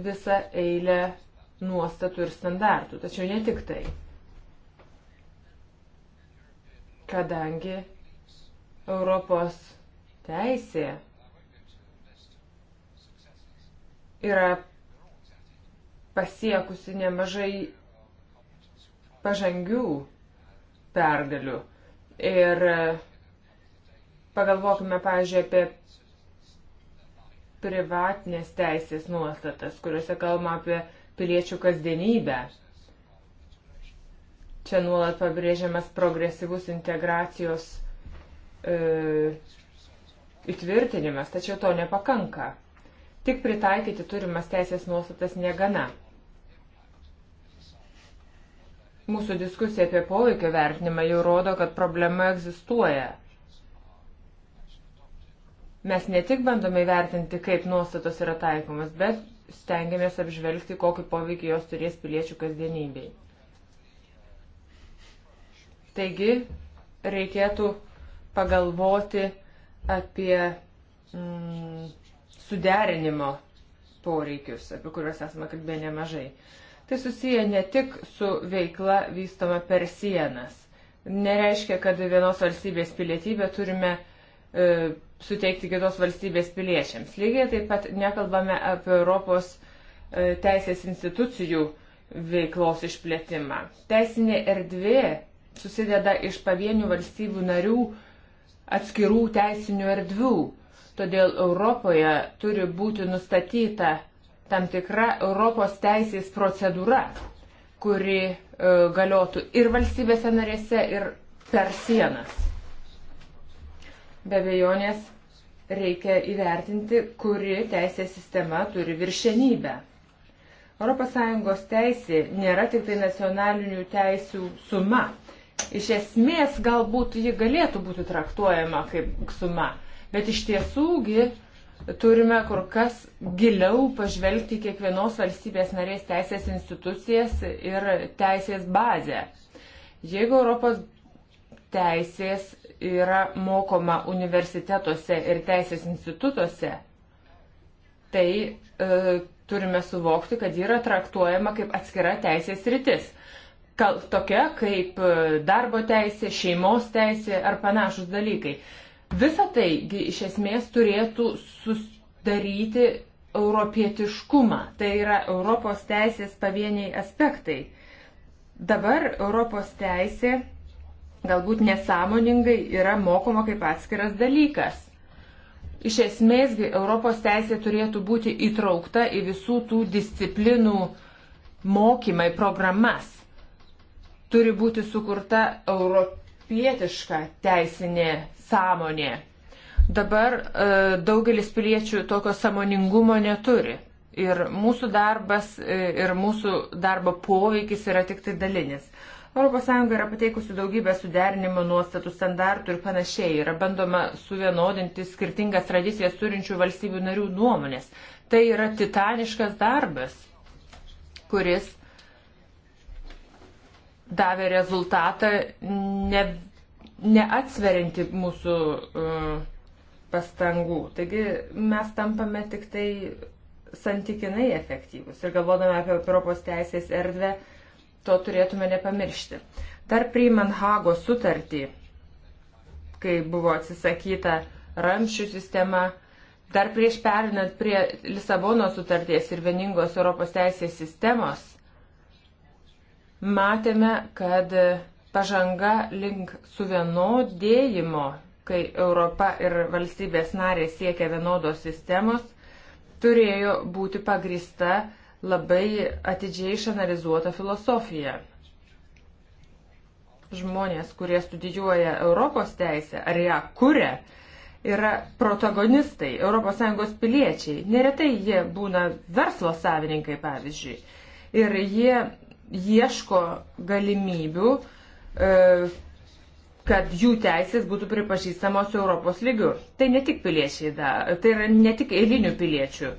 visą eilę nuostatų ir standartų. Tačiau ne tik tai. Kadangi Europos teisė yra pasiekusi nemažai pažangių pergalių. Ir e, pagalvokime, pavyzdžiui, apie privatinės teisės nuostatas, kuriuose kalbama apie piliečių kasdienybę. Čia nuolat pabrėžiamas progresyvus integracijos e, įtvirtinimas, tačiau to nepakanka. Tik pritaikyti turimas teisės nuostatas negana. Mūsų diskusija apie poveikio vertinimą jau rodo, kad problema egzistuoja. Mes ne tik bandome įvertinti, kaip nuostatos yra taikomas, bet stengiamės apžvelgti, kokį poveikį jos turės piliečių kasdienybei. Taigi, reikėtų pagalvoti apie mm, suderinimo poreikius, apie kuriuos esame kalbėję nemažai. Tai susiję ne tik su veikla vystoma per sienas. Nereiškia, kad vienos valstybės pilietybę turime e, suteikti kitos valstybės piliečiams. Lygiai taip pat nekalbame apie Europos e, teisės institucijų veiklos išplėtimą. Teisinė erdvė susideda iš pavienių valstybių narių atskirų teisinių erdvių. Todėl Europoje turi būti nustatyta tam tikra Europos teisės procedūra, kuri e, galiotų ir valstybėse narėse, ir per sienas. Be abejonės reikia įvertinti, kuri teisės sistema turi viršenybę. ES teisė nėra tik tai nacionalinių teisių suma. Iš esmės galbūt ji galėtų būti traktuojama kaip suma Bet iš tiesųgi turime kur kas giliau pažvelgti kiekvienos valstybės narės teisės institucijas ir teisės bazę. Jeigu Europos teisės yra mokoma universitetuose ir teisės institutuose, tai e, turime suvokti, kad ji yra traktuojama kaip atskira teisės rytis. Kal, tokia kaip e, darbo teisė, šeimos teisė ar panašus dalykai. Visą tai iš esmės turėtų sudaryti europietiškumą. Tai yra Europos teisės pavieniai aspektai. Dabar Europos teisė galbūt nesąmoningai yra mokoma kaip atskiras dalykas. Iš esmėsgi Europos teisė turėtų būti įtraukta į visų tų disciplinų mokymai programas. Turi būti sukurta europietiška teisinė sąmonė. Dabar e, daugelis piliečių tokio samoningumo neturi. Ir mūsų darbas e, ir mūsų darbo poveikis yra tik tai dalinis. ES yra pateikusi daugybę suderinimo nuostatų, standartų ir panašiai. Yra bandoma suvienodinti skirtingas tradicijas turinčių valstybių narių nuomonės. Tai yra titaniškas darbas, kuris davė rezultatą ne neatsverinti mūsų e, pastangų. Taigi mes tampame tik tai santykinai efektyvus ir galvodami apie Europos teisės erdvę, to turėtume nepamiršti. Dar priimant Hago sutartį, kai buvo atsisakyta ramščių sistema, dar prieš perinant prie Lisabono sutarties ir vieningos Europos teisės sistemos, matėme, kad pažanga link suvienodėjimo, kai Europa ir valstybės narė siekia vienodos sistemos, turėjo būti pagrista labai atidžiai išanalizuota filosofija. Žmonės, kurie studijuoja Europos teisę ar ją kuria, yra protagonistai, ES piliečiai. Neretai jie būna verslo savininkai, pavyzdžiui. Ir jie ieško galimybių, uh, E, kad jų teisės būtų pripažįstamos Europos lygių. Tai ne tik piliečiai, da, tai yra ne tik eilinių piliečių e,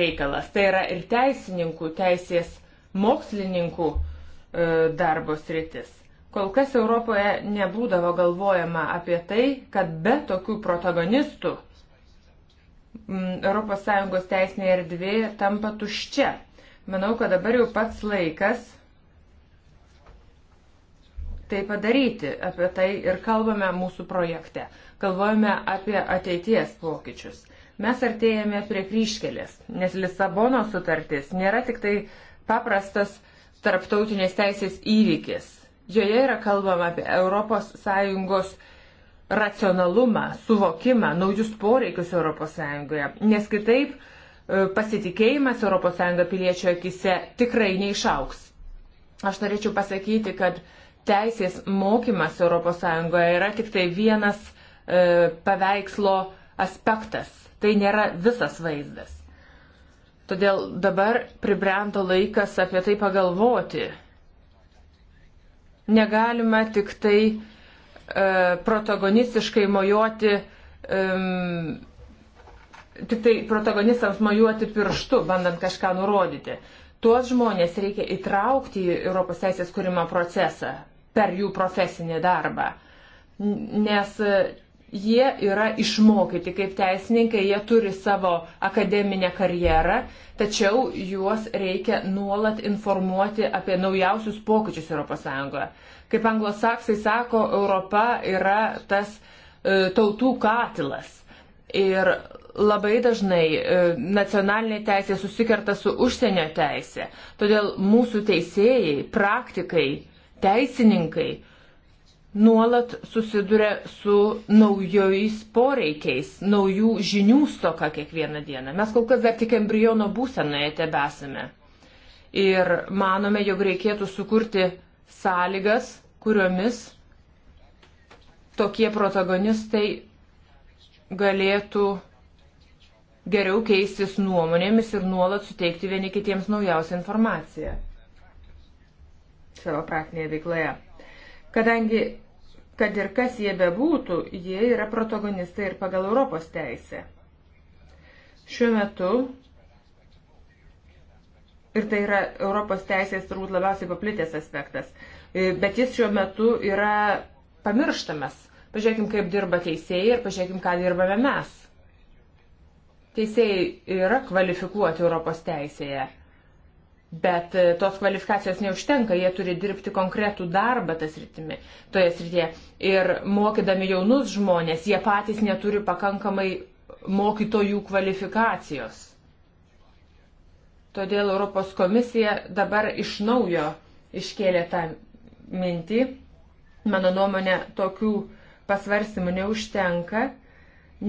reikalas, tai yra ir teisininkų, teisės mokslininkų e, darbos rytis. Kol kas Europoje nebūdavo galvojama apie tai, kad be tokių protagonistų m, ES teisinė erdvė tampa tuščia. Manau, kad dabar jau pats laikas tai padaryti. Apie tai ir kalbame mūsų projekte. Kalbame apie ateities pokyčius. Mes artėjame prie kryškelės, nes Lisabono sutartis nėra tik tai paprastas tarptautinės teisės įvykis. Joje yra kalbama apie ES racionalumą, suvokimą, naujus poreikius ES, nes kitaip e, pasitikėjimas ES piliečio akise tikrai neišauks. Aš norėčiau pasakyti, kad uh, teisės mokymas ES yra tik tai vienas e, paveikslo aspektas. Tai nėra visas vaizdas. Todėl dabar pribrendo laikas apie tai pagalvoti. Negalima tik tai e, protagonistiškai mojuoti, e, tik tai protagonistams mojuoti pirštu, bandant kažką nurodyti tuos žmonės reikia įtraukti į Europos teisės kūrimo procesą per jų profesinį darbą. Nes jie yra išmokyti kaip teisininkai, jie turi savo akademinę karjerą, tačiau juos reikia nuolat informuoti apie naujausius pokyčius ES. Kaip anglosaksai sako, Europa yra tas e, tautų katilas. Ir labai dažnai e, nacionalinė teisė susikerta su užsienio teisė. Todėl mūsų teisėjai, praktikai, teisininkai nuolat susiduria su naujais poreikiais, naujų žinių stoka kiekvieną dieną. Mes kol kas dar tik embriono būsenoje tebesame. Ir manome, jog reikėtų sukurti sąlygas, kuriomis tokie protagonistai galėtų geriau keistis nuomonėmis ir nuolat suteikti vieni kitiems naujausią informaciją savo praktinėje veikloje. Kadangi, kad ir kas jie bebūtų, jie yra protagonistai ir pagal Europos teisę. Šiuo metu, ir tai yra Europos teisės turbūt labiausiai paplitęs aspektas, e, bet jis šiuo metu yra pamirštamas. Pažiūrėkim, kaip dirba teisėjai ir pažiūrėkim, ką dirbame mes. Teisėjai yra kvalifikuoti Europos teisėje Bet e, tos kvalifikacijos neužtenka, jie turi dirbti konkretų darbą tas rytimi, toje srityje. Ir mokydami jaunus žmonės, jie patys neturi pakankamai mokytojų kvalifikacijos. Todėl Europos komisija dabar iš naujo iškėlė tą mintį. Mano nuomonė, tokių pasvarstymų neužtenka,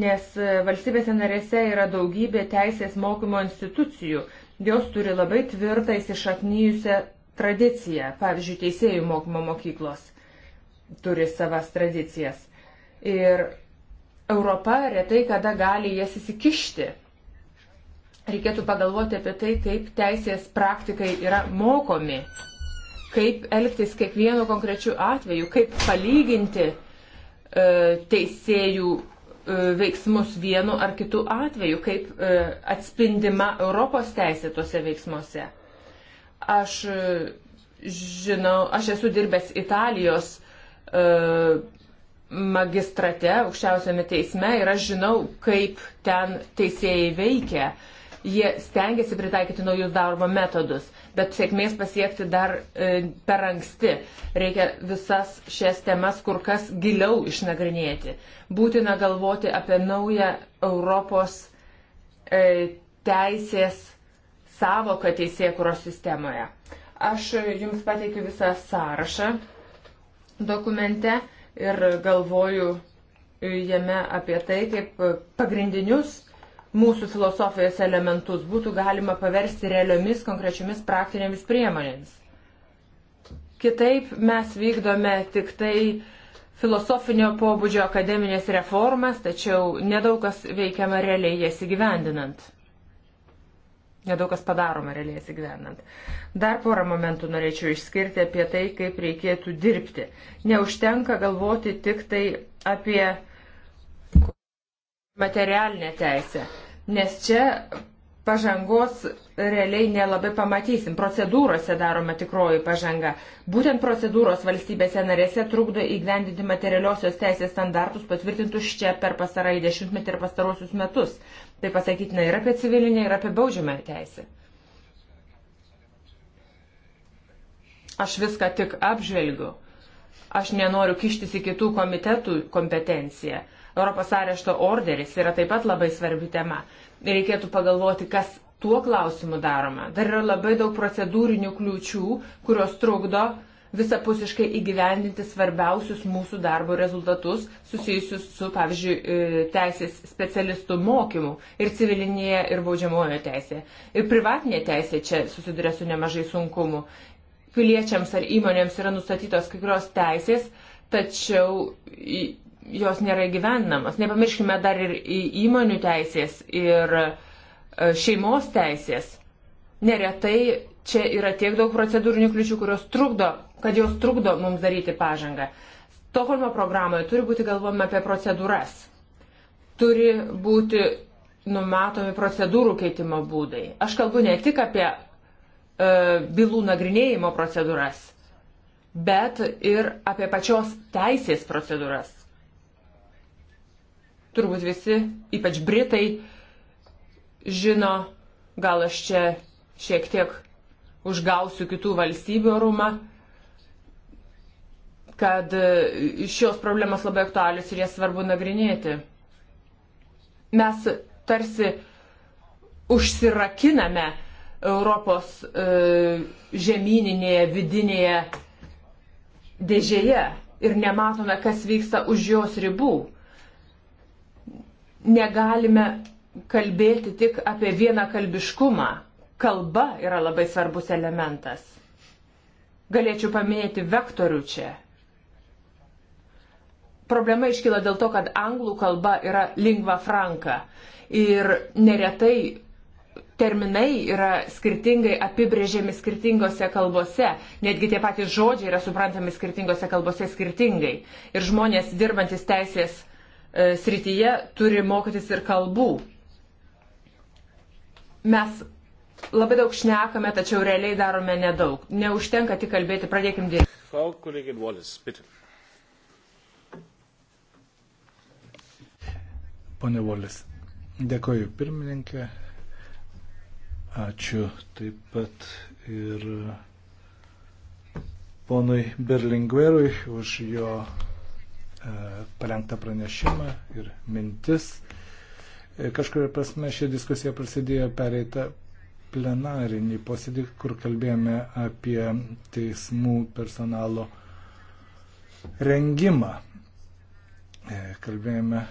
nes e, valstybėse narėse yra daugybė teisės mokymo institucijų Jos turi labai tvirtą įsišaknyjusią tradiciją. Pavyzdžiui, teisėjų mokymo mokyklos turi savas tradicijas. Ir Europa retai kada gali jas įsikišti. Reikėtų pagalvoti apie tai, kaip teisės praktikai yra mokomi, kaip elgtis kiekvienu konkrečiu atveju, kaip palyginti e, teisėjų E, veiksmus vienu ar kitu atveju, kaip e, atspindima Europos teisė tuose veiksmuose. Aš e, žinau, aš esu dirbęs Italijos magistrate, aukščiausiame teisme ir aš žinau, kaip ten teisėjai veikia. Uh, Jie stengiasi pritaikyti naujus darbo metodus, bet sėkmės pasiekti dar e, per anksti. Reikia visas šias temas kur kas giliau išnagrinėti. Būtina galvoti apie naują Europos e, teisės savoką teisėkuros sistemoje. Aš jums pateikiu visą sąrašą dokumente ir galvoju jame apie tai, kaip pagrindinius mūsų filosofijos elementus būtų galima paversti realiomis konkrečiomis praktinėmis priemonėmis. Kitaip mes vykdome tik tai filosofinio pobūdžio akademinės reformas, tačiau nedaug kas veikiama realiai jas įgyvendinant. Nedaug kas padaroma realiai jas įgyvendinant. Dar porą momentų norėčiau išskirti apie tai, kaip reikėtų dirbti. Neužtenka galvoti tik tai apie materialinę teisę nes čia pažangos realiai nelabai pamatysim. Procedūrose daroma tikroji pažanga. Būtent procedūros valstybėse narėse trukdo įgyvendinti materialiosios teisės standartus patvirtintus čia per pastarąjį dešimtmetį ir pastarosius metus. Tai pasakytina ir apie civilinę, ir apie baudžiamąją teisę. Aš viską tik apžvelgiu. Aš nenoriu kištis į kitų komitetų kompetenciją Europos arešto orderis yra taip pat labai svarbi tema. Reikėtų pagalvoti, kas tuo klausimu daroma. Dar yra labai daug procedūrinių kliūčių, kurios trukdo visapusiškai įgyvendinti svarbiausius mūsų darbo rezultatus susijusius su, pavyzdžiui, e, teisės specialistų mokymu ir civilinėje ir baudžiamojo teisėje. Ir privatinė teisė čia susiduria su nemažai sunkumu. Piliečiams ar įmonėms yra nustatytos kai kurios teisės, tačiau jos nėra įgyvendinamos. Nepamirškime dar ir įmonių teisės ir e, šeimos teisės. Neretai čia yra tiek daug procedūrinių kliučių, kurios trukdo, kad jos trukdo mums daryti pažangą. Stokholmo programoje turi būti galvojama apie procedūras. Turi būti numatomi procedūrų keitimo būdai. Aš kalbu ne tik apie e, bylų nagrinėjimo procedūras, bet ir apie pačios teisės procedūras turbūt visi, ypač Britai, žino, gal aš čia šiek tiek užgausiu kitų valstybių orumą, kad e, šios problemos labai aktualius ir jas svarbu nagrinėti. Mes tarsi užsirakiname Europos e, žemyninėje vidinėje dėžėje ir nematome, kas vyksta už jos ribų negalime kalbėti tik apie vieną kalbiškumą. Kalba yra labai svarbus elementas. Galėčiau paminėti vektorių čia. Problema iškyla dėl to, kad anglų kalba yra lingva franka ir neretai terminai yra skirtingai apibrėžiami skirtingose kalbose, netgi tie patys žodžiai yra suprantami skirtingose kalbose skirtingai. Ir žmonės dirbantis teisės E, srityje turi mokytis ir kalbų. Mes labai daug šnekame, tačiau realiai darome nedaug. Neužtenka tik kalbėti, pradėkim dirbti. Frau Kollegin Wallis, bitte. Pone Wallis, dėkoju pirmininkė. Ačiū taip pat ir ponui Berlinguerui už jo E, parengtą pranešimą ir mintis. E, kažkuria prasme ši diskusija prasidėjo pereitą plenarinį posėdį, kur kalbėjome apie teismų personalo rengimą. E, kalbėjome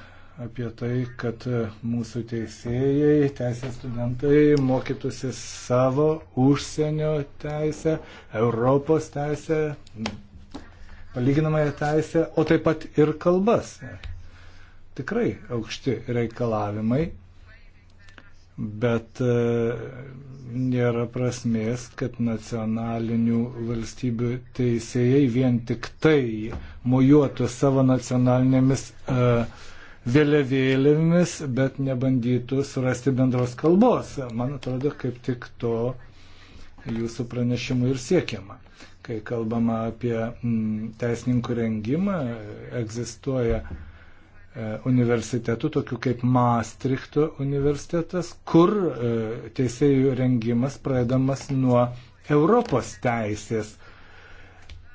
apie tai, kad mūsų teisėjai, teisės studentai mokytųsi savo užsienio teisę, Europos teisę, lyginamąją teisę, o taip pat ir kalbas. Tikrai aukšti reikalavimai, bet e, nėra prasmės, kad nacionalinių valstybių teisėjai vien tik tai mojuotų savo nacionalinėmis e, vėliavėlėmis, bet nebandytų surasti bendros kalbos. Man atrodo, kaip tik to jūsų pranešimu ir siekiama kai kalbama apie mm, teisininkų rengimą, egzistuoja e, universitetų, tokių kaip Maastrichto universitetas, kur e, teisėjų rengimas pradedamas nuo Europos teisės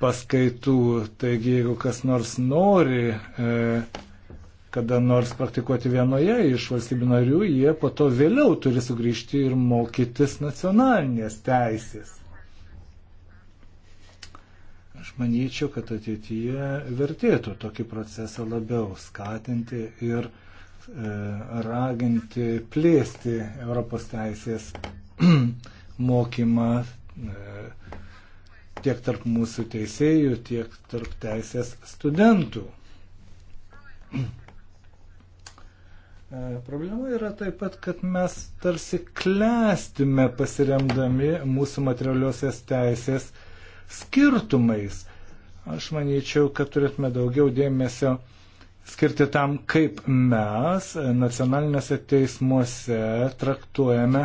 paskaitų. Taigi, jeigu kas nors nori e, kada nors praktikuoti vienoje iš valstybių narių, jie po to vėliau turi sugrįžti ir mokytis nacionalinės teisės. Aš manyčiau, kad ateityje vertėtų tokį procesą labiau skatinti ir e, raginti plėsti Europos teisės mokymą e, tiek tarp mūsų teisėjų, tiek tarp teisės studentų. E, problema yra taip pat, kad mes tarsi klestime pasiremdami mūsų materialiosios teisės skirtumais. Aš manyčiau, kad turėtume daugiau dėmesio skirti tam, kaip mes nacionaliniuose teismuose traktuojame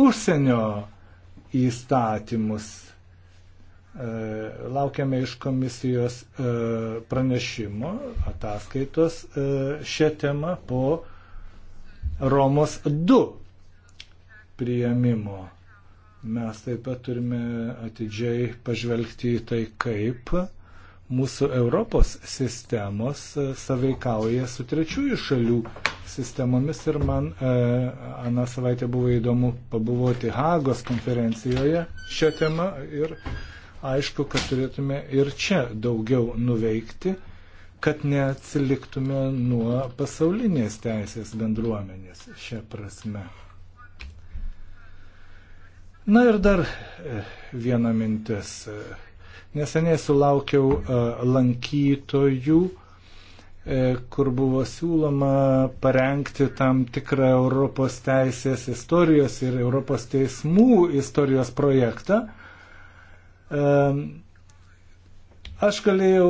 užsienio įstatymus. E, laukiame iš komisijos e, pranešimo, ataskaitos e, šią temą po Romos 2 priėmimo. Mes taip pat turime atidžiai pažvelgti į tai, kaip mūsų Europos sistemos e, saveikauja su trečiųjų šalių sistemomis ir man e, aną savaitę buvo įdomu pabuvoti Hagos konferencijoje šią temą ir aišku, kad turėtume ir čia daugiau nuveikti, kad neatsiliktume nuo pasaulinės teisės bendruomenės šią prasme. Na ir dar e, viena mintis. E, neseniai sulaukiau e, lankytojų, kur buvo siūloma parengti tam tikrą Europos teisės istorijos ir Europos teismų istorijos projektą. Aš galėjau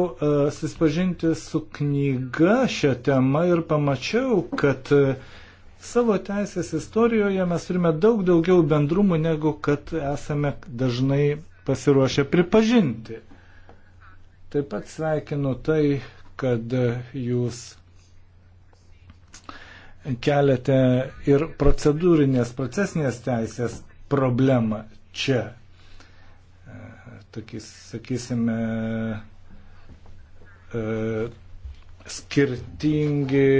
susipažinti su knyga šią temą ir pamačiau, kad Savo teisės istorijoje mes turime daug daugiau bendrumų, negu kad esame dažnai pasiruošę pripažinti. Taip pat sveikinu tai, kad jūs keliate ir procedūrinės, procesinės teisės problemą čia. Tokis, sakysime, e, skirtingi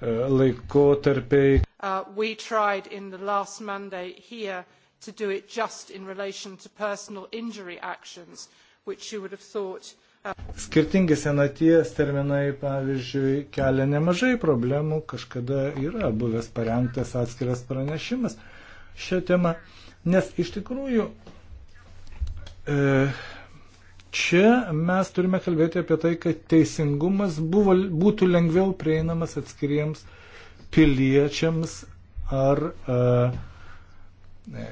E, laikotarpiai. Uh, we tried in the last mandate here to do it just in relation to personal injury actions, which you would have thought. Uh... Skirtingi senaties terminai, pavyzdžiui, kelia nemažai problemų. Kažkada yra buvęs parengtas atskiras pranešimas šią temą, nes iš tikrųjų e, Čia mes turime kalbėti apie tai, kad teisingumas buvo, būtų lengviau prieinamas atskiriems piliečiams ar e, e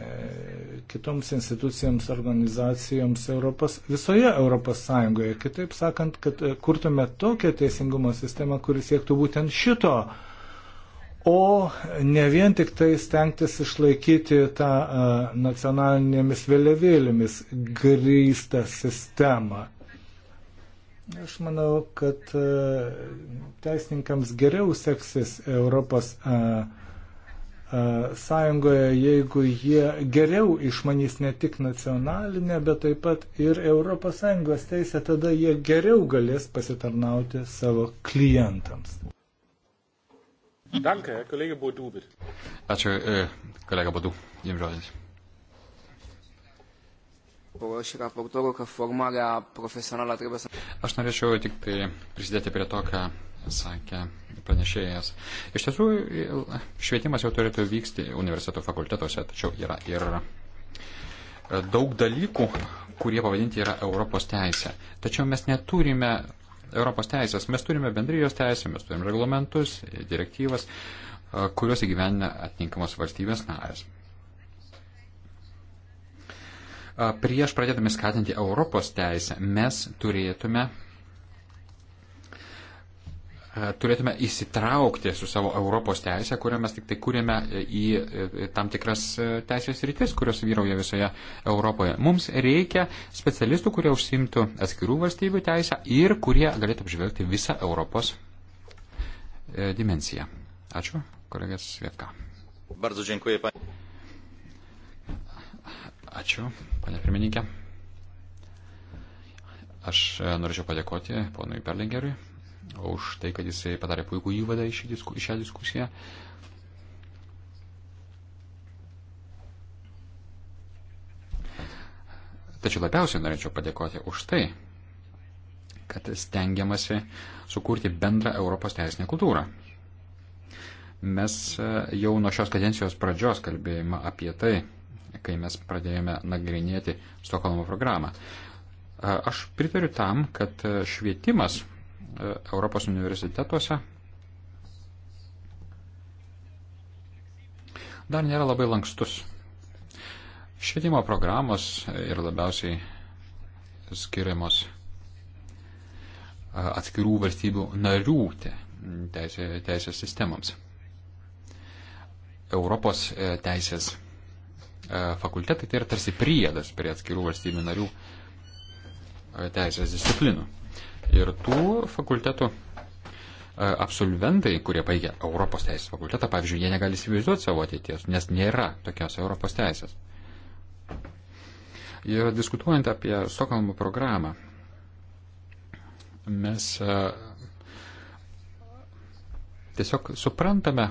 kitoms institucijams, organizacijoms Europos, visoje Europos Sąjungoje. Kitaip sakant, kad e, kurtume tokią teisingumo sistemą, kuris siektų būtent šito e, o ne vien tik tai stengtis išlaikyti tą a, nacionalinėmis vėliavėlėmis grįstą sistemą. Aš manau, kad a, teisininkams geriau seksis Europos a, a, sąjungoje, jeigu jie geriau išmanys ne tik nacionalinę, bet taip pat ir Europos sąjungos teisę, tada jie geriau galės pasitarnauti savo klientams. Danke, kolega Bodu, bitte. Ačiū, e, kolega Bodu, jums žodis. Aš norėčiau tik tai prisidėti prie to, ką sakė pranešėjas. Iš tiesų, švietimas jau turėtų vykti universiteto fakultetuose, tačiau yra ir daug dalykų, kurie pavadinti yra Europos teisė. Tačiau mes neturime Europos teisės. Mes turime bendrijos teisę, mes turime reglamentus, direktyvas, kuriuos įgyvenina atinkamos valstybės narės. Prieš pradėdami skatinti Europos teisę, mes turėtume E, turėtume įsitraukti su savo Europos teisė, kurią mes tik tai kūrėme e, į e, tam tikras teisės rytis, kurios vyrauja visoje Europoje. Mums reikia specialistų, kurie užsimtų atskirų valstybių teisę ir kurie galėtų apžvelgti visą Europos dimensiją. Ačiū, kolegas Vietka. Bardzo dziękuję, panie. Ačiū, panė pirmininkė. Aš norėčiau padėkoti ponui Perlingeriui už tai, kad jisai padarė puikų įvadą į šią diskusiją. Tačiau labiausiai norėčiau padėkoti už tai, kad stengiamasi sukurti bendrą Europos teisinę kultūrą. Mes e, jau nuo šios kadencijos pradžios kalbėjome apie tai, kai mes pradėjome nagrinėti Stokholmo programą. E, aš pritariu tam, kad e, švietimas E, Europos universitetuose dar nėra labai lankstus. Švietimo programos ir labiausiai skiriamos e, atskirų valstybių narių teisė, teisės sistemams. Europos e, teisės fakultetai tai yra tarsi priedas prie atskirų valstybių narių teisės disciplinų. Ir tų fakultetų e, absolventai, kurie baigia Europos teisės fakultetą, pavyzdžiui, jie negali įsivaizduoti savo ateities, nes nėra tokios Europos teisės. Ir diskutuojant apie Stokholmo programą, mes e, tiesiog suprantame,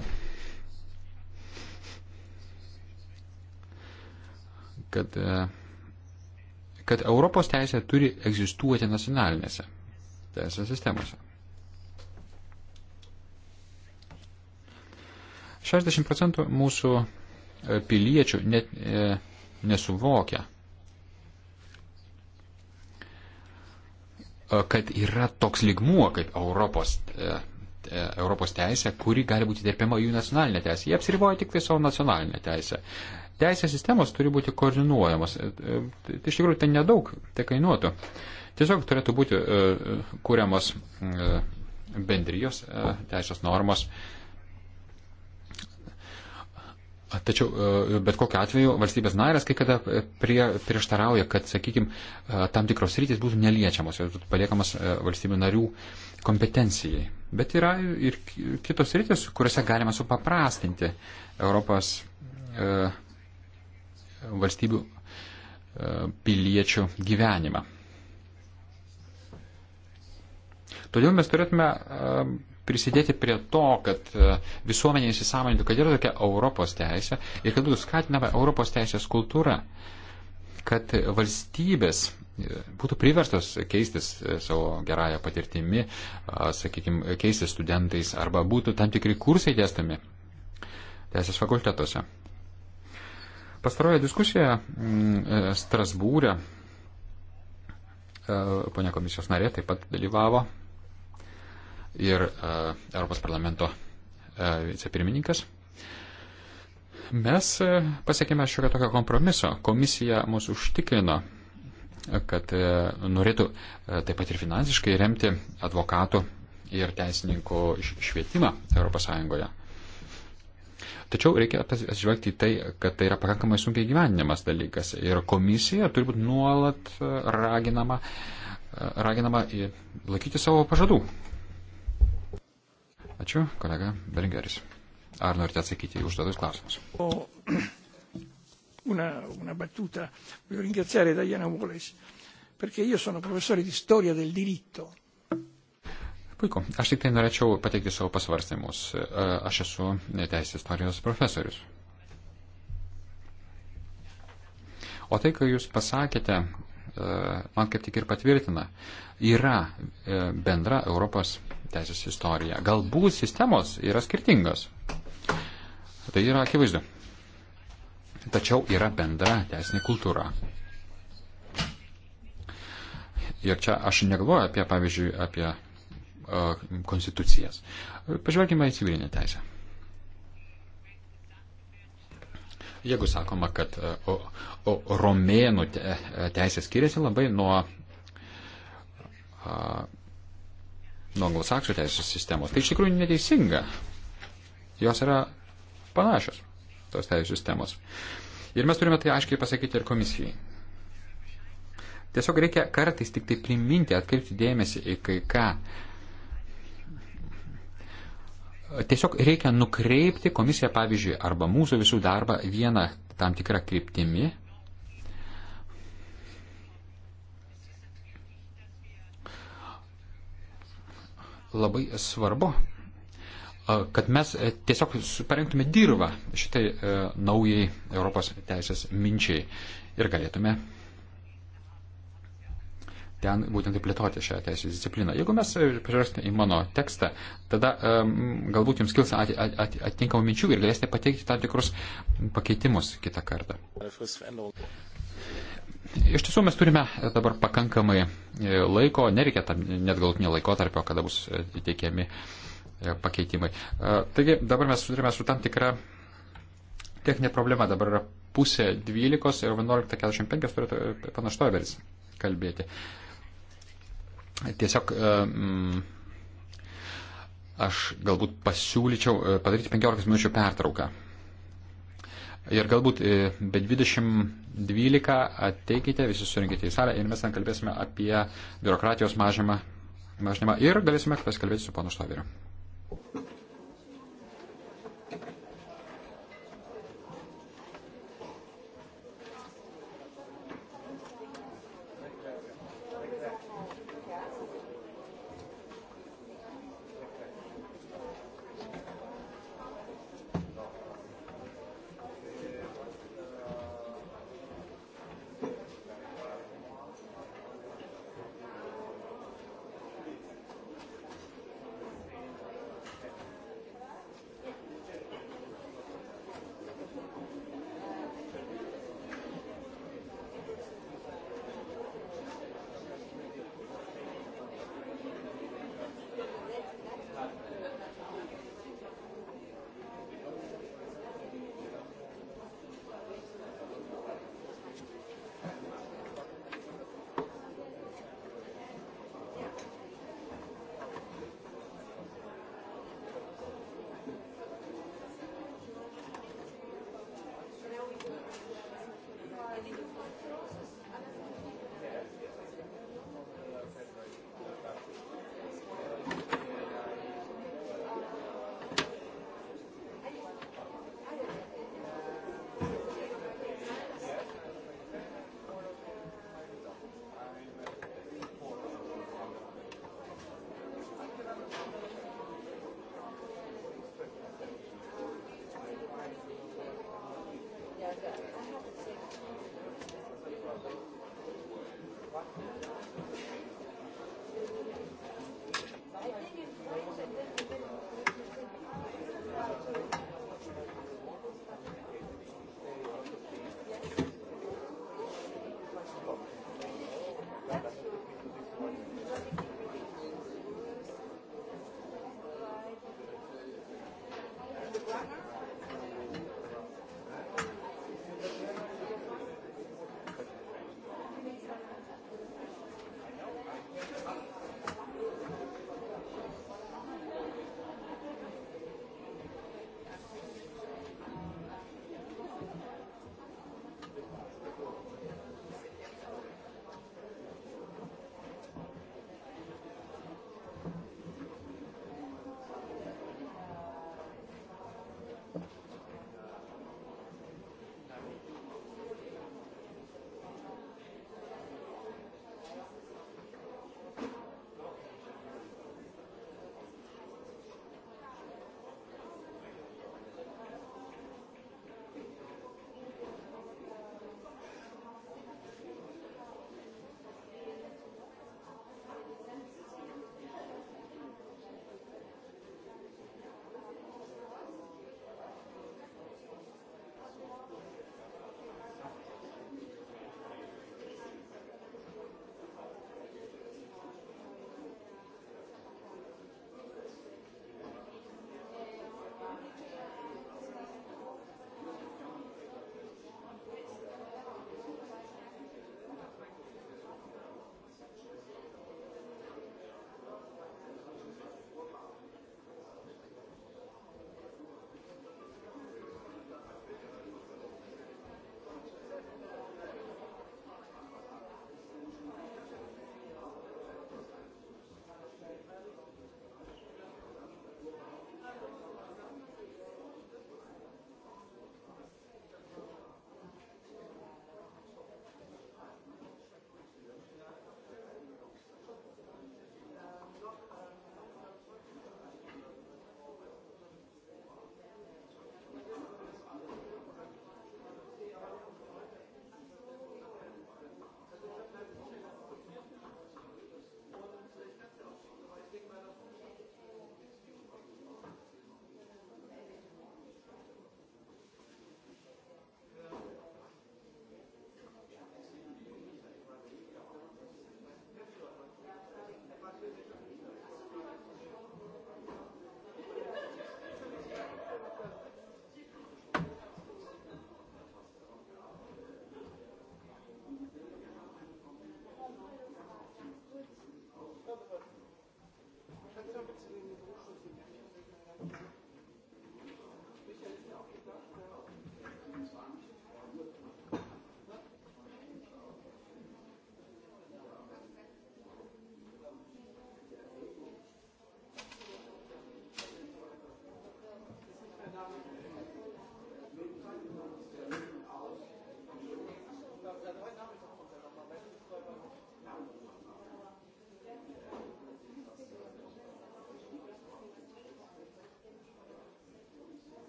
kad, e, kad Europos teisė turi egzistuoti nacionalinėse teisės sistemose. 60 procentų mūsų e, piliečių net e, nesuvokia, e, kad yra toks ligmuo kaip Europos, e, e, Europos teisė, kuri gali būti derpiama jų nacionalinė teisė. Jie apsiriboja tik tai savo nacionalinę teisę. Teisės sistemos turi būti koordinuojamos. Tai iš tikrųjų tai nedaug, tai kainuotų. E, Tiesiog turėtų būti e, e, kūriamos e, bendrijos teisės normos. Tačiau bet kokiu atveju valstybės narės kai kada prie, prieštarauja, kad, sakykime, tam tikros rytis būtų neliečiamos, jos būtų paliekamas valstybių narių kompetencijai. Bet yra ir kitos rytis, kuriuose galima supaprastinti Europos valstybių piliečių gyvenimą. Todėl mes turėtume e, prisidėti prie to, kad e, visuomenė įsisamonintų, kad yra tokia Europos teisė ir kad būtų skatinama Europos teisės kultūra, kad valstybės e, būtų priverstos keistis savo gerąją patirtimi, sakykime, keistis studentais arba būtų tam tikri kursai dėstami teisės fakultetuose. Pastaroje diskusijoje mm, Strasbūrė, ponia komisijos narė taip pat dalyvavo, ir e, Europos parlamento e, vicepirmininkas. Mes e, pasiekėme šiokio tokio kompromiso. Komisija mūsų užtikrino, kad norėtų taip pat ir finansiškai remti advokatų ir teisininkų švietimą ES. Tačiau reikia atsižvelgti į tai, kad tai yra pakankamai sunkiai gyvenimas dalykas ir komisija turi būti nuolat raginama, raginama laikyti savo pažadų, Ačiū, kolega Belingeris. Ar norite atsakyti į užduotus klausimus? O, una, una battuta. Voglio ringraziare Diana Wallace, perché io sono professore di storia del diritto. Puiku. Aš tik tai norėčiau pateikti savo pasvarstymus. E, aš esu teisės istorijos profesorius. O tai, ką jūs pasakėte, e, man kaip tik ir patvirtina, yra e, bendra Europos teisės istoriją. Galbūt sistemos yra skirtingos. Tai yra akivaizdu. Tačiau yra bendra teisinė kultūra. Ir čia aš negalvoju apie, pavyzdžiui, apie uh, konstitucijas. Pažvelgime į civilinę teisę. Jeigu sakoma, kad uh, uh, romėnų te, teisė skiriasi labai nuo uh, nuo anglosaksų teisės sistemos. Tai iš tikrųjų neteisinga. Jos yra panašios, tos teisės sistemos. Ir mes turime tai aiškiai pasakyti ir komisijai. Tiesiog reikia kartais tik tai priminti, atkreipti dėmesį į kai ką. Tiesiog reikia nukreipti komisiją, pavyzdžiui, arba mūsų visų darbą vieną tam tikrą kryptimį, labai svarbu, kad mes e, tiesiog parengtume dirbą šitai e, naujai Europos teisės minčiai ir galėtume ten būtent plėtoti šią teisės discipliną. Jeigu mes e, priversime į mano tekstą, tada um, galbūt jums kils at, at, at, atitinkamų minčių ir galėsite pateikti tam tikrus pakeitimus kitą kartą. Iš tiesų mes turime dabar pakankamai e, laiko, nereikia tam net galutinio laikotarpio, kada bus e, teikiami e, pakeitimai. Taigi dabar mes sudarėme su tam tikra techninė problema, dabar yra pusė 12 ir 11.45 turėtų panaštoveris kalbėti. Tiesiog aš galbūt pasiūlyčiau padaryti 15 minučių pertrauką. Ir galbūt e, be 2012 ateikite, visi surinkite į salę ir mes ten kalbėsime apie biurokratijos mažymą, mažinimą ir galėsime pasikalbėti su panu Štoveriu.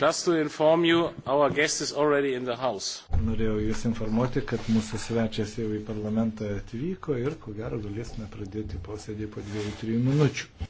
Just to inform you, our guest is already in the house. Norėjau Jūs informuoti, kad mūsų svečias jau į parlamentą atvyko ir ko gero galėsime pradėti posėdį po 2-3 minučių.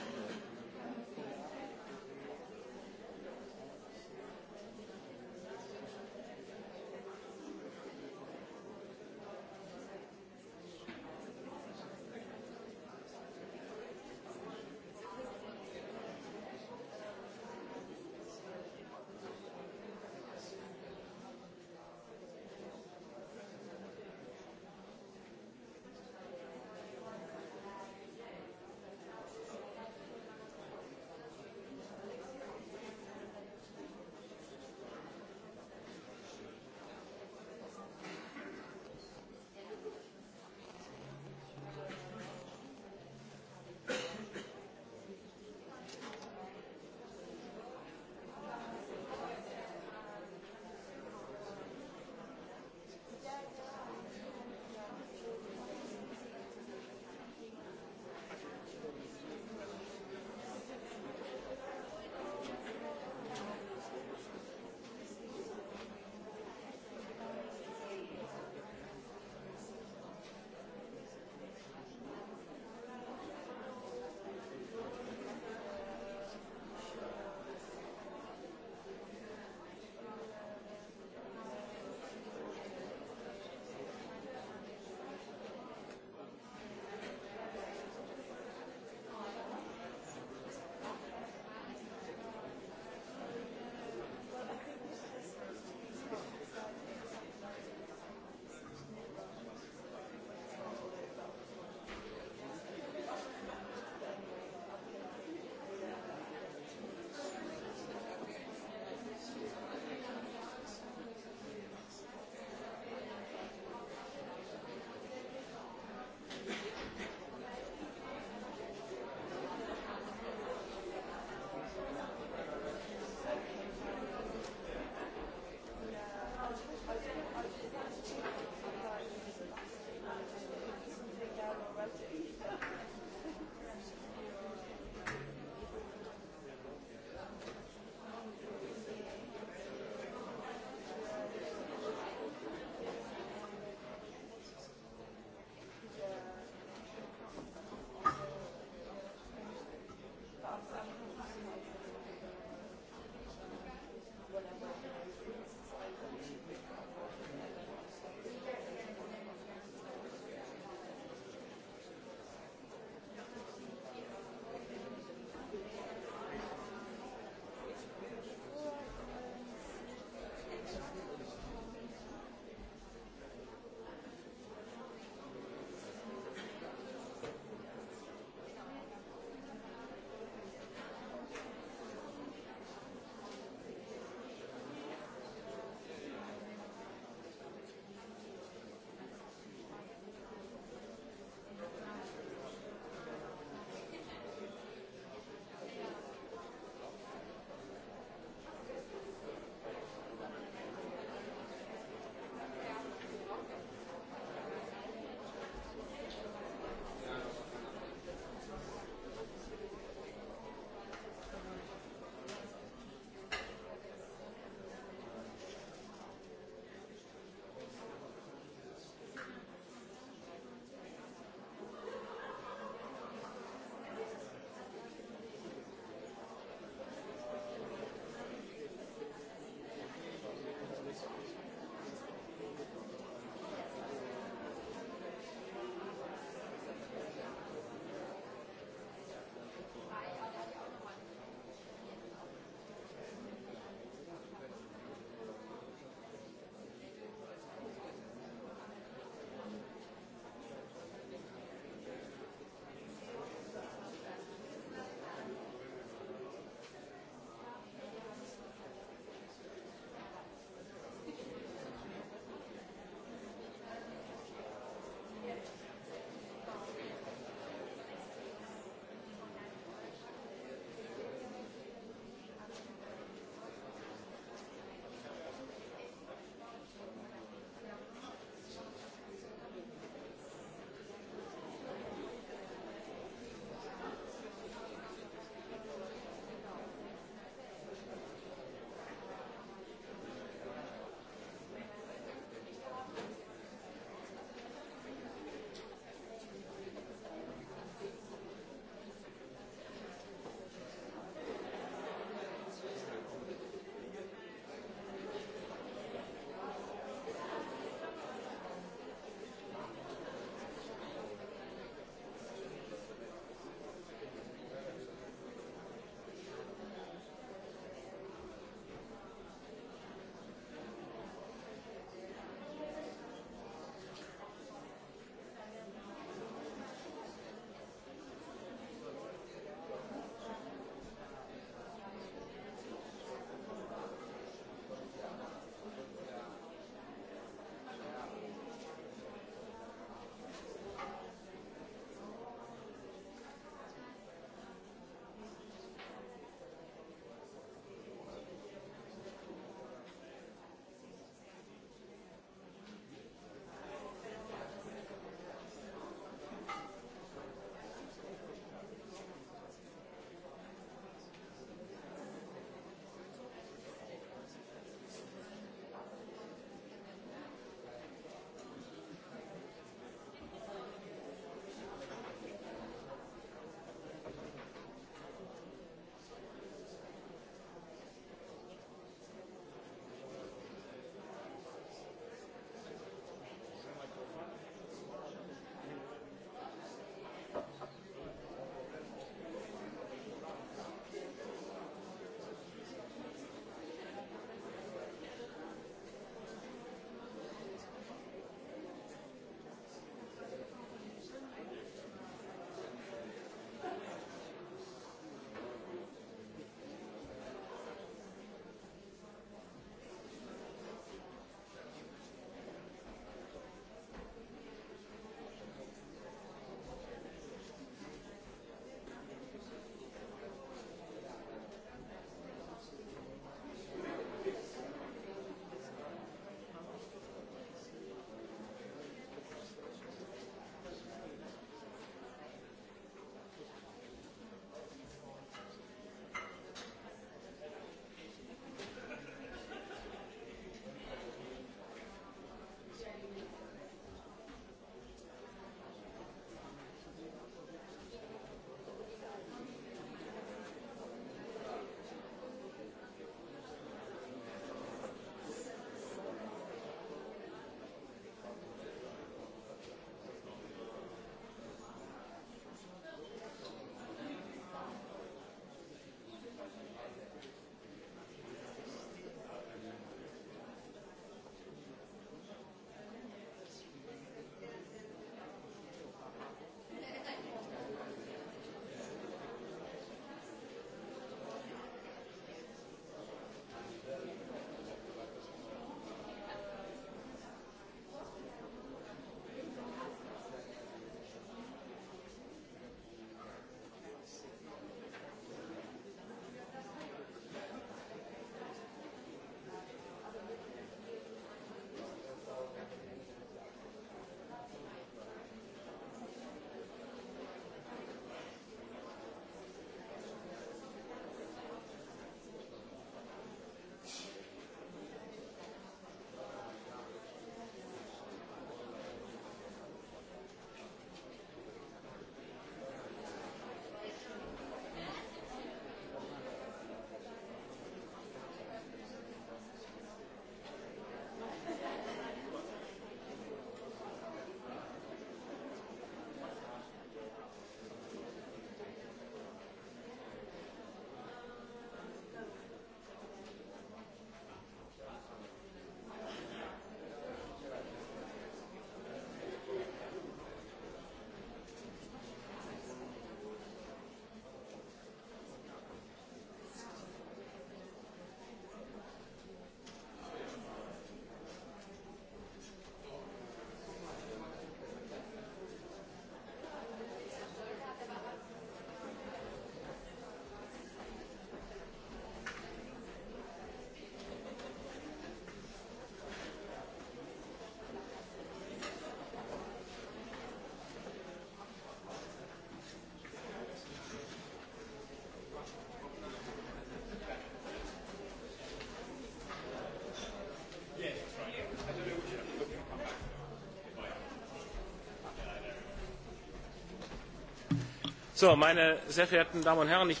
So, meine sehr verehrten Damen und Herren, ich...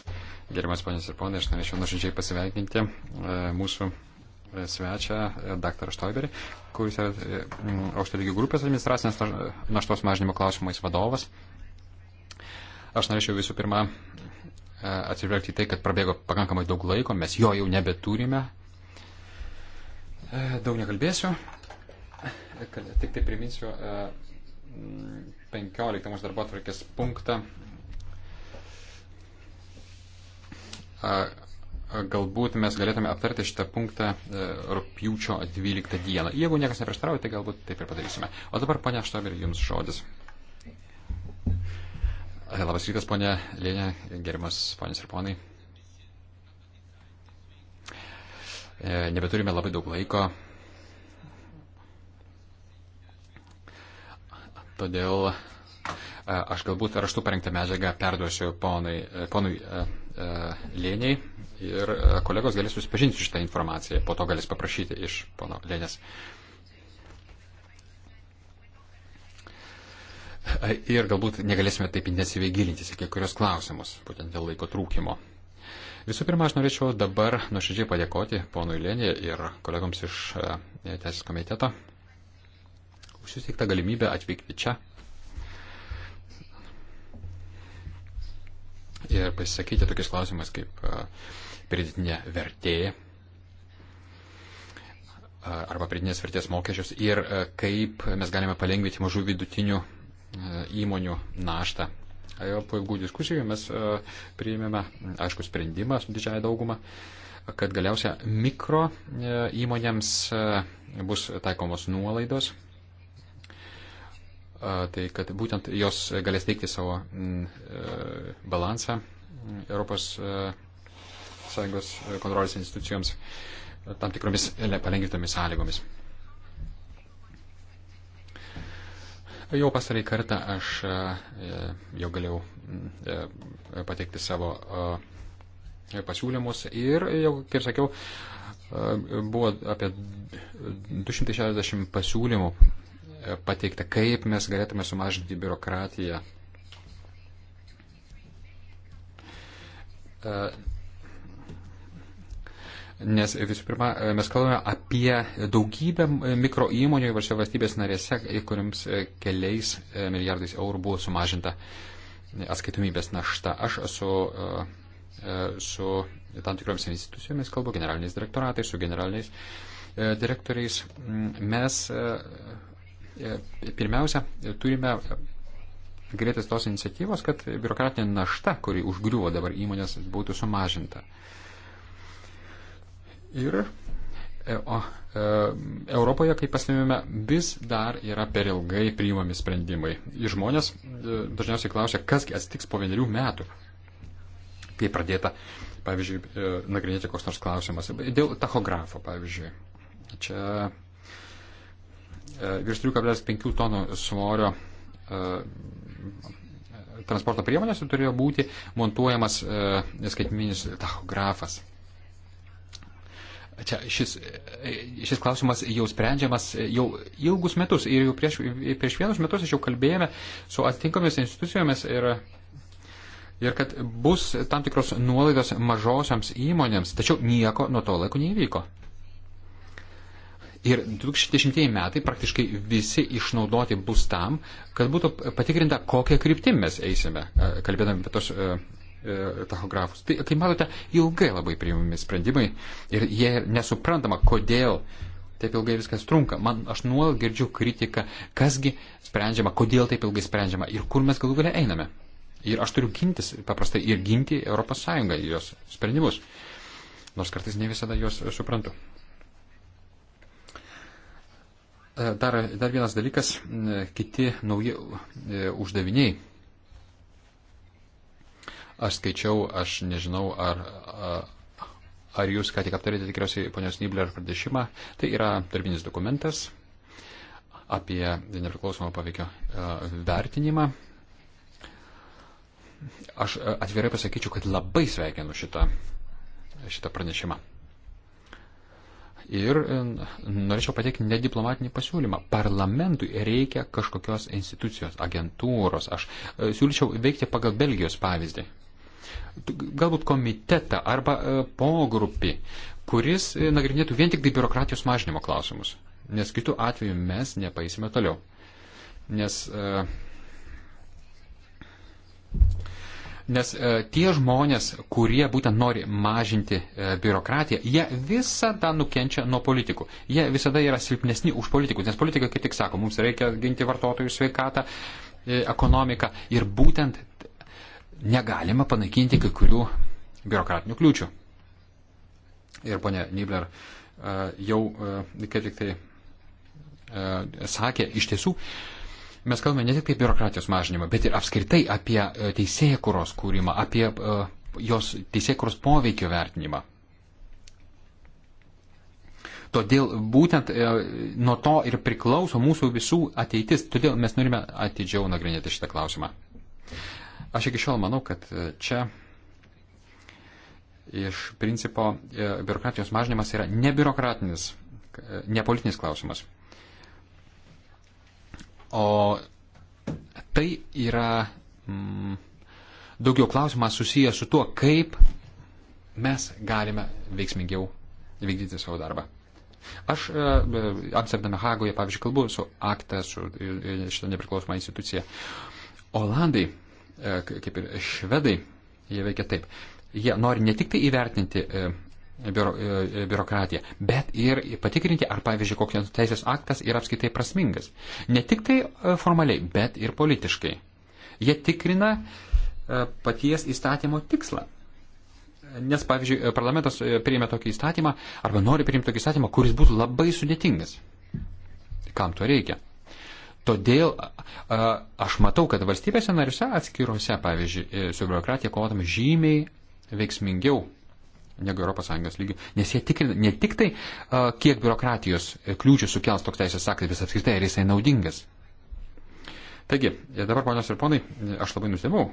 Gerimas ponės ir ponai, aš norėčiau nuoširdžiai pasiveikinti e, mūsų e, svečią, e, dr. Štoiberį, kuris yra aukšto lygių grupės administracinės naštos mažinimo klausimais vadovas. Aš norėčiau visų pirma atsižvelgti į tai, kad prabėgo pakankamai daug laiko, mes jo jau nebeturime. Daug nekalbėsiu, tik tai priminsiu 15 mūsų darbo atvarkės punktą galbūt mes galėtume aptarti šitą punktą e, rūpjūčio 12 dieną. Jeigu niekas neprieštarauja, tai galbūt taip ir padarysime. O dabar, ponia Štober, jums žodis. E, labas rytas, ponia Lėnė, gerimas ponis ir ponai. E, nebeturime labai daug laiko. Todėl Aš galbūt raštu parengtą medžiagą perduosiu ponui, e, ponui e, e, Lėniai ir kolegos galės susipažinti su šitą informaciją, po to galės paprašyti iš pono Lėnės. Ir galbūt negalėsime taip intensyviai gilintis į kiekvienos klausimus, būtent dėl laiko trūkimo. Visų pirma, aš norėčiau dabar nuoširdžiai padėkoti ponui Lenė ir kolegoms iš Teisės komiteto už suteiktą galimybę atvykti čia ir pasisakyti tokiais klausimais kaip pridėtinė vertė arba pridėtinės vertės mokesčius ir kaip mes galime palengvinti mažų vidutinių įmonių naštą. Po ilgų diskusijų mes priėmėme, aišku, sprendimą su didžiaja dauguma, kad galiausia mikro įmonėms bus taikomos nuolaidos tai kad būtent jos galės teikti savo mm, e, balansą mm, Europos e, Sąjungos kontrolės institucijoms e, tam tikromis palengvintomis sąlygomis. Jau pastarąjį kartą aš jau galėjau mm, pateikti savo pasiūlymus ir jau, kaip sakiau, buvo apie 260 pasiūlymų E, pateikta, kaip mes galėtume sumažinti biurokratiją. E, nes visų pirma, e, mes kalbame apie daugybę mikro įmonių įvairiose valstybės narėse, kuriams keliais milijardais eurų buvo sumažinta atskaitomybės našta. Aš esu su tam tikromis institucijomis, kalbu generaliniais direktoratais, su generaliniais direktoriais. Mes E, pirmiausia, turime greitis tos iniciatyvos, kad biurokratinė našta, kuri užgriuvo dabar įmonės, būtų sumažinta. Ir e, o, e, Europoje, kaip pastebėjome, vis dar yra per ilgai priimami sprendimai. Ir žmonės e, dažniausiai klausia, kas atsitiks po vienerių metų, kai pradėta, pavyzdžiui, e, nagrinėti koks nors klausimas. Dėl tachografo, pavyzdžiui. Čia E, virš 3,5 tonų svorio e, transporto priemonėse turėjo būti montuojamas e, skaitminis tachografas. Čia šis, šis klausimas jau sprendžiamas jau ilgus metus ir jau prieš, prieš vienus metus aš jau kalbėjome su atitinkamomis institucijomis ir, ir kad bus tam tikros nuolaidos mažosioms įmonėms, tačiau nieko nuo to laiko nevyko. Ir 2010 metai praktiškai visi išnaudoti bus tam, kad būtų patikrinta, kokią kryptim mes eisime, e, kalbėdami apie tos e, e, tachografus. Tai, kaip matote, ilgai labai priimami sprendimai ir jie nesuprantama, kodėl taip ilgai viskas trunka. Man, aš nuolat girdžiu kritiką, kasgi sprendžiama, kodėl taip ilgai sprendžiama ir kur mes galų galia einame. Ir aš turiu gintis paprastai ir ginti ES jos sprendimus. Nors kartais ne visada juos suprantu. E, dar, dar vienas dalykas, kiti nauji e, uždaviniai. Aš skaičiau, aš nežinau, ar, ar jūs ką tik aptarėte tikriausiai ponios Nibler pradėšimą. Tai yra darbinis dokumentas apie nepriklausomą paveikio e, vertinimą. Aš atvirai pasakyčiau, kad labai sveikinu šitą, šitą pranešimą. Ir e, norėčiau pateikti nediplomatinį pasiūlymą. Parlamentui reikia kažkokios institucijos, agentūros. Aš e, siūlyčiau veikti pagal Belgijos pavyzdį. Galbūt komitetą arba e, pogrupį, kuris nagrinėtų vien tik tai biurokratijos mažinimo klausimus. Nes kitų atveju mes nepaisime toliau. Nes. Uh, Nes e, tie žmonės, kurie būtent nori mažinti e, biurokratiją, jie visada nukenčia nuo politikų. Jie visada yra silpnesni už politikus, nes politikai, kaip tik sako, mums reikia ginti vartotojų sveikatą, e, ekonomiką ir būtent negalima panaikinti kai kurių biurokratinių kliūčių. Ir ponė Nibler e, jau, e, kaip tik tai e, sakė, iš tiesų, e, Mes kalbame ne tik apie biurokratijos mažinimą, bet ir apskritai apie e, teisėkuros kūrimą, apie e, jos teisėkuros poveikio vertinimą. Todėl būtent e, nuo to ir priklauso mūsų visų ateitis, todėl mes norime atidžiau nagrinėti šitą klausimą. Aš iki šiol manau, kad čia iš principo biurokratijos mažinimas yra nebiurokratinis, nepolitinis klausimas. O tai yra mm, daugiau klausimas susijęs su tuo, kaip mes galime veiksmingiau vykdyti savo darbą. Aš e, Amsterdame Hagoje, pavyzdžiui, kalbu su akta, su e, e, šitą nepriklausomą instituciją. Olandai, kaip ir švedai, jie veikia taip. Jie nori ne tik tai įvertinti biuro, e, e, biurokratiją, bet ir patikrinti, ar pavyzdžiui, koks nors teisės aktas yra apskaitai prasmingas. Ne tik tai e, formaliai, bet ir politiškai. Jie tikrina paties įstatymo tikslą. Nes, pavyzdžiui, parlamentas priėmė tokį įstatymą arba nori priimti tokį įstatymą, kuris būtų labai sudėtingas. Kam to reikia? Todėl aš matau, kad valstybėse narise atskiruose, pavyzdžiui, su biurokratija kovotam žymiai veiksmingiau negu ES lygių, nes jie tikrina ne tik tai, kiek biurokratijos kliūčių sukels toks teisės aktas, bet apskritai, ar jisai naudingas. Taigi, e, dabar, ponios ir ponai, e, aš labai nustebau.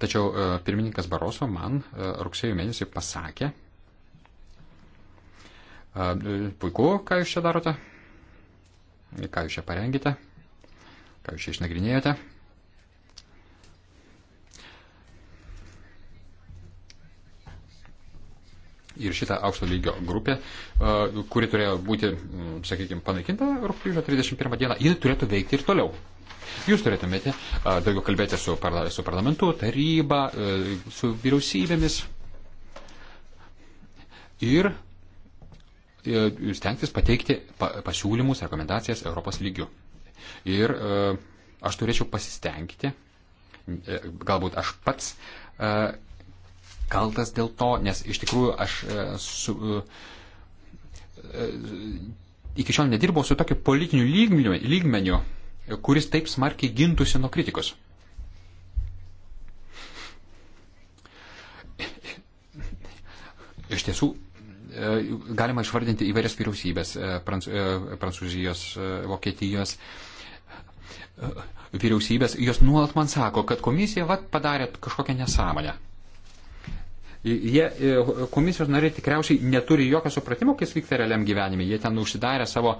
Tačiau e, pirmininkas Baroso man rugsėjo mėnesį pasakė, puiku, ką jūs čia darote, ką jūs čia parengėte, ką jūs čia išnagrinėjote. Ir šitą aukšto lygio grupę, e, kuri turėjo būti, mm, sakykime, panaikinta rūpjūčio 31 dieną, ji turėtų veikti ir toliau. Jūs turėtumėte e, daugiau kalbėti su, parla, su parlamentu, taryba, e, su vyriausybėmis ir stengtis pateikti pasiūlymus, rekomendacijas Europos lygių. Ir aš turėčiau pasistengti, galbūt aš pats kaltas dėl to, nes iš tikrųjų aš e, su, e, e, iki šiol nedirbau su tokiu politiniu lygmeniu, lygmeniu, kuris taip smarkiai gintųsi nuo kritikos. Iš tiesų, galima išvardinti įvairias vyriausybės Prancūzijos, Vokietijos vyriausybės, jos nuolat man sako, kad komisija vat, padarė kažkokią nesąmonę. Jie, e, komisijos nariai tikriausiai neturi jokio supratimo, kas vyksta realiam gyvenime. Jie ten užsidarė savo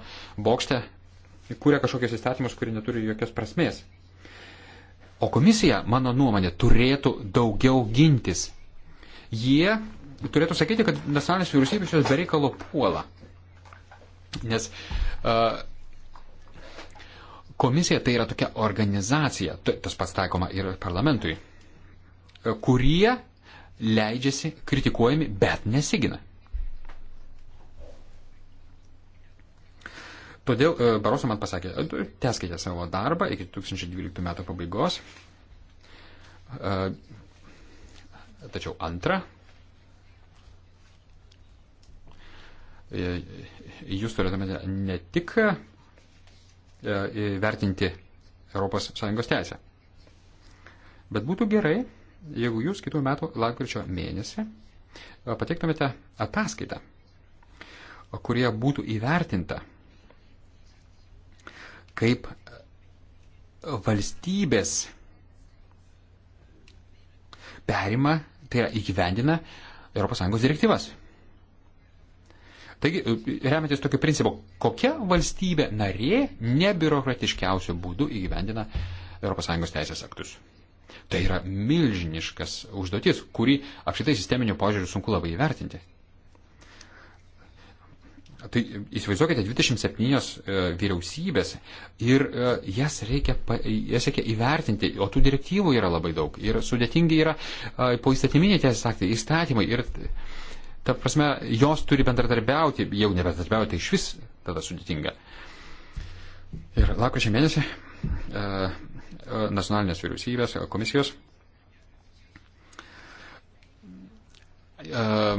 bokštę, kūrė kažkokius įstatymus, kurie neturi jokios prasmės. O komisija, mano nuomonė, turėtų daugiau gintis. Jie turėtų sakyti, kad nacionalinės vyriausybės jos bereikalo puola. Nes uh, komisija tai yra tokia organizacija, tas pats taikoma ir parlamentui, e, kurie leidžiasi kritikuojami, bet nesigina. Todėl e, Baroso man pasakė, teskite savo darbą iki 2012 metų pabaigos. E, tačiau antra, e, jūs turėtumėte ne tik vertinti ES teisę, bet būtų gerai, jeigu jūs kitų metų lapkričio mėnesį e, pateiktumėte ataskaitą, kurie būtų įvertinta, kaip e, valstybės perima, tai yra įgyvendina ES direktyvas. Taigi, e, remiantis tokiu principu, kokia valstybė narė nebiurokratiškiausių būdų įgyvendina ES teisės aktus. Tai yra milžiniškas užduotis, kurį apšitai sisteminių požiūrių sunku labai įvertinti. Tai įsivaizduokite 27 e, vyriausybės ir e, jas reikia, jas reikia įvertinti, o tų direktyvų yra labai daug ir sudėtingi yra e, poįstatyminiai teisės aktai, įstatymai ir, ta prasme, jos turi bendradarbiauti, jau nebendradarbiauti tai iš vis tada sudėtinga. Ir lakočio mėnesį nacionalinės vyriausybės, komisijos. E, e,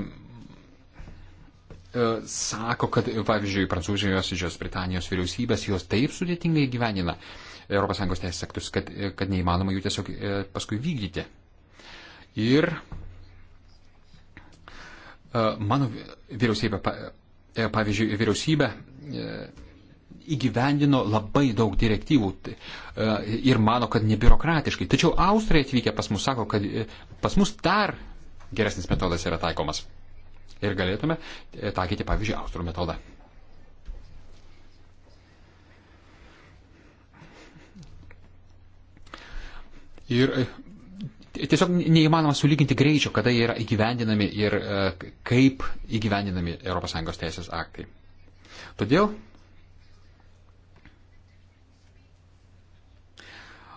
sako, kad, pavyzdžiui, Prancūzijos, Didžiosios Britanijos vyriausybės jos taip sudėtingai gyvenina ES teisės aktus, kad, kad neįmanoma jų tiesiog e, paskui vykdyti. Ir mano vyriausybė, pavyzdžiui, vyriausybė įgyvendino labai daug direktyvų e, ir mano, kad nebiurokratiškai. Tačiau Austrai atvykę pas mus sako, kad e, pas mus dar geresnis metodas yra taikomas. Ir galėtume e, taikyti, pavyzdžiui, Austrų metodą. Ir tiesiog neįmanoma sulyginti greičio, kada jie yra įgyvendinami ir kaip įgyvendinami ES teisės aktai. Todėl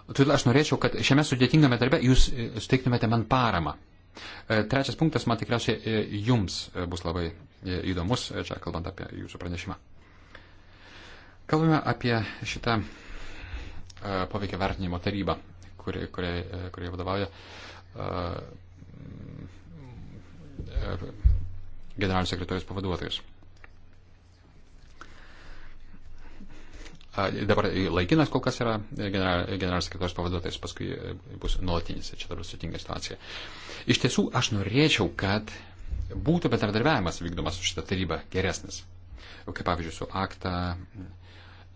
Todėl aš norėčiau, kad šiame sudėtingame darbe jūs e, suteiktumėte man paramą. E, trečias punktas man tikriausiai e, jums bus labai įdomus, čia kalbant apie jūsų pranešimą. Kalbame apie šitą poveikio vertinimo tarybą, kuriai kuri, kuri vadovauja generalinis sekretorius pavaduotojas. Dabar laikinas kol kas yra generalinis sekretorius pavaduotojas, paskui e, bus nuolatinis, čia dabar sutinka situacija. Iš tiesų, aš norėčiau, kad būtų bendradarbiavimas vykdomas su šitą tarybą geresnis. Kaip pavyzdžiui, su akta,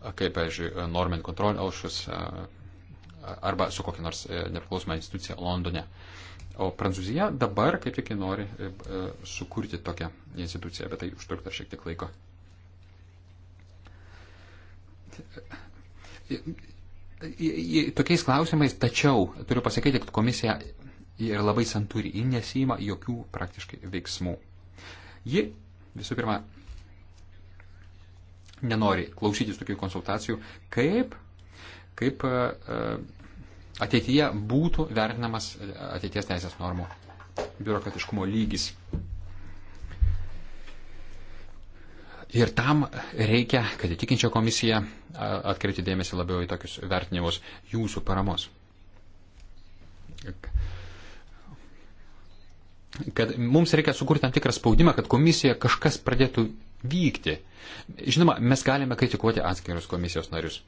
kaip, pavyzdžiui, Norman Control Aušus arba su kokia nors e, nepriklausoma institucija Londone. O Prancūzija dabar kaip tik nori e, sukurti tokią instituciją, bet tai užtrukta šiek tiek laiko tokiais klausimais, tačiau turiu pasakyti, kad komisija ir labai santūri, ji nesima jokių praktiškai veiksmų. Ji visų pirma nenori klausytis tokių konsultacijų, kaip, kaip e, ateityje būtų vertinamas ateities teisės normų biurokratiškumo lygis. Ir tam reikia, kad įtikinčia komisija atkreipti dėmesį labiau į tokius vertinimus jūsų paramos. Kad mums reikia sukurti tam tikrą spaudimą, kad komisija kažkas pradėtų vykti. Žinoma, mes galime kritikuoti atskirus komisijos narius.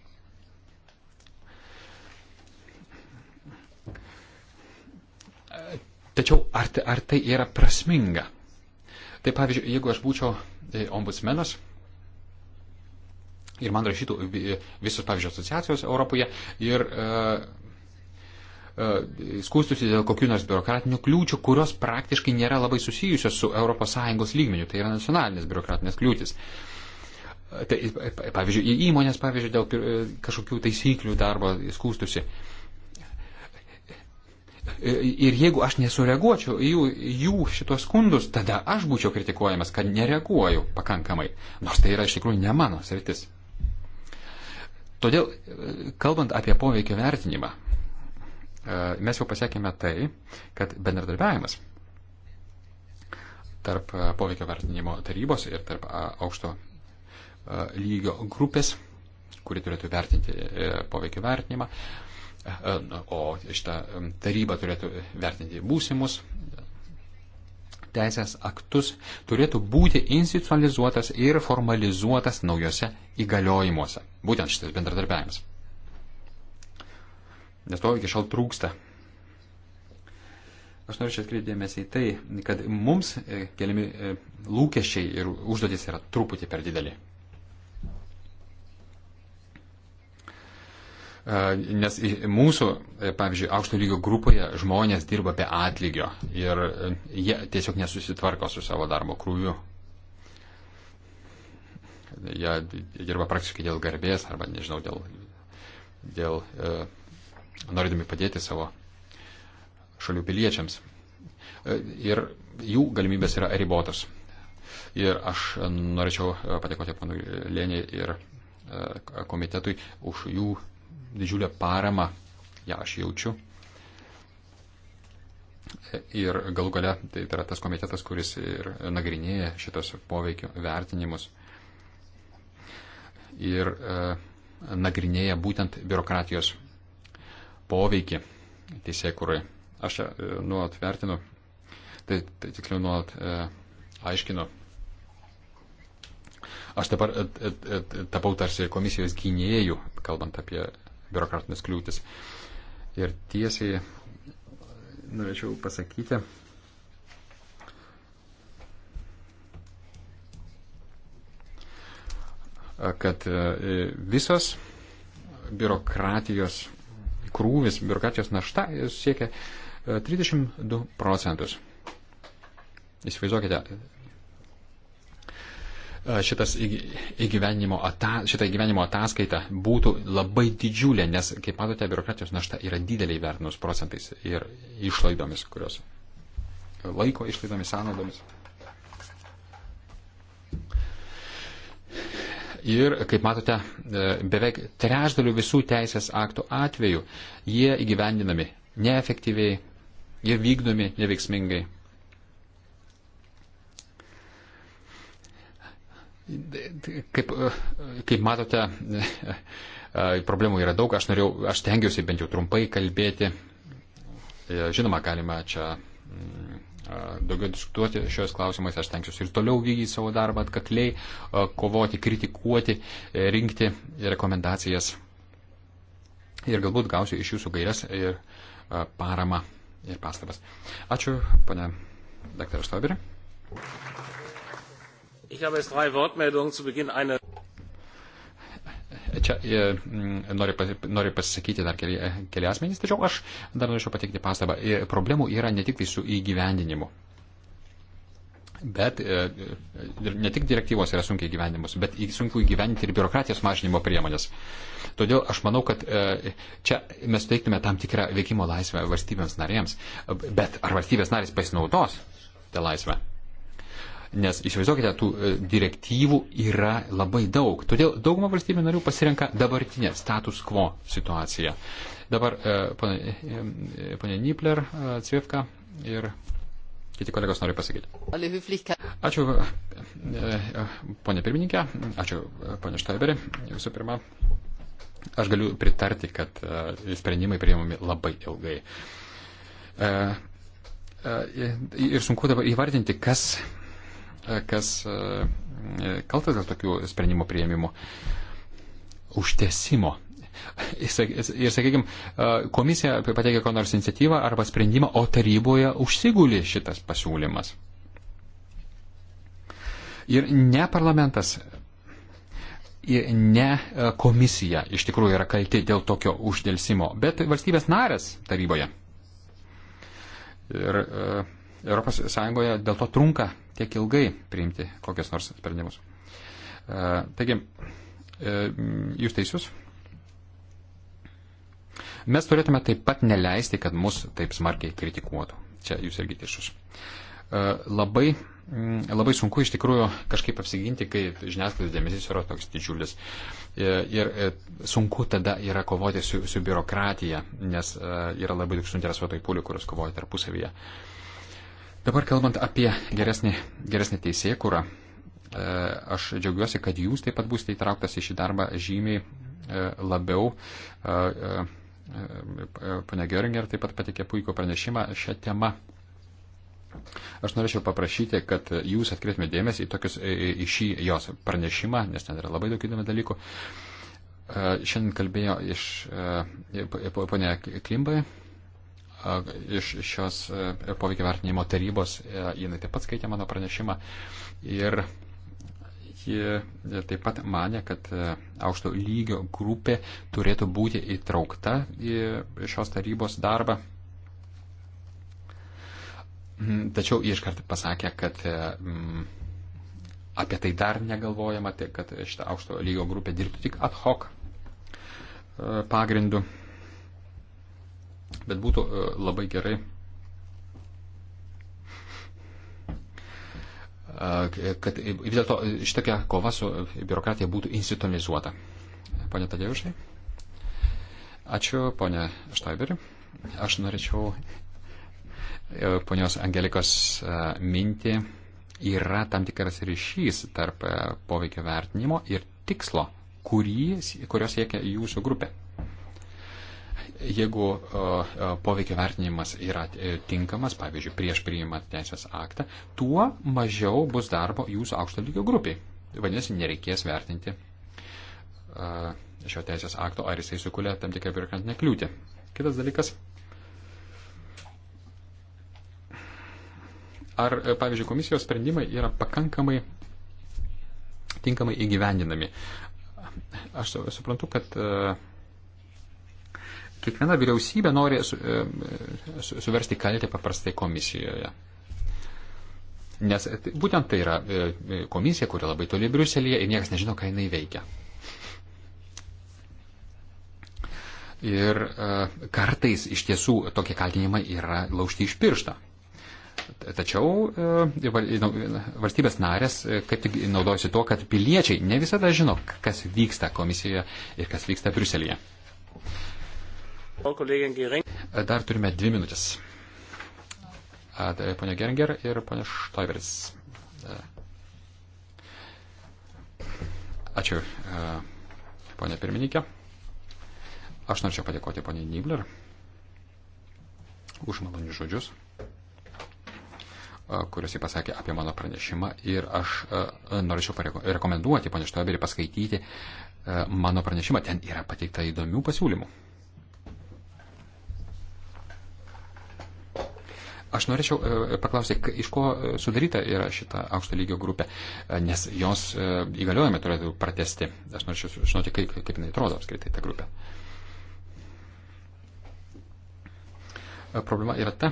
Tačiau ar, ar tai yra prasminga? Tai pavyzdžiui, jeigu aš būčiau Tai ombudsmenas ir man rašytų visos, pavyzdžiui, asociacijos Europoje ir e, e, skūstusi dėl kokių nors biurokratinių kliūčių, kurios praktiškai nėra labai susijusios su ES lygmeniu, tai yra nacionalinės biurokratinės kliūtis. E, tai, e, pavyzdžiui, įmonės, pavyzdžiui, dėl e, kažkokių taisyklių darbo skūstusi. E, Ir jeigu aš nesureaguočiau jų, jų šitos skundus, tada aš būčiau kritikuojamas, kad nereaguoju pakankamai. Nors tai yra iš tikrųjų ne mano sritis. Todėl, kalbant apie poveikio vertinimą, e, mes jau pasiekėme tai, kad bendradarbiavimas tarp e, poveikio vertinimo tarybos ir tarp aukšto e, lygio grupės, kuri turėtų vertinti poveikio vertinimą, o šitą tarybą turėtų vertinti būsimus teisės aktus, turėtų būti institucionalizuotas ir formalizuotas naujose įgaliojimuose. Būtent šitas bendradarbiavimas. Nes to iki šiol trūksta. Aš norėčiau atkreipdėmėsi į tai, kad mums e, keliami e, lūkesčiai ir užduotis yra truputį per dideli. Nes mūsų, e, pavyzdžiui, aukšto lygio grupoje žmonės dirba be atlygio ir e, jie tiesiog nesusitvarko su savo darbo krūviu. Jie dirba praktiškai dėl garbės arba, nežinau, dėl, dėl e, norėdami padėti savo šalių piliečiams. E, ir jų galimybės yra ribotos. Ir aš norėčiau padėkoti panui Lėniai ir komitetui už jų didžiulę paramą, ją aš jaučiu. Ir galų gale, tai, tai yra tas komitetas, kuris ir nagrinėja šitas poveikio vertinimus. Ir e, nagrinėja būtent biurokratijos poveikį teisėkurai. Aš čia e, nuolat vertinu, tai, tai tiksliau nuolat e, aiškinu. Aš dabar e, e, e tapau tarsi komisijos gynėjų, kalbant apie biurokratinės kliūtis. Ir tiesiai norėčiau pasakyti, kad e, visas biurokratijos krūvis, biurokratijos našta siekia 32 e, procentus. Įsivaizduokite, E, šitas įgyvenimo, ata, šita įgyvenimo ataskaita būtų labai didžiulė, nes, kaip matote, biurokratijos našta yra dideliai vertinus procentais ir išlaidomis, kurios laiko išlaidomis, sąnaudomis. Ir, kaip matote, e, beveik trešdalių visų teisės aktų atveju jie įgyvendinami neefektyviai ir vykdomi neveiksmingai. Kaip, kaip matote, problemų yra daug, aš, norėjau, aš tengiuosi bent jau trumpai kalbėti. Žinoma, galima čia mm, daugiau diskutuoti šios klausimais, aš tenksiuosi ir toliau vykdyti savo darbą atkakliai, kovoti, kritikuoti, rinkti rekomendacijas ir galbūt gausiu iš jūsų gairias ir paramą ir pastabas. Ačiū, pane dr. Štoberi. Ich habe jetzt drei Wortmeldungen zu Beginn eine. Čia e, noriu, noriu pasisakyti dar keli, e, keli asmenys, tačiau aš dar norėčiau pateikti pastabą. E, problemų yra ne tik tai su įgyvendinimu, bet ne tik direktyvos yra sunkiai gyvenimus, bet sunku įgyvendinti ir biurokratijos mažinimo priemonės. Todėl aš manau, kad čia mes teiktume tam tikrą veikimo laisvę valstybėms narėms, bet ar valstybės narės pasinaudos tą laisvę? Nes įsivaizduokite, tų e, direktyvų yra labai daug. Todėl dauguma valstybių narių pasirenka dabartinę status quo situaciją. Dabar e, ponė e, Nipler, Cvivka ir kiti kolegos nori pasakyti. Ačiū, ponė pirmininkė, ačiū, ponė Štaiberi, visų pirma. Aš galiu pritarti, kad sprendimai priimami labai ilgai. Ir sunku dabar įvardinti, kas E, kas e, e, kaltas dėl tokių sprendimų prieimimų. Užtesimo. Ir, sakykime, komisija pateikia kokią nors iniciatyvą arba sprendimą, o taryboje užsigulė šitas pasiūlymas. Ir ne parlamentas, ir ne komisija iš tikrųjų yra kalti dėl tokio uždėlsimo, bet valstybės narės taryboje. Ir uh, ES dėl to trunka tiek ilgai priimti kokius nors sprendimus. E, taigi, e, jūs teisus. Mes turėtume taip pat neleisti, kad mus taip smarkiai kritikuotų. Čia jūs irgi teisus. E, labai, labai sunku iš tikrųjų kažkaip apsiginti, kai žiniasklaidos dėmesys yra toks didžiulis. Ir sunku tada yra kovoti su, su biurokratija, nes yra labai daug suinteresuotojų pulių, kurios kovoja tarpusavyje. Uh, Dabar kalbant apie geresnį, geresnį teisėkurą, e, aš džiaugiuosi, kad jūs taip pat būsite įtrauktas į šį darbą žymiai e, labiau. Pane e, Göringer taip pat patikė puikų pranešimą šią temą. Aš norėčiau paprašyti, kad jūs atkreiptumėte dėmesį į, tokius, į šį jos pranešimą, nes ten yra labai daug įdomių dalykų. Šiandien kalbėjo iš ponė Klimbai, iš šios e, poveikio vertinimo tarybos, e, jinai taip pat skaitė mano pranešimą ir ji e, taip pat mane, kad aukšto lygio grupė turėtų būti įtraukta į šios tarybos darbą. Mm, tačiau iškart pasakė, kad mm, apie tai dar negalvojama, tai kad šitą aukšto lygio grupę dirbtų tik ad hoc pagrindu. Bet būtų e, labai gerai, e, kad vis dėlto šitokia kova su biurokratija būtų institucionalizuota. Pone Tadėjušai. Ačiū, ponė Štaiberi. Aš norėčiau e, ponios Angelikos mintį. Yra tam tikras ryšys tarp poveikio vertinimo ir tikslo, kurį, kurio siekia jūsų grupė. Jeigu e, e, poveikio vertinimas yra e, tinkamas, pavyzdžiui, prieš priimant teisės aktą, tuo mažiau bus darbo jūsų aukšto lygio grupiai. Vadinasi, nereikės vertinti šio teisės akto, ar jisai sukulia tam tikrą biurokratinę kliūtį. Kitas dalykas. Ar, pavyzdžiui, komisijos sprendimai yra pakankamai tinkamai įgyvendinami? Aš suprantu, kad uh, kiekviena vyriausybė nori su, e, su, suversti kaltę paprastai komisijoje. Nes būtent tai yra e, e, komisija, kuri labai toli Briuselėje ir niekas nežino, ką jinai veikia. Ir kartais iš tiesų tokie kaltinimai yra laužti iš piršto. Tačiau valstybės narės kaip tik naudojasi tuo, kad piliečiai ne visada žino, kas vyksta komisijoje ir kas vyksta Briuselėje. Dar turime dvi minutės. Tai pone Geringer ir pone Štoiveris. Ačiū, ponė pirmininkė. Aš norėčiau padėkoti ponė Nibler už malonius žodžius, kuriuos jį pasakė apie mano pranešimą. Ir aš norėčiau rekomenduoti ponė Štoiverį paskaityti mano pranešimą. Ten yra pateikta įdomių pasiūlymų. Aš norėčiau e, paklausti, iš ko e, sudaryta yra šita aukšto lygio grupė, e, nes jos įgaliojimai turėtų pratesti. Aš norėčiau žinoti, kaip, kaip jinai atrodo apskritai ta grupė. Problema yra ta,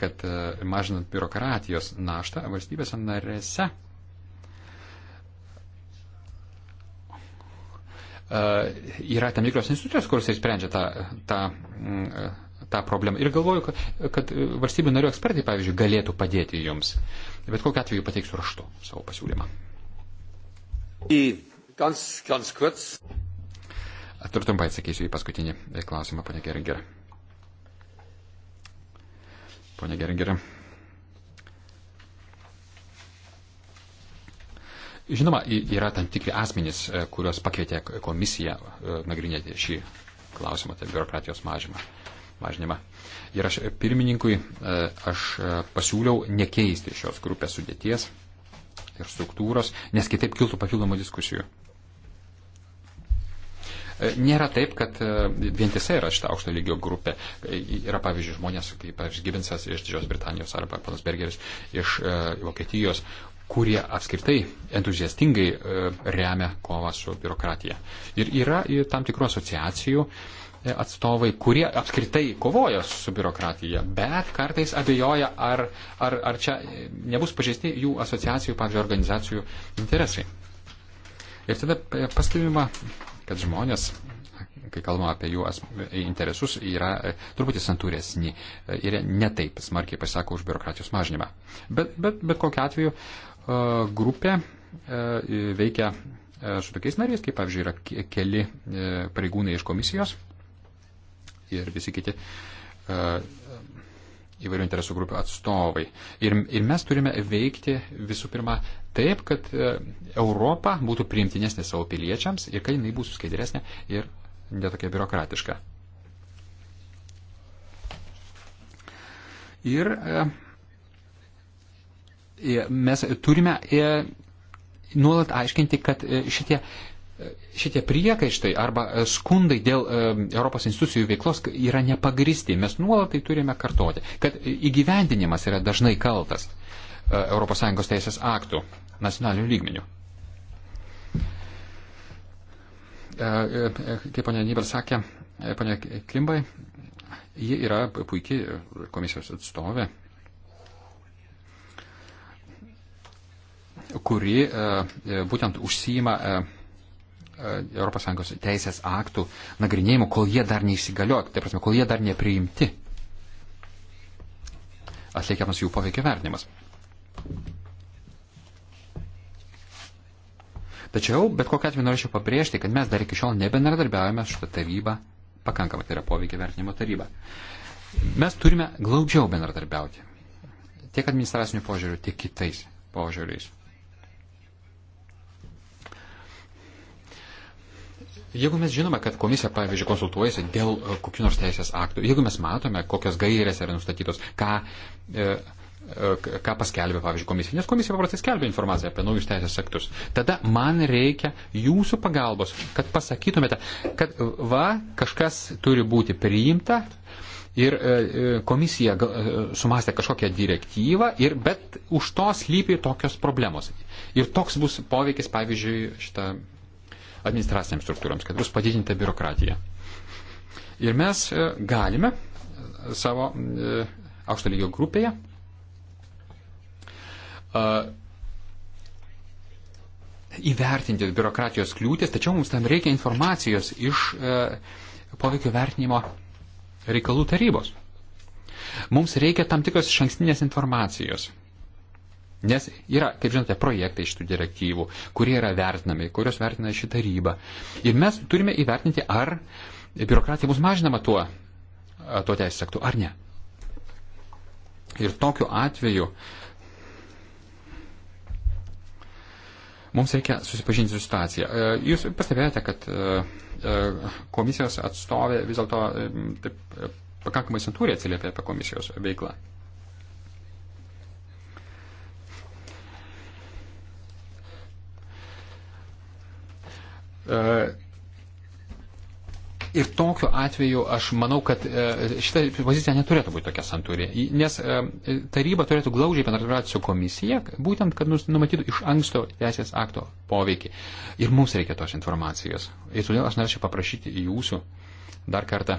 kad mažinant biurokratijos naštą valstybėse narėse yra tam tikros institucijos, kurios sprendžia tą, tą tą problemą. Ir galvoju, kad, kad e, valstybių narių ekspertai, pavyzdžiui, galėtų padėti jums. Bet kokiu atveju pateiksiu raštu savo pasiūlymą. Į ganz, ganz kurz. Turtumpai atsakysiu į paskutinį e, klausimą, ponė Geringer. Ponė Geringer. Žinoma, yra tam tikri asmenys, e, kuriuos pakvietė komisija nagrinėti šį klausimą, tai biurokratijos mažymą mažinimą. Ir aš e, pirmininkui e, aš e, pasiūliau nekeisti šios grupės sudėties ir struktūros, nes kitaip kiltų papildomų diskusijų. Nėra taip, kad vientisai yra šita aukšto lygio grupė. Yra, pavyzdžiui, žmonės, kaip, pavyzdžiui, Gibinsas iš Didžios Britanijos arba panas Bergeris iš Vokietijos, kurie apskritai entuziastingai remia kovą su biurokratija. Ir yra tam tikrų asociacijų, uh, atstovai, kurie apskritai kovoja su biurokratija, bet kartais abejoja, ar, ar, ar čia nebus pažeisti jų asociacijų, pavyzdžiui, organizacijų interesai. Ir tada pastebima, kad žmonės, kai kalbama apie jų interesus, yra e, truputį santūresni e, ir netaip smarkiai pasisako už biurokratijos mažinimą. Bet, bet, bet kokiu atveju e, grupė veikia su tokiais nariais, kaip pavyzdžiui yra keli pareigūnai iš komisijos ir visi kiti e, įvairių interesų grupių atstovai. Ir, ir mes turime veikti visų pirma taip, kad e, Europa būtų priimtinesnė savo piliečiams ir kad jinai būtų skaidresnė ir netokia biurokratiška. Ir e, mes turime nuolat aiškinti, kad šitie šitie priekaištai arba e, skundai dėl e, Europos institucijų veiklos yra nepagristi. Mes nuolat tai turime kartoti, kad įgyvendinimas yra dažnai kaltas ES teisės aktų nacionalinių lygmenių. E, kaip ponia Nybel sakė, ponia Klimbai, ji yra puikiai komisijos atstovė, kuri būtent užsijima ES teisės aktų nagrinėjimo, kol jie dar neįsigaliuoti, tai prasme, kol jie dar nepriimti. Atliekiamas jų poveikio vertinimas. Tačiau, bet kokią atveju norėčiau pabrėžti, kad mes dar iki šiol nebendradarbiavome su taryba pakankamai, tai yra poveikio vertinimo taryba. Mes turime glaudžiau bendradarbiauti. Tiek administracinių požiūrių, tiek kitais požiūriais. Jeigu mes žinome, kad komisija, pavyzdžiui, konsultuojasi dėl e, kokių nors teisės aktų, jeigu mes matome, kokios gairės yra nustatytos, ką, e, e, ką paskelbė, pavyzdžiui, komisija, nes komisija paprastai skelbia informaciją apie naujus teisės aktus, tada man reikia jūsų pagalbos, kad pasakytumėte, kad va, kažkas turi būti priimta. Ir komisija sumastė kažkokią direktyvą, ir, bet už to slypi tokios problemos. Ir toks bus poveikis, pavyzdžiui, šitą administraciniams struktūrams, kad bus padidinta biurokratija. Ir mes e, galime e, savo e, aukšto lygio grupėje įvertinti biurokratijos kliūtis, tačiau mums tam reikia informacijos iš poveikio vertinimo reikalų tarybos. Mums reikia tam tikros šankstinės informacijos. Nes yra, kaip žinote, projektai šitų direktyvų, kurie yra vertinami, kurios vertina šį tarybą. Ir mes turime įvertinti, ar biurokratija bus mažinama tuo, tuo teisės aktu, ar ne. Ir tokiu atveju mums reikia susipažinti su situacija. E, jūs pastebėjote, kad e, e, komisijos atstovė vis dėlto pakankamai santūriai atsiliepia apie komisijos veiklą. E, ir tokiu atveju aš manau, kad e, šita pozicija neturėtų būti tokia santūri, nes e, taryba turėtų glaudžiai bendradarbiauti su komisija, būtent, kad numatytų iš anksto teisės akto poveikį. Ir mums reikia tos informacijos. Ir todėl aš norėčiau paprašyti jūsų dar kartą,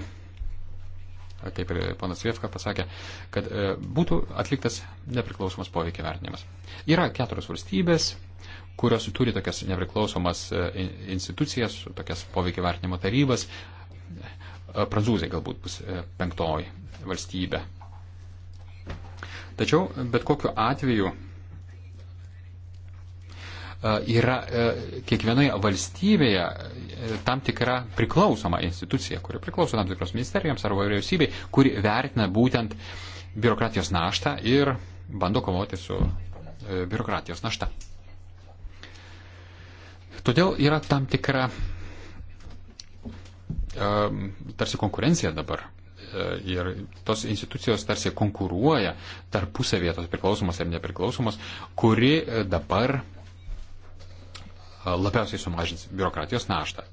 kaip ir ponas Vievka pasakė, kad būtų atliktas nepriklausomas poveikio vertinimas. Yra keturios valstybės, kurios turi tokias nepriklausomas e, institucijas, tokias poveikį vertinimo tarybas. E, Prancūzija galbūt bus e, penktoji valstybė. Tačiau bet kokiu atveju yra kiekvienoje valstybėje tam tikra priklausoma institucija, kuri priklauso tam tikros ministerijoms arba vyriausybei, kuri vertina būtent biurokratijos naštą ir bando kovoti su biurokratijos našta. Todėl yra tam tikra tarsi konkurencija dabar. E, ir tos institucijos tarsi konkuruoja tarpusavėje, tos priklausomos ir nepriklausomos, kuri e, dabar e, labiausiai sumažins biurokratijos naštą.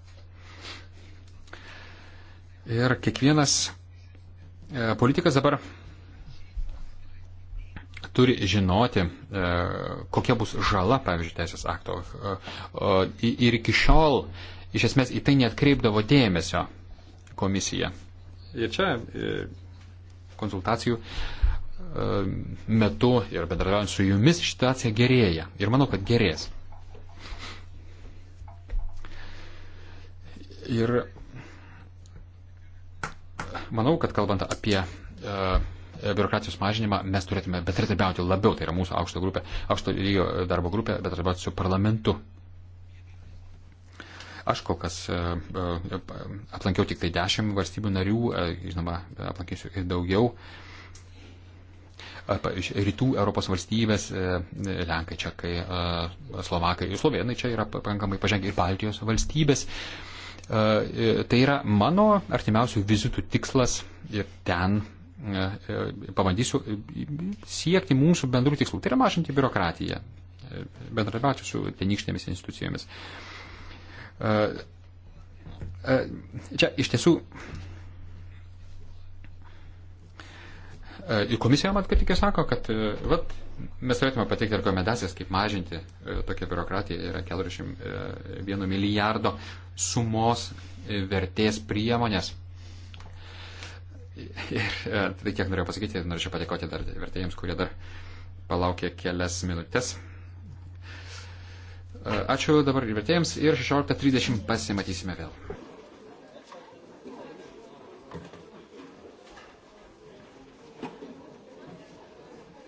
Ir kiekvienas politikas dabar turi žinoti, e, kokia bus žala, pavyzdžiui, teisės akto. E, e, ir iki šiol, iš esmės, į tai netkreipdavo dėmesio komisija. Ir čia konsultacijų metu ir bendradarbiaujant su jumis situacija gerėja. Ir manau, kad gerės. Ir manau, kad kalbant apie uh, E, biurokratijos mažinimą mes turėtume bendradarbiauti labiau, tai yra mūsų aukšto, grupė, aukšto lygio darbo grupė, bendradarbiauti su parlamentu. Aš kol kas e, e, aplankiau tik tai dešimt valstybių narių, žinoma, aplankysiu ir daugiau. Rytų Europos valstybės, Lenkai, Čekai, Slovakai ir Slovenai čia yra pakankamai pažengę ir Baltijos valstybės. Tai yra mano artimiausių vizitų tikslas ir ten E, pabandysiu siekti mūsų bendrų tikslų. Tai yra mažinti biurokratiją, e, bendradarbiauti su tenykštėmis institucijomis. E, čia iš tiesų komisija man kaip tik sako, kad vat, mes turėtume pateikti rekomendacijas, kaip mažinti tokią biurokratiją. Yra 41 milijardo sumos vertės priemonės Ir e, tai tiek norėjau pasakyti, norėčiau padėkoti dar vertėjams, kurie dar palaukė kelias minutės. E, ačiū dabar vertėjams ir 16.30 pasimatysime vėl.